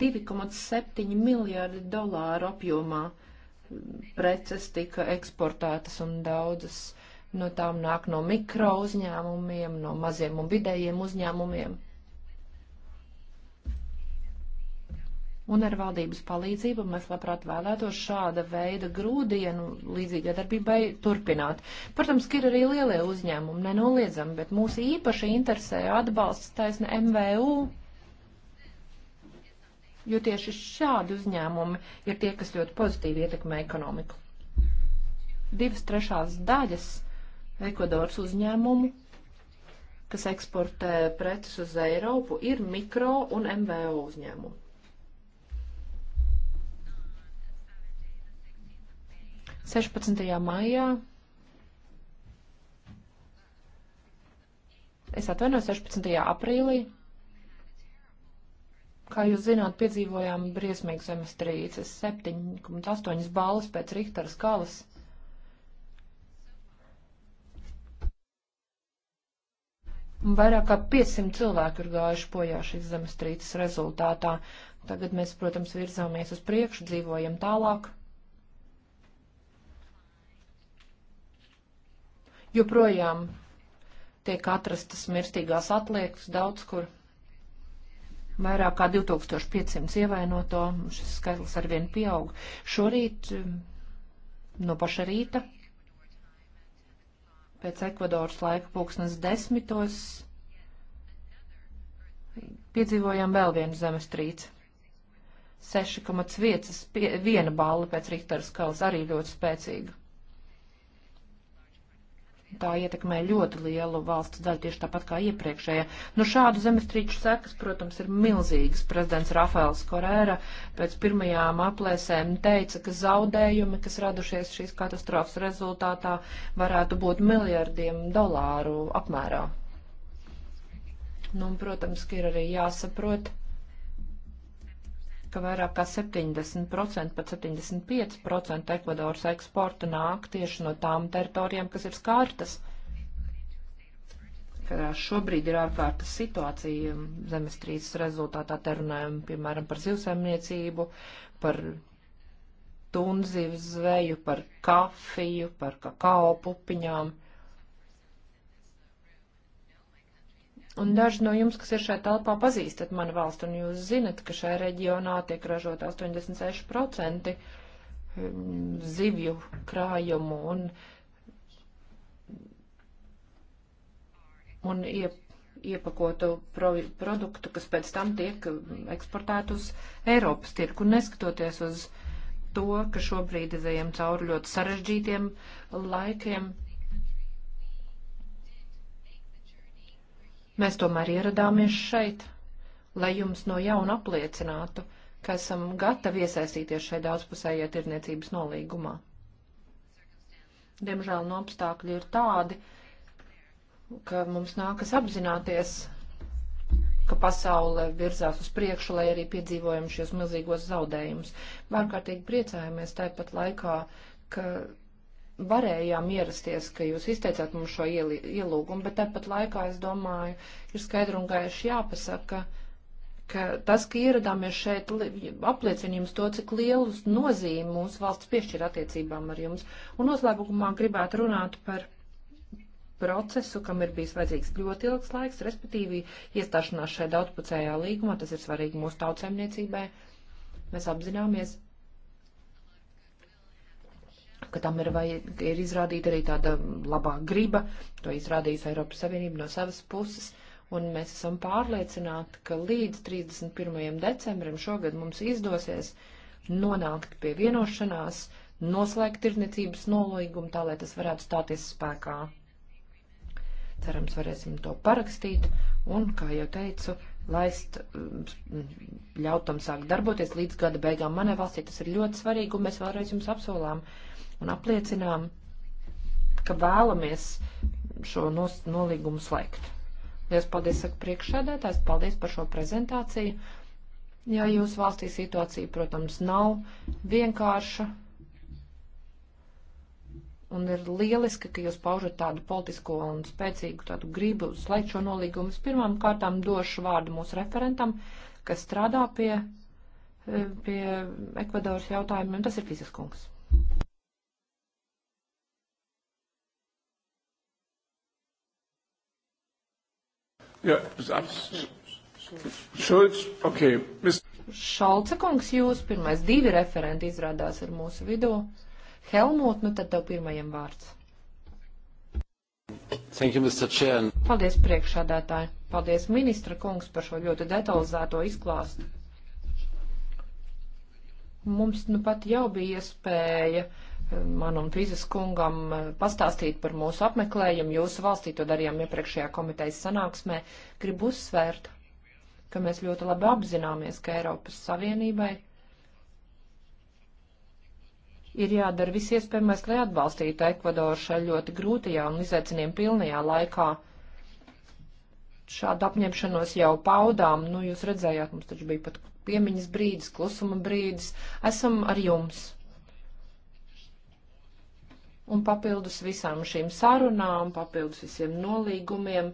C: 2,7 miljārdi dolāru apjomā preces tika eksportētas un daudzas no tām nāk no mikro uzņēmumiem, no maziem un vidējiem uzņēmumiem. Un ar valdības palīdzību mēs labprāt vēlētos šāda veida grūdienu līdzīgai darbībai turpināt. Protams, ka ir arī lielie uzņēmumi, nenoliedzami, bet mūs īpaši interesē atbalsts taisne MVU. Jo tieši šādi uzņēmumi ir tie, kas ļoti pozitīvi ietekmē ekonomiku. Divas trešās daļas Ekvadoras uzņēmumu, kas eksportē preces uz Eiropu, ir mikro un MVO uzņēmumi. 16. maijā. Es atvainojos 16. aprīlī. Kā jūs zināt, piedzīvojām briesmīgu zemestrīces 7,8 balvas pēc Richtera skalas. Un vairāk kā 500 cilvēku ir gājuši bojā šīs zemestrīces rezultātā. Tagad mēs, protams, virzāmies uz priekšu, dzīvojam tālāk. joprojām tiek atrastas mirstīgās atliekas daudz kur. Vairāk kā 2500 ievainoto, šis skaitlis arvien pieaug. Šorīt, um, no paša rīta, pēc Ekvadoras laika pulksnes desmitos, piedzīvojām vēl vienu zemestrīci. 6,1 balva pēc Rihtaras skalas arī ļoti spēcīga tā ietekmē ļoti lielu valstu daļu, tieši tāpat kā iepriekšējā. Nu, šādu zemestrīču sekas, protams, ir milzīgas. Prezidents Rafaels Korēra pēc pirmajām aplēsēm teica, ka zaudējumi, kas radušies šīs katastrofas rezultātā, varētu būt miljardiem dolāru apmērā. Nu, un, protams, ka ir arī jāsaprot, uh, ka vairāk kā 70%, pat 75% Ekvadoras eksporta nāk tieši no tām teritorijām, kas ir skārtas. Kā šobrīd ir ārkārtas situācija zemestrīces rezultātā, te runājam, piemēram, par zivsaimniecību, par tunzīves zveju, par kafiju, par kakao pupiņām. Ka Un mhm. daži no jums, kas ir šajā telpā, pazīstat manu valstu, un jūs zinat, ka šajā reģionā tiek ražot 86% mm, zivju krājumu un, un iep, iepakotu pro, produktu, kas pēc tam tiek eksportēt uz Eiropas tirku, neskatoties uz to, ka šobrīd izējam cauri ļoti sarežģītiem laikiem. Mm Mēs tomēr ieradāmies šeit, lai jums no jauna apliecinātu, ka esam gatavi iesaistīties šai daudzpusējā tirniecības nolīgumā. Diemžēl no apstākļi ir tādi, ka mums nākas apzināties, ka pasaule virzās uz priekšu, lai arī piedzīvojam šos milzīgos zaudējumus. Vārkārtīgi priecājamies tāpat laikā, ka varējām ierasties, ka jūs izteicāt mums šo ielūgumu, bet tāpat laikā, es domāju, ir skaidri un gaiši jāpasaka, ka tas, ka ieradāmies šeit, apliecina jums to, cik lielus nozīmi mūsu valsts piešķir attiecībām ar jums. Un noslēgumā gribētu runāt par procesu, kam ir bijis vajadzīgs ļoti ilgs laiks, respektīvi iestāšanās šajā daudzpucējā līgumā, tas ir svarīgi mūsu tautsēmniecībai. Mēs apzināmies, ka tam ir, vai, ir izrādīta arī tāda labā griba, to izrādījis Eiropas Savienība no savas puses, un mēs esam pārliecināti, ka līdz 31. decembrim šogad mums izdosies nonākt pie vienošanās, noslēgt tirdzniecības nolīgumu tā, lai tas varētu stāties spēkā. Cerams, varēsim to parakstīt un, kā jau teicu, laist, mm, ļaut tam sākt darboties līdz gada beigām. Manai valstī tas ir ļoti svarīgi, un mēs vēlreiz jums apsolām, uh, un apliecinām, ka vēlamies šo nos, nolīgumu slēgt. Lielas paldies, saka priekšsēdētājs, paldies par šo prezentāciju. Jā, jūsu valstī situācija, protams, nav vienkārša. Un ir lieliski, ka jūs paužat tādu politisko un spēcīgu tādu gribu slēgt šo nolīgumu. Es pirmām kārtām došu vārdu mūsu referentam, kas strādā pie, pie Ekvadoras jautājumiem. Tas ir fiziskungs.
B: Jā, Šulc, ok. Mis...
C: Šalca kungs, jūs pirmais divi referenti izrādās ir mūsu vidū. Helmut, nu tad tev pirmajam vārds.
B: Thank you, Mr. Chair.
C: Paldies priekšādātāji. Paldies ministra kungs par šo ļoti detalizēto izklāstu. Mums nu pat jau bija iespēja uh, man un Fizas kungam eh, pastāstīt par mūsu apmeklējumu. Jūsu valstī to darījām iepriekšējā komitejas sanāksmē. Gribu uzsvērt, ka mēs ļoti labi apzināmies, ka Eiropas Savienībai ir jādara viss iespējamais, lai atbalstītu Ekvadoru šajā ļoti grūtajā un izaicinājumu pilnajā laikā. Šādu apņemšanos jau paudām, nu jūs redzējāt, mums taču bija pat piemiņas brīdis, klusuma brīdis, esam ar jums. Un papildus visām šīm sarunām, papildus visiem nolīgumiem,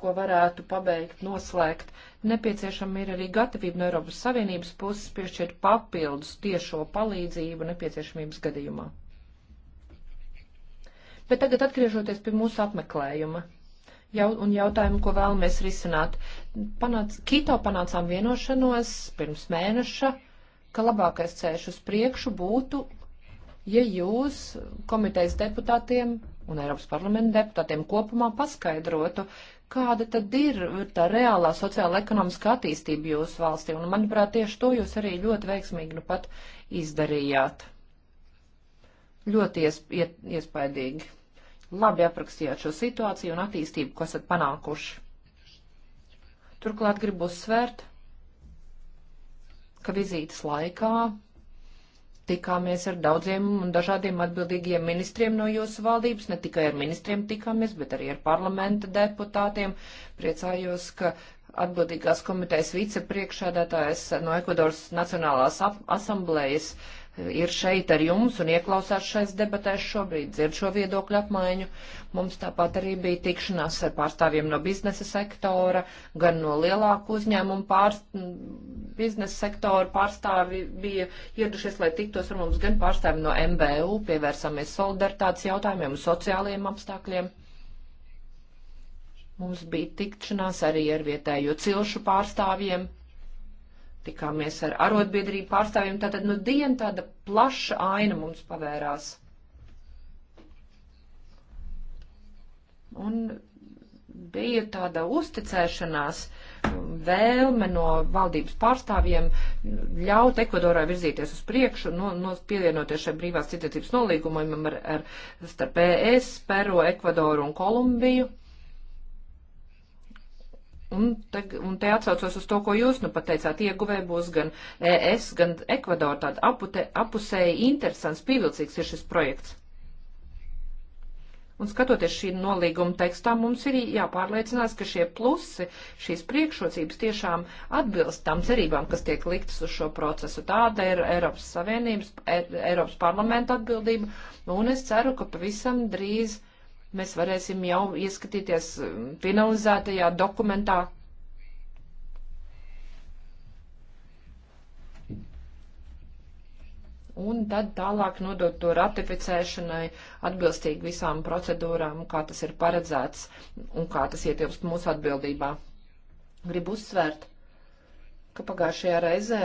C: ko varētu pabeigt, noslēgt, nepieciešama ir arī gatavība no Eiropas Savienības puses piešķirt papildus tiešo palīdzību nepieciešamības gadījumā. Bet tagad atgriežoties pie mūsu apmeklējuma jau, un jautājumu, ko vēlamies risināt. Panāc, Kito panācām vienošanos pirms mēneša, ka labākais ceļš uz priekšu būtu ja jūs komitejas deputātiem un Eiropas parlamenta deputātiem kopumā paskaidrotu, kāda tad ir tā reālā sociāla ekonomiskā attīstība jūsu valstī. Un, manuprāt, tieši to jūs arī ļoti veiksmīgi nu pat izdarījāt. Ļoti ies, iet, iespaidīgi. Labi aprakstījāt šo situāciju un attīstību, ko esat panākuši. Turklāt gribu uzsvērt, ka vizītes laikā tikāmies ar daudziem un dažādiem atbildīgiem ministriem no jūsu valdības, ne tikai ar ministriem tikāmies, bet arī ar parlamenta deputātiem. Priecājos, ka atbildīgās komitejas vicepriekšādātājs no Ekvadoras Nacionālās asamblējas uh, ir šeit ar jums un ieklausās šais debatēs šobrīd, dzird šo viedokļu apmaiņu. Mums tāpat arī bija tikšanās ar pārstāvjiem no biznesa sektora, gan no lielāku uzņēmumu pārst... biznesa sektora pārstāvi bija ieradušies, lai tiktos ar mums gan pārstāvi no MBU, pievērsāmies solidaritātes jautājumiem un sociālajiem apstākļiem. Mums bija tikšanās arī ar vietējo cilšu pārstāvjiem tikāmies ar arotbiedrību pārstāvjiem, tātad nu diena tāda plaša aina mums pavērās. Un bija tāda uzticēšanās, um, vēlme no valdības pārstāvjiem ļaut Ekvadorai virzīties uz priekšu, no, no pievienoties šai brīvās citētības nolīgumam ar, ar starp ES, Peru, Ekvadoru un Kolumbiju. Un te, un te atsaucos uz to, ko jūs nu pateicāt. Ieguvē būs gan ES, gan Ekvadora. Tāda apute, apusēji interesants, pievilcīgs ir šis projekts. Un skatoties šī nolīguma tekstā, mums ir jāpārliecinās, ka šie plusi, šīs priekšrocības tiešām atbilst tām cerībām, kas tiek liktas uz šo procesu. Tāda ir Eiropas Savienības, e, Eiropas parlamenta atbildība. Un es ceru, ka pavisam drīz. Uh, mēs varēsim jau ieskatīties um, finalizētajā dokumentā, un tad tālāk nodot to ratificēšanai atbilstīgi visām procedūrām, kā tas ir paredzēts un kā tas ietilpst mūsu atbildībā. Gribu uzsvērt, ka pagājušajā reizē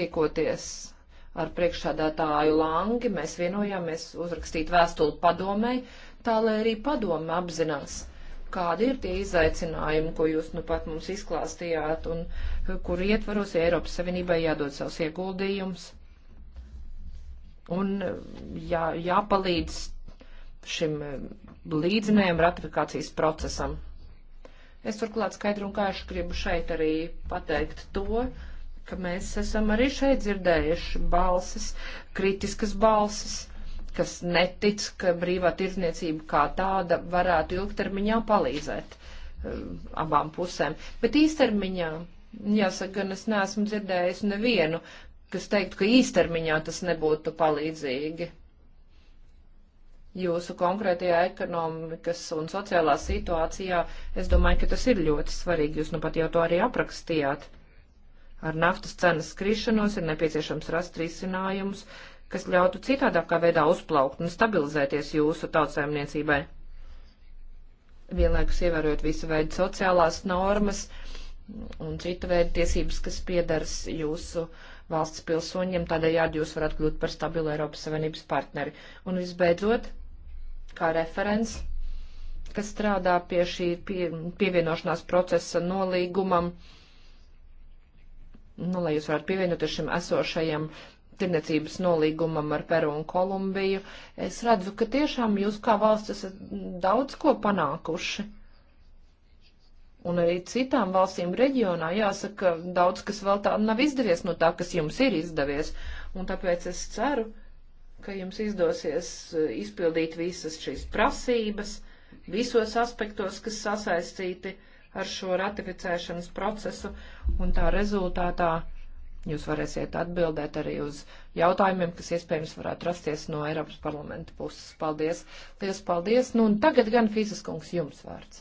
C: tiekoties ar priekšādātāju Langi mēs vienojāmies uzrakstīt vēstuli padomei, tā lai arī padome apzinās, kādi ir tie izaicinājumi, ko jūs nu pat mums izklāstījāt un eh, kur ietvaros Eiropas Savienībai jādod savus ieguldījumus un eh, jā, jāpalīdz šim eh, līdzinējam ratifikācijas procesam. Es turklāt skaidru un gaišu gribu šeit arī pateikt to, ka mēs esam arī šeit dzirdējuši balsis, kritiskas balsis, kas netic, ka brīvā tirdzniecība kā tāda varētu ilgtermiņā palīdzēt um, abām pusēm. Bet īstermiņā, jāsaka, gan es neesmu dzirdējis nevienu, kas teiktu, ka īstermiņā tas nebūtu palīdzīgi. Jūsu konkrētajā ekonomikas un sociālā situācijā, es domāju, ka tas ir ļoti svarīgi. Jūs nu pat jau to arī aprakstījāt. Ar naftas cenas skrišanos ir nepieciešams rast risinājumus, kas ļautu citādākā veidā uzplaukt un stabilizēties jūsu tautsēmniecībai. Vienlaikus ievērojot visu veidu sociālās normas un citu veidu tiesības, kas piedars jūsu valsts pilsoņiem, tādējādi jūs varat kļūt par stabilu Eiropas Savienības partneri. Un visbeidzot, kā referents, kas strādā pie šī pie, pievienošanās procesa nolīgumam, uh, nu, lai jūs varētu pievienoties šim esošajam tirniecības nolīgumam ar Peru un Kolumbiju. Es redzu, ka tiešām jūs kā valsts esat daudz ko panākuši. Un arī citām valstīm reģionā jāsaka, daudz kas vēl tā nav izdevies no tā, kas jums ir izdevies. Un tāpēc es ceru, ka jums izdosies eh, izpildīt visas šīs prasības, visos aspektos, kas sasaistīti ar šo ratificēšanas procesu, un tā rezultātā jūs varēsiet atbildēt arī uz jautājumiem, kas iespējams varētu rasties no Eiropas parlamenta puses. Paldies! Lielas paldies! Nu, un tagad gan Fīsas kungs jums vārds.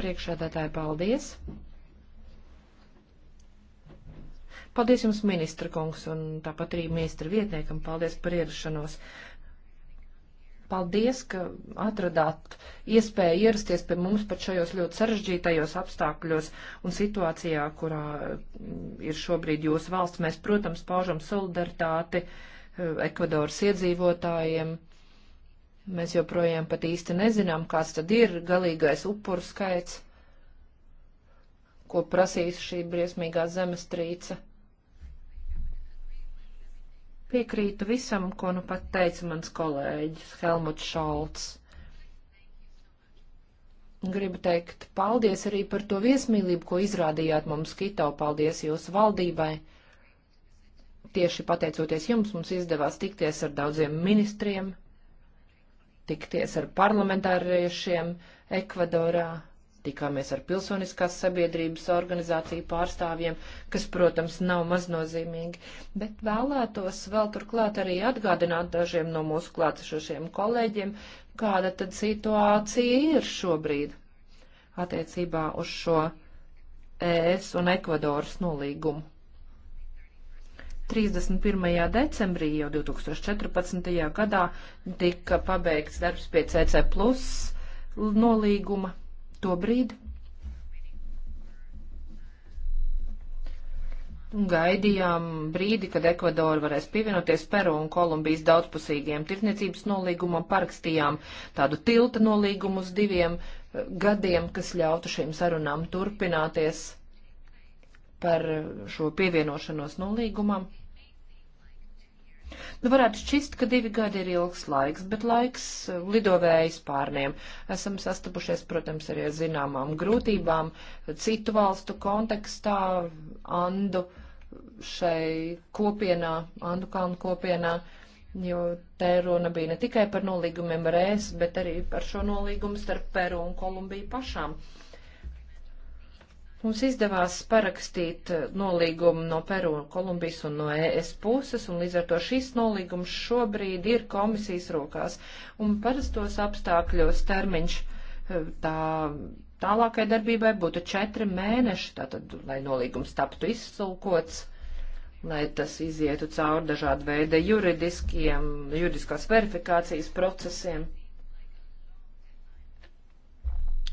C: Priekšādātāji, paldies! Paldies jums, ministra kungs, un tāpat arī ministra vietniekam. Paldies par ierašanos. Paldies, ka atradāt iespēju ierasties pie mums pat šajos ļoti sarežģītajos apstākļos un situācijā, kurā mm, ir šobrīd jūsu valsts. Mēs, protams, paužam solidaritāti eh, Ekvadoras iedzīvotājiem. Mēs joprojām pat īsti nezinām, kāds tad ir galīgais upuru skaits, ko prasīs šī briesmīgā zemestrīce. Piekrītu visam, ko nu pat teica mans kolēģis Helmuts Šalts. Gribu teikt paldies arī par to viesmīlību, ko izrādījāt mums Kito. Paldies jūsu valdībai. Tieši pateicoties jums, mums izdevās tikties ar daudziem ministriem, tikties ar parlamentāriešiem Ekvadorā Tikāmies ar pilsoniskās sabiedrības organizāciju pārstāvjiem, kas, protams, nav maznozīmīgi, bet vēlētos vēl turklāt arī atgādināt dažiem no mūsu klātešošiem kolēģiem, kāda tad situācija ir šobrīd attiecībā uz šo ES un Ekvadoras nolīgumu. 31. decembrī jau 2014. gadā tika pabeigts darbs pie CC plus nolīguma. Tobrīd gaidījām brīdi, kad Ekvadora varēs pievienoties Peru un Kolumbijas daudzpusīgiem tirdzniecības nolīgumam, parakstījām tādu tilta nolīgumu uz diviem eh, gadiem, kas ļautu šīm sarunām turpināties par eh, šo pievienošanos nolīgumam. Nu, varētu šķist, ka divi gadi ir ilgs laiks, bet laiks eh, lidovējis pārniem. Esam sastapušies, protams, arī ar zināmām grūtībām citu valstu kontekstā, Andu šai kopienā, Andu kalnu kopienā jo te runa bija ne tikai par nolīgumiem ar ES, bet arī par šo nolīgumu starp Peru un Kolumbiju pašām. Mums izdevās parakstīt eh, nolīgumu no Peru un Kolumbijas un no ES puses, un līdz ar to šis nolīgums šobrīd ir komisijas rokās. Un parastos apstākļos termiņš eh, tā, tālākai darbībai būtu četri mēneši, tātad, lai nolīgums taptu izsulkots, lai tas izietu cauri dažādu veidu juridiskiem, juridiskās verifikācijas procesiem.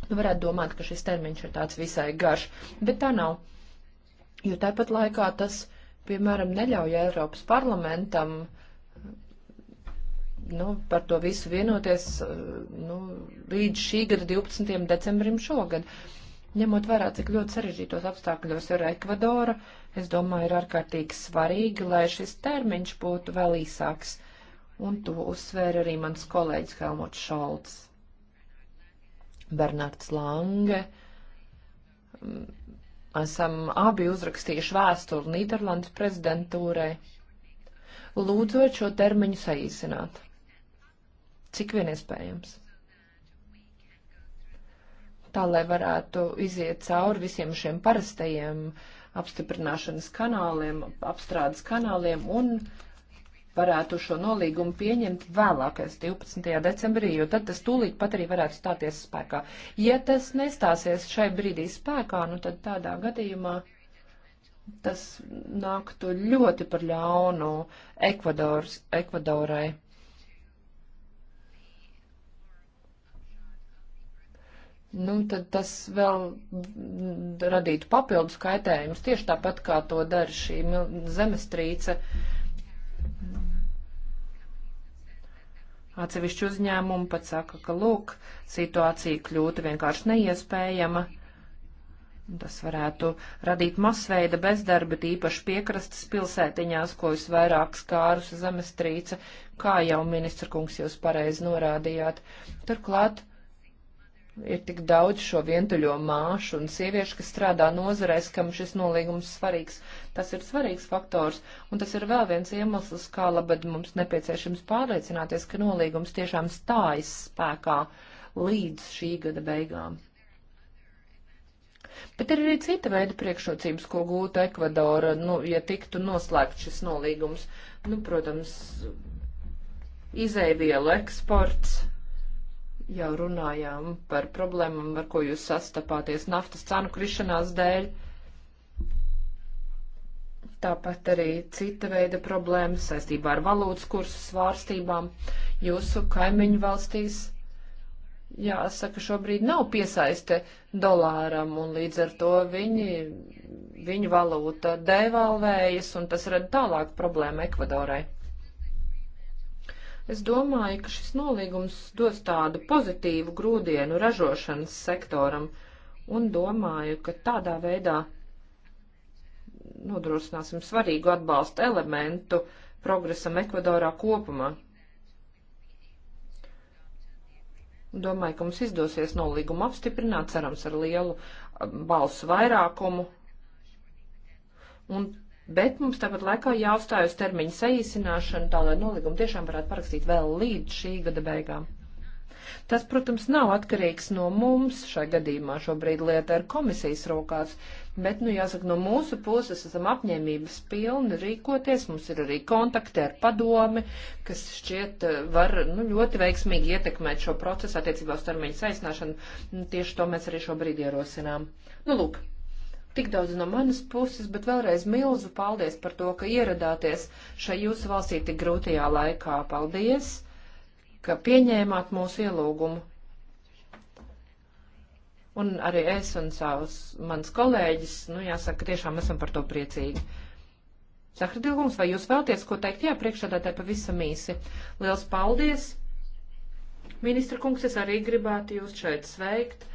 C: Nu, varētu domāt, ka šis termiņš ir tāds visai garš, bet tā nav. Jo tāpat laikā tas, piemēram, neļauj Eiropas parlamentam nu, par to visu vienoties nu, līdz šī gada 12. decembrim šogad. Ņemot vērā, cik ļoti sarežģītos apstākļos ir Ekvadora, es domāju, ir ārkārtīgi svarīgi, lai šis termiņš būtu vēl īsāks. Un to uzsvēra arī mans kolēģis Helmuts Šalts. Bernards Lange. Esam abi uzrakstījuši vēstuli Nīderlandes prezidentūrai, lūdzot šo termiņu saīsināt. Cik vien iespējams tā, lai varētu iziet cauri visiem šiem parastajiem apstiprināšanas kanāliem, apstrādes kanāliem un varētu šo nolīgumu pieņemt vēlākais 12. decembrī, jo tad tas tūlīt pat arī varētu stāties spēkā. Ja tas nestāsies šai brīdī spēkā, nu tad tādā gadījumā tas nāktu ļoti par ļaunu Ekvadors, Ekvadorai. Nu, tad tas vēl radītu papildus kaitējumus, tieši tāpat kā to dara šī zemestrīce. Uh, Atsevišķi uzņēmumi pat saka, ka, lūk, situācija kļūtu vienkārši neiespējama. Tas varētu radīt masveida bezdarba, tīpaši piekrastes pilsētiņās, ko es vairāk skārus zemestrīce, kā jau ministra kungs jūs pareizi norādījāt. Turklāt ir tik daudz šo vientuļo māšu un sieviešu, kas strādā nozarēs, kam šis nolīgums svarīgs. Tas ir svarīgs faktors, un tas ir vēl viens iemesls, kā labad mums nepieciešams pārliecināties, ka nolīgums tiešām stājas spēkā līdz šī gada beigām. Bet ir arī cita veida priekšrocības, ko gūtu Ekvadora, nu, ja tiktu noslēgts šis nolīgums. Nu, protams, izēvielu eksports. Jau runājām par problēmām, ar ko jūs sastapāties naftas cenu krišanās dēļ. Uh, tāpat arī cita veida problēmas saistībā ar valūtas kursu svārstībām jūsu kaimiņu valstīs. Jāsaka, šobrīd nav piesaiste dolāram, un līdz ar to viņi, viņu valūta devalvējas, un tas rada tālāk problēmu Ekvadorai. Es domāju, ka šis nolīgums dos tādu pozitīvu grūdienu ražošanas sektoram, un domāju, ka tādā veidā nodrošināsim svarīgu atbalstu elementu progresam Ekvadorā kopumā. Domāju, ka mums izdosies nolīgumu apstiprināt, cerams, ar lielu um, balsu vairākumu. Un, bet mums tāpat laikā jāuzstāj uz termiņu saīsināšanu, tā lai nolīgumu tiešām varētu parakstīt vēl līdz šī gada beigām. Tas, protams, nav atkarīgs no mums, šai gadījumā šobrīd lieta ir komisijas rokās, bet, nu, jāsaka, no mūsu puses esam apņēmības pilni rīkoties, mums ir arī kontakti ar padomi, kas šķiet eh, var, nu, ļoti veiksmīgi ietekmēt šo procesu attiecībā uz termiņu saisnāšanu, nu, tieši to mēs arī šobrīd ierosinām. Nu, lūk, tik daudz no manas puses, bet vēlreiz milzu paldies par to, ka ieradāties šai jūsu valstī tik grūtajā laikā. Paldies! ka pieņēmāt mūsu ielūgumu. Un arī es un savs, mans kolēģis, nu jāsaka, tiešām esam par to priecīgi. Zahradilgums, vai jūs vēlties ko teikt? Jā, priekšādātāji pavisam īsi. Liels paldies! Ministra kungs, es arī gribētu jūs šeit sveikt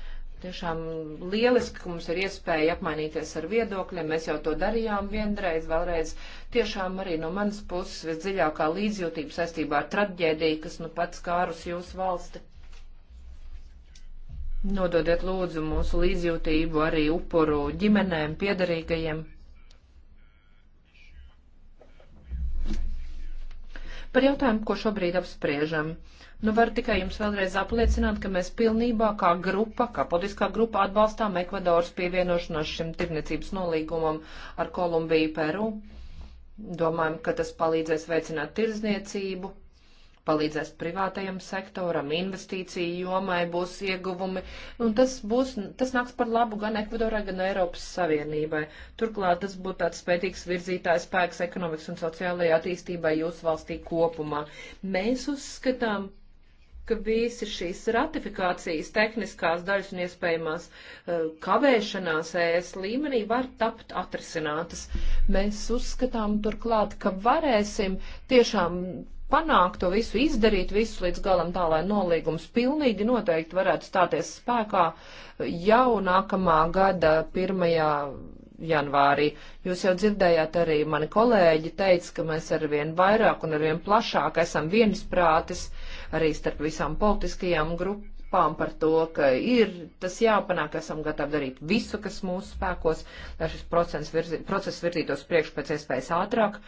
C: Tiešām lieliski, ka mums ir iespēja apmainīties ar viedokļiem. Mēs jau to darījām vienreiz, vēlreiz. Tiešām arī no manas puses visdziļākā līdzjūtība saistībā ar traģēdiju, kas nu pats kārus jūsu valsti. Nododiet lūdzu mūsu līdzjūtību arī upuru ģimenēm, piedarīgajiem. Par jautājumu, ko šobrīd apspriežam. Uh, Nu, var tikai jums vēlreiz apliecināt, ka mēs pilnībā kā grupa, kā politiskā grupa atbalstām Ekvadoras pievienošanos šim tirniecības nolīgumam ar Kolumbiju Peru. Domājam, ka tas palīdzēs veicināt tirzniecību, palīdzēs privātajam sektoram, investīciju jomai būs ieguvumi, un tas, būs, tas nāks par labu gan Ekvadorai, gan Eiropas Savienībai. Turklāt tas būtu tāds spētīgs virzītājs spēks ekonomikas un sociālajai attīstībai jūsu valstī kopumā. Mēs uzskatām, ka visi šīs ratifikācijas tehniskās daļas un iespējamās eh, kavēšanās ES līmenī var tapt atrisinātas. Mēs uzskatām turklāt, ka varēsim tiešām panākt to visu, izdarīt visu līdz galam tā, lai nolīgums pilnīgi noteikti varētu stāties spēkā jau nākamā gada pirmajā janvārī. Jūs jau dzirdējāt arī mani kolēģi teica, ka mēs arvien vairāk un arvien plašāk esam viensprātis uh, arī starp visām politiskajām grupām par to, ka ir tas jāpanāk, esam gatavi darīt visu, kas mūsu spēkos, lai šis process, virzi, process virzītos priekš pēc iespējas ātrāk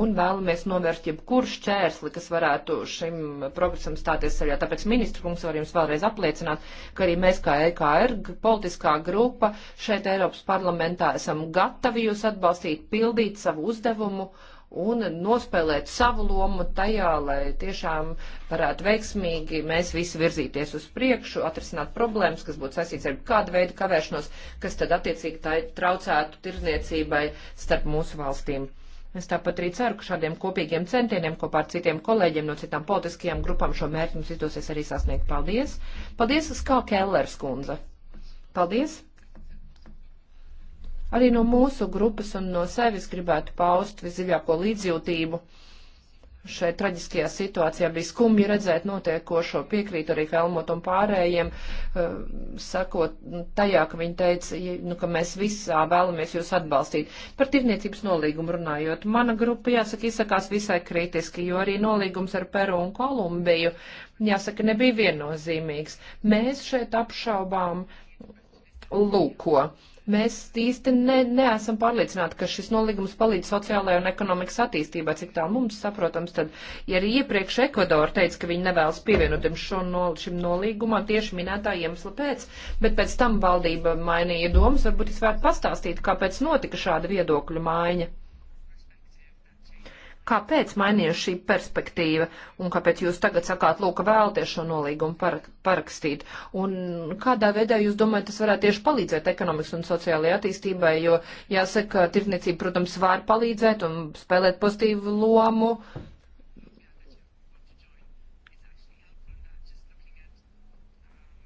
C: un vēlamies novērst jebkuru šķērsli, kas varētu šim progresam stāties ceļā. Tāpēc ministru kungs var jums vēlreiz apliecināt, ka arī mēs kā EKR politiskā grupa šeit Eiropas parlamentā esam gatavi jūs atbalstīt, pildīt savu uzdevumu un nospēlēt savu lomu tajā, lai tiešām varētu veiksmīgi mēs visi virzīties uz priekšu, atrisināt problēmas, kas būtu saistīts ar kādu veidu kavēšanos, kas tad attiecīgi tā traucētu tirzniecībai starp mūsu valstīm. Es tāpat arī ceru, ka šādiem kopīgiem centieniem kopā ar citiem kolēģiem no citām politiskajām grupām šo mērķi mums izdosies arī sasniegt. Paldies! Paldies, Skā Kellers kundze! Paldies! Arī no mūsu grupas un no sevis gribētu paust visdziļāko līdzjūtību. Šai traģiskajā situācijā bija skumji redzēt notiekošo, piekrītu arī Helmut un pārējiem, eh, sakot tajā, ka viņi teica, nu, ka mēs visā vēlamies jūs atbalstīt. Par tirniecības nolīgumu runājot, mana grupa, jāsaka, izsakās visai kritiski, jo arī nolīgums ar Peru un Kolumbiju, jāsaka, nebija viennozīmīgs. Mēs šeit apšaubām lūko Mēs īsti ne, neesam pārliecināti, ka šis nolīgums palīdz sociālajai un ekonomikas attīstībai, cik tā mums saprotams. Tad, ja arī iepriekš Ekvadora teica, ka viņi nevēlas pievienotam no, šim nolīgumam tieši minētā iemesla pēc, bet pēc tam valdība mainīja domas, varbūt es varētu pastāstīt, kāpēc notika šāda viedokļu maiņa. Kāpēc mainījies šī perspektīva un kāpēc jūs tagad sakāt, lūk, vēlties šo nolīgumu par, parakstīt? Un kādā veidā jūs domājat, tas varētu tieši palīdzēt ekonomikas un sociālajai attīstībai, jo jāsaka, tirdzniecība, protams, var palīdzēt un spēlēt pozitīvu lomu. Uh,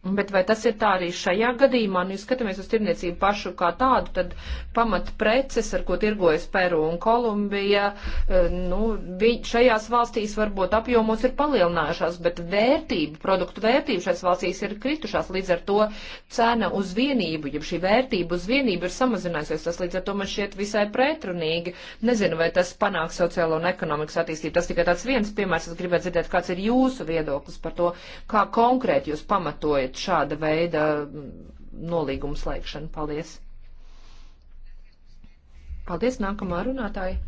C: Bet vai tas ir tā arī šajā gadījumā? Nu, ja skatāmies uz tirniecību pašu kā tādu, tad pamat preces, ar ko tirgojas Peru un Kolumbija, eh, nu, šajās valstīs varbūt apjomos ir palielinājušās, bet vērtība, produktu vērtība šajās valstīs ir kritušās. Līdz ar to cena uz vienību, ja šī vērtība uz vienību ir samazinājusies, tas līdz ar to man šķiet visai pretrunīgi. Nezinu, vai tas panāks sociālo un ekonomikas attīstību. Tas tikai tāds viens piemērs. Es gribētu dzirdēt, kāds ir jūsu viedoklis par to, kā konkrēti jūs pamatojat pret šāda veida mm, nolīgumu slēgšanu. Paldies! Paldies nākamā runātāja!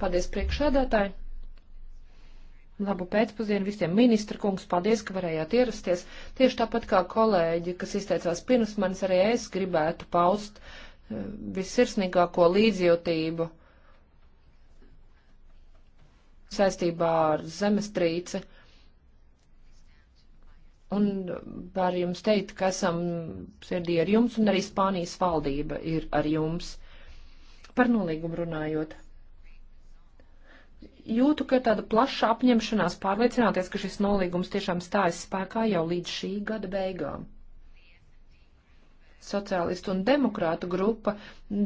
C: Paldies priekšādātāji! Labu pēcpusdienu visiem ministra kungs, paldies, ka varējāt ierasties. Tieši tāpat kā kolēģi, kas izteicās pirms manis, arī es gribētu paust eh, visirsnīgāko līdzjūtību saistībā ar zemestrīci. Un var jums teikt, ka esam sirdī ar jums, un arī Spānijas valdība ir ar jums. Par nolīgumu runājot. Jūtu, ka tāda plaša apņemšanās pārliecināties, ka šis nolīgums tiešām stājas spēkā jau līdz šī gada beigām sociālistu un demokrātu grupa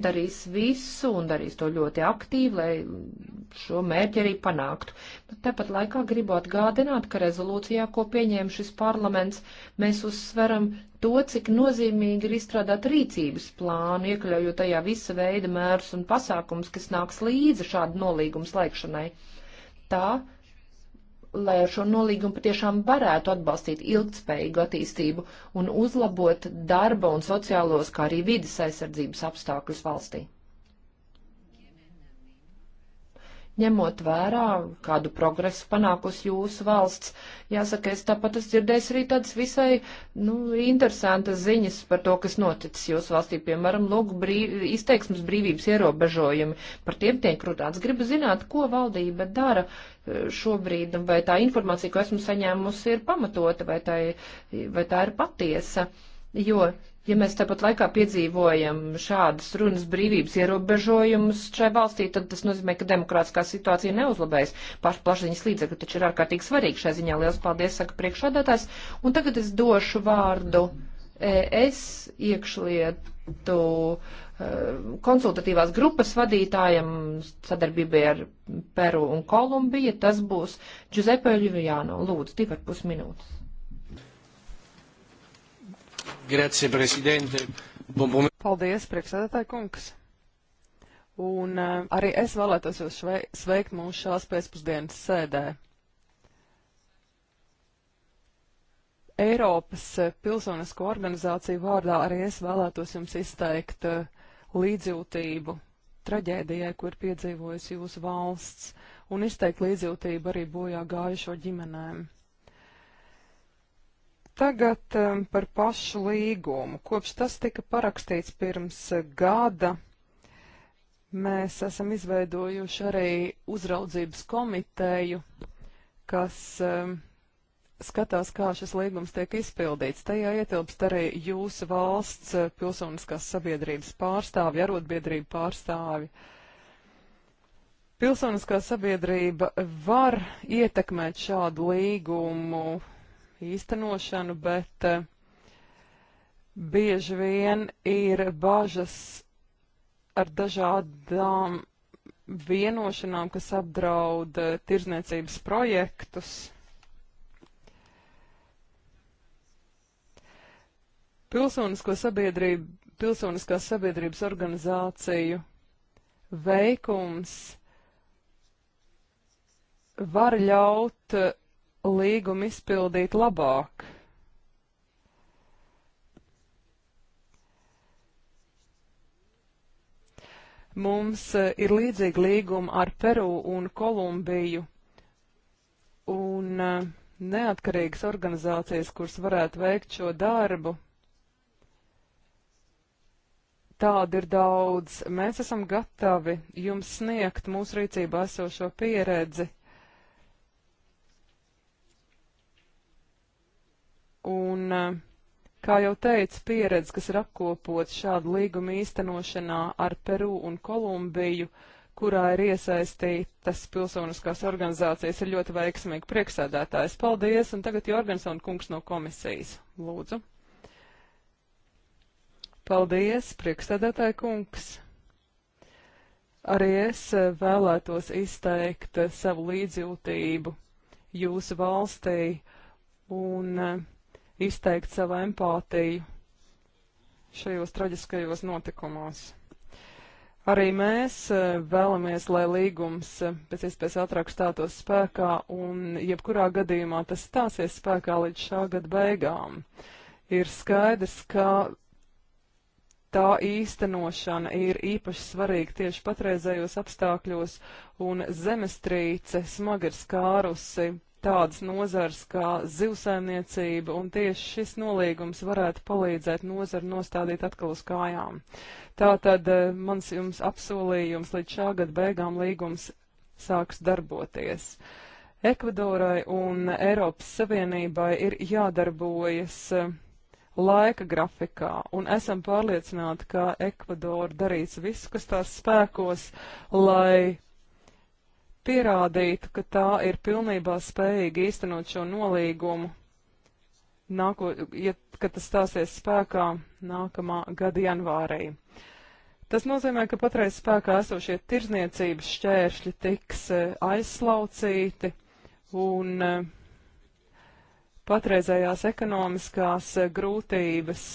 C: darīs visu un darīs to ļoti aktīvi, lai šo mērķi arī panāktu. Bet tāpat laikā gribu atgādināt, ka rezolūcijā, ko pieņēma šis parlaments, mēs uzsveram to, cik nozīmīgi ir izstrādāt rīcības plānu, iekļaujot tajā visa veida mērus un pasākums, kas nāks līdzi šādu nolīgumu slēgšanai. Tā, lai ar šo nolīgumu patiešām varētu atbalstīt ilgtspējīgu attīstību un uzlabot darba un sociālos, kā arī vidas aizsardzības apstākļus valstī. ņemot vērā, kādu progresu panākusi jūsu valsts. Jāsaka, es tāpat esmu dzirdējis arī tādas visai, nu, interesantas ziņas par to, kas noticis jūsu valstī, piemēram, lūk, brīv, izteiksmes brīvības ierobežojumi. Par tiem tiek runāts. Gribu zināt, ko valdība dara e, šobrīd, vai tā informācija, ko esmu saņēmusi, ir pamatota, vai tā, vai tā ir patiesa. Jo Ja mēs tāpat laikā piedzīvojam šādas runas brīvības ierobežojumus šai valstī, tad tas nozīmē, ka demokrātiskā situācija neuzlabēs. Pašu plašsaziņas līdzekļi taču ir ārkārtīgi svarīgi šai ziņā. Lielas paldies, saka priekšādātājs. Un tagad es došu vārdu es iekšlietu eh, konsultatīvās grupas vadītājam sadarbībai ar Peru un Kolumbiju. Tas būs Giuseppe Ljuvijāno. Lūdzu, divi ar pus minūtes.
A: Grazie, prezidente. Paldies, priekšsēdētāji kungs. Un uh, arī es vēlētos jūs sveikt mūsu šās pēcpusdienas sēdē. Eiropas eh, pilsonisko organizāciju vārdā arī es vēlētos jums izteikt uh, līdzjūtību traģēdijai, ko ir piedzīvojusi jūsu valsts, un izteikt līdzjūtību arī bojā gājušo ģimenēm. Tagad um, par pašu līgumu. Kopš tas tika parakstīts pirms gada, mēs esam izveidojuši arī uzraudzības komiteju, kas um, skatās, kā šis līgums tiek izpildīts. Tajā ietilpst arī jūsu valsts uh, pilsoniskās sabiedrības pārstāvi, arotbiedrību pārstāvi. Pilsoniskā sabiedrība var ietekmēt šādu līgumu īstenošanu, bet eh, bieži vien ir bažas ar dažādām vienošanām, kas apdraud eh, tirzniecības projektus. Pilsonisko sabiedrību, pilsoniskās sabiedrības organizāciju veikums var ļaut eh, līgumu izpildīt labāk. Mums eh, ir līdzīgi līgumi ar Peru un Kolumbiju, un eh, neatkarīgas organizācijas, kuras varētu veikt šo darbu, Tāda ir daudz. Mēs esam gatavi jums sniegt mūsu rīcībā esošo pieredzi. Un, eh, kā jau teicu, pieredze, kas ir apkopot šādu līgumu īstenošanā ar Peru un Kolumbiju, kurā ir iesaistītas pilsoniskās organizācijas, ir ļoti veiksmīgi priekšsēdētājs. Paldies, un tagad Jorgensona kungs no komisijas. Lūdzu. Paldies, priekšsēdētāja kungs. Arī es eh, vēlētos izteikt eh, savu līdzjūtību jūsu valstī un uh, izteikt savu empātiju šajos traģiskajos notikumos. Arī mēs eh, vēlamies, lai līgums eh, pēc iespējas ātrāk stātos spēkā, un jebkurā gadījumā tas stāsies spēkā līdz šā gada beigām. Ir skaidrs, ka tā īstenošana ir īpaši svarīga tieši patreizējos apstākļos, un zemestrīce smagi ir skārusi tādas nozars kā zivsaimniecība, un tieši šis nolīgums varētu palīdzēt nozaru nostādīt atkal uz kājām. Tātad eh, mans jums apsolījums līdz šā gada beigām līgums sāks darboties. Ekvadorai un Eiropas Savienībai ir jādarbojas eh, laika grafikā, un esam pārliecināti, ka Ekvadora darīs visu, kas tās spēkos, lai pierādītu, ka tā ir pilnībā spējīga īstenot šo nolīgumu, nāko, ja, kad tas stāsies spēkā nākamā gada janvārī. Tas nozīmē, ka patreiz spēkā esošie tirzniecības šķēršļi tiks e, aizslaucīti un e, patreizējās ekonomiskās e, grūtības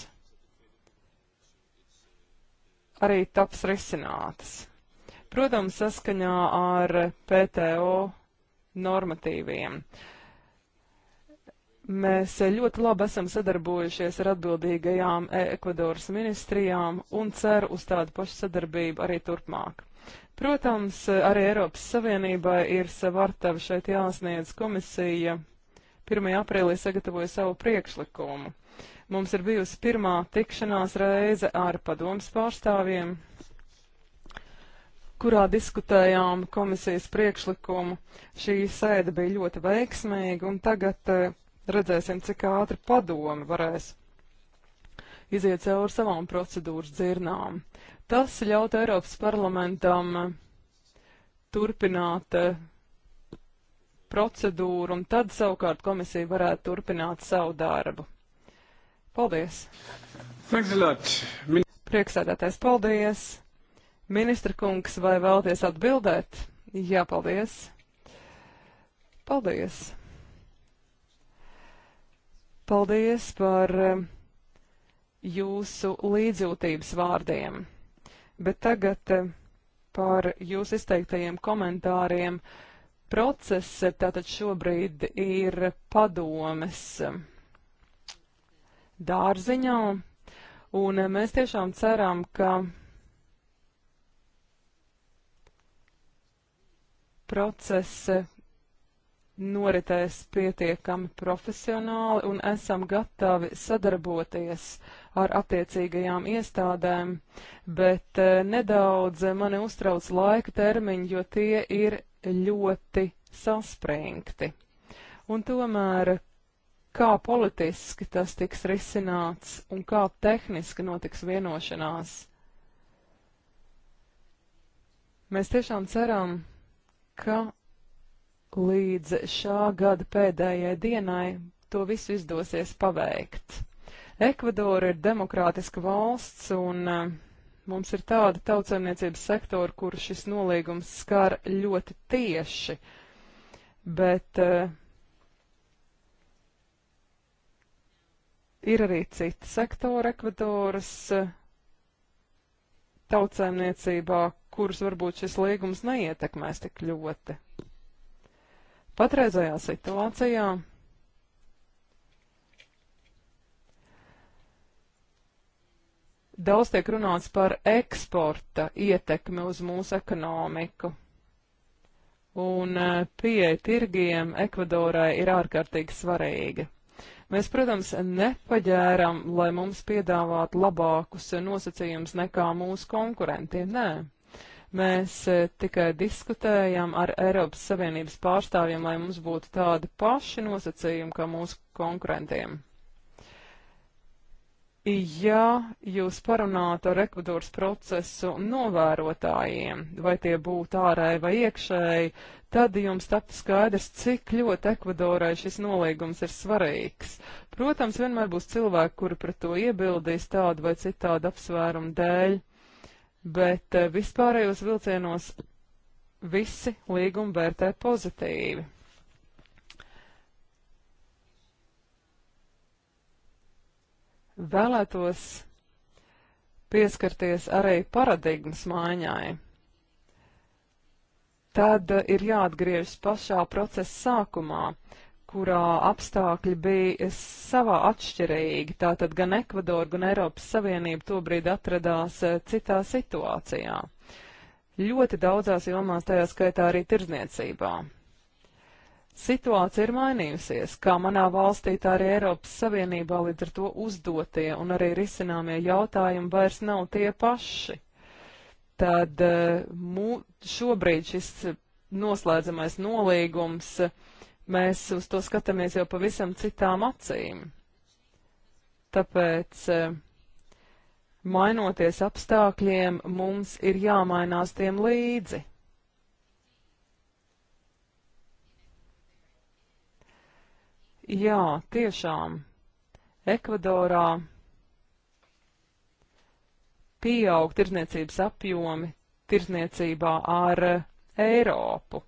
A: arī taps risinātas protams, saskaņā ar PTO normatīviem. Mēs ļoti labi esam sadarbojušies ar atbildīgajām e Ekvadoras ministrijām un ceru uz tādu pašu sadarbību arī turpmāk. Protams, arī Eiropas Savienībai ir sava artava šeit jāsniedz komisija. 1. aprīlī sagatavoja savu priekšlikumu. Mums ir bijusi pirmā tikšanās reize ar padomas pārstāvjiem, kurā diskutējām komisijas priekšlikumu. Šī sēde bija ļoti veiksmīga, un tagad e, redzēsim, cik ātri padomi varēs iziet cauri savām procedūras dzirnām. Tas ļaut Eiropas parlamentam e, turpināt e, procedūru, un tad savukārt komisija varētu turpināt savu darbu. Paldies! Priekšsēdētājs, paldies! Ministra kungs, vai vēlties atbildēt? Jā, paldies. Paldies. Paldies par um, jūsu līdzjūtības vārdiem. Bet tagad um, par jūsu izteiktajiem komentāriem. Process um, tātad šobrīd ir padomes dārziņā, un mēs tiešām ceram, ka process eh, noritēs pietiekami profesionāli un esam gatavi sadarboties ar attiecīgajām iestādēm, bet eh, nedaudz mani uztrauc laika termiņi, jo tie ir ļoti saspringti. Un tomēr, kā politiski tas tiks risināts un kā tehniski notiks vienošanās? Mēs tiešām ceram, ka līdz šā gada pēdējai dienai to visu izdosies paveikt. Ekvadora ir demokrātiska valsts un eh, mums ir tāda tautsaimniecības sektora, kur šis nolīgums skar ļoti tieši, bet uh, ir arī citi sektori Ekvadoras uh, eh, tautsaimniecībā, kurus varbūt šis līgums neietekmēs tik ļoti. Patreizajā situācijā daudz tiek runāts par eksporta ietekmi uz mūsu ekonomiku. Un eh, pieeja tirgiem Ekvadorai ir ārkārtīgi svarīga. Mēs, protams, nepaģēram, lai mums piedāvātu labākus nosacījumus nekā mūsu konkurentiem. Nē. Mēs e, tikai diskutējam ar Eiropas Savienības pārstāvjiem, lai mums būtu tādi paši nosacījumi kā mūsu konkurentiem. Ja jūs parunātu ar Ekvadoras procesu novērotājiem, vai tie būtu ārēji vai iekšēji, tad jums taptu skaidrs, cik ļoti Ekvadorai šis nolīgums ir svarīgs. Protams, vienmēr būs cilvēki, kuri pret to iebildīs tādu vai citādu apsvērumu dēļ, bet eh, vispārējos vilcienos visi līgumi vērtē pozitīvi. Vēlētos pieskarties arī paradigmas maiņai. Tad eh, ir jāatgriežas pašā procesa sākumā, kurā apstākļi bija savā atšķirīgi. Tātad gan Ekvadora, gan Eiropas Savienība tobrīd atradās eh, citā situācijā. Ļoti daudzās jomās, tajā skaitā arī tirzniecībā. Situācija ir mainījusies, kā manā valstī, tā arī Eiropas Savienībā līdz ar to uzdotie un arī risināmie jautājumi vairs nav tie paši. Tad eh, mū, šobrīd šis noslēdzamais nolīgums mēs uz to skatāmies jau pavisam citām acīm. Tāpēc, eh, mainoties apstākļiem, mums ir jāmainās tiem līdzi. Jā, tiešām, Ekvadorā pieaug tirzniecības apjomi tirzniecībā ar eh, Eiropu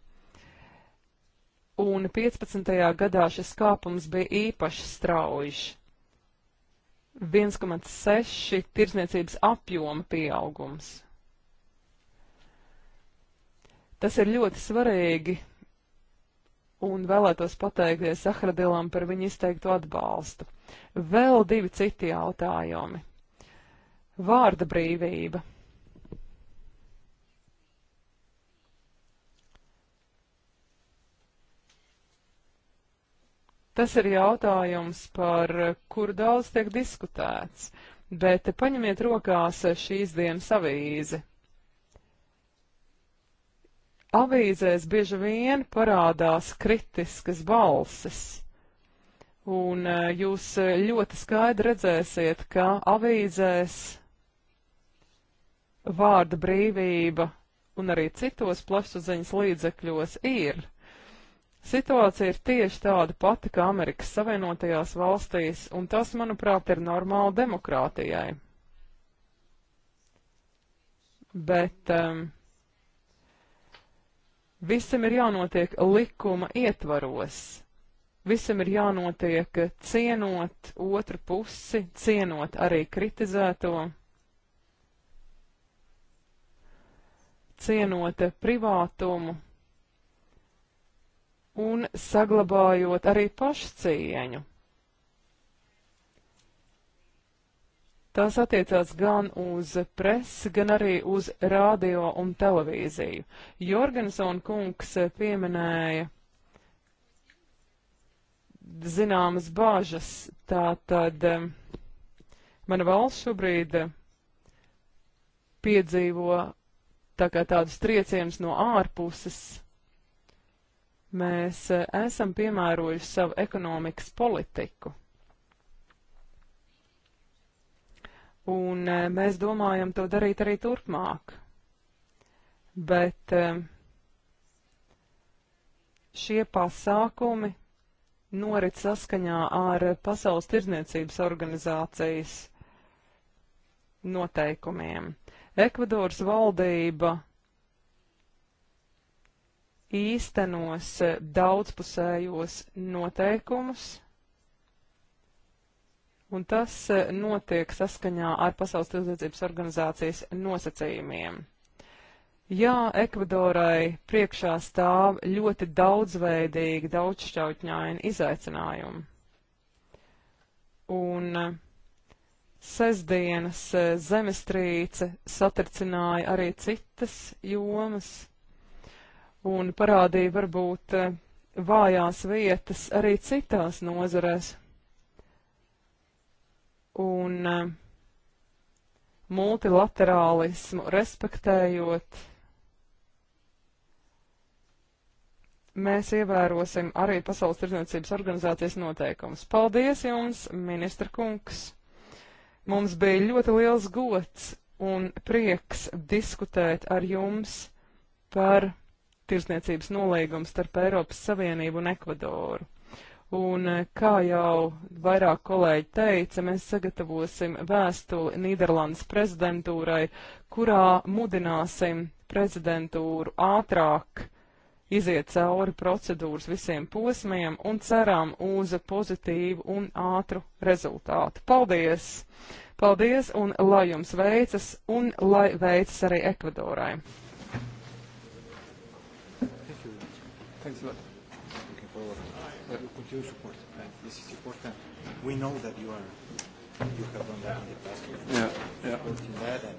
A: un 15. gadā šis kāpums bija īpaši straujš. 1,6 tirsniecības apjoma pieaugums. Tas ir ļoti svarīgi, un vēlētos pateikties Sahradilam par viņu izteiktu atbalstu. Vēl divi citi jautājumi. Vārda brīvība. Tas ir jautājums, par kuru daudz tiek diskutēts, bet paņemiet rokās šīs dienas avīzi. Avīzēs bieži vien parādās kritiskas balses, un eh, jūs eh, ļoti skaidri redzēsiet, ka avīzēs vārda brīvība un arī citos plašsaziņas līdzekļos ir. Situācija ir tieši tāda pati kā Amerikas Savienotajās valstīs, un tas, manuprāt, ir normāli demokrātijai. Bet um, visam ir jānotiek likuma ietvaros. Visam ir jānotiek cienot otru pusi, cienot arī kritizēto, cienot privātumu un saglabājot arī pašcieņu. Tās attiecās gan uz presi, gan arī uz radio un televīziju. Jorgensona kungs pieminēja zināmas bāžas, tā tad eh, mana valsts šobrīd eh, piedzīvo tā kā tādus triecienus no ārpuses mēs e, esam piemērojuši savu ekonomikas politiku. Un e, mēs domājam to darīt arī turpmāk. Bet e, šie pasākumi norit saskaņā ar Pasaules tirdzniecības organizācijas noteikumiem. Ekvadoras valdība īstenos eh, daudzpusējos noteikumus, un tas eh, notiek saskaņā ar Pasaules tirdzniecības organizācijas nosacījumiem. Jā, Ekvadorai priekšā stāv ļoti daudzveidīgi, daudzšķautņaini izaicinājumi. Un eh, sestdienas zemestrīce satricināja arī citas jomas un parādīja varbūt eh, vājās vietas arī citās nozarēs. Un eh, multilaterālismu respektējot, mēs ievērosim arī Pasaules tirdzniecības organizācijas noteikumus. Paldies jums, ministra kungs! Mums bija ļoti liels gods un prieks diskutēt ar jums par tirsniecības nolīgums starp Eiropas Savienību un Ekvadoru. Un, eh, kā jau vairāk kolēģi teica, mēs sagatavosim vēstuli Nīderlandes prezidentūrai, kurā mudināsim prezidentūru ātrāk iziet cauri procedūras visiem posmiem un ceram uz pozitīvu un ātru rezultātu. Paldies! Paldies un lai jums veicas un lai veicas arī Ekvadorai!
B: Thanks a lot. Looking forward to your continued support. Uh, this is important. We know that you are you have
C: done that in the past. Yeah, yeah. Supporting that and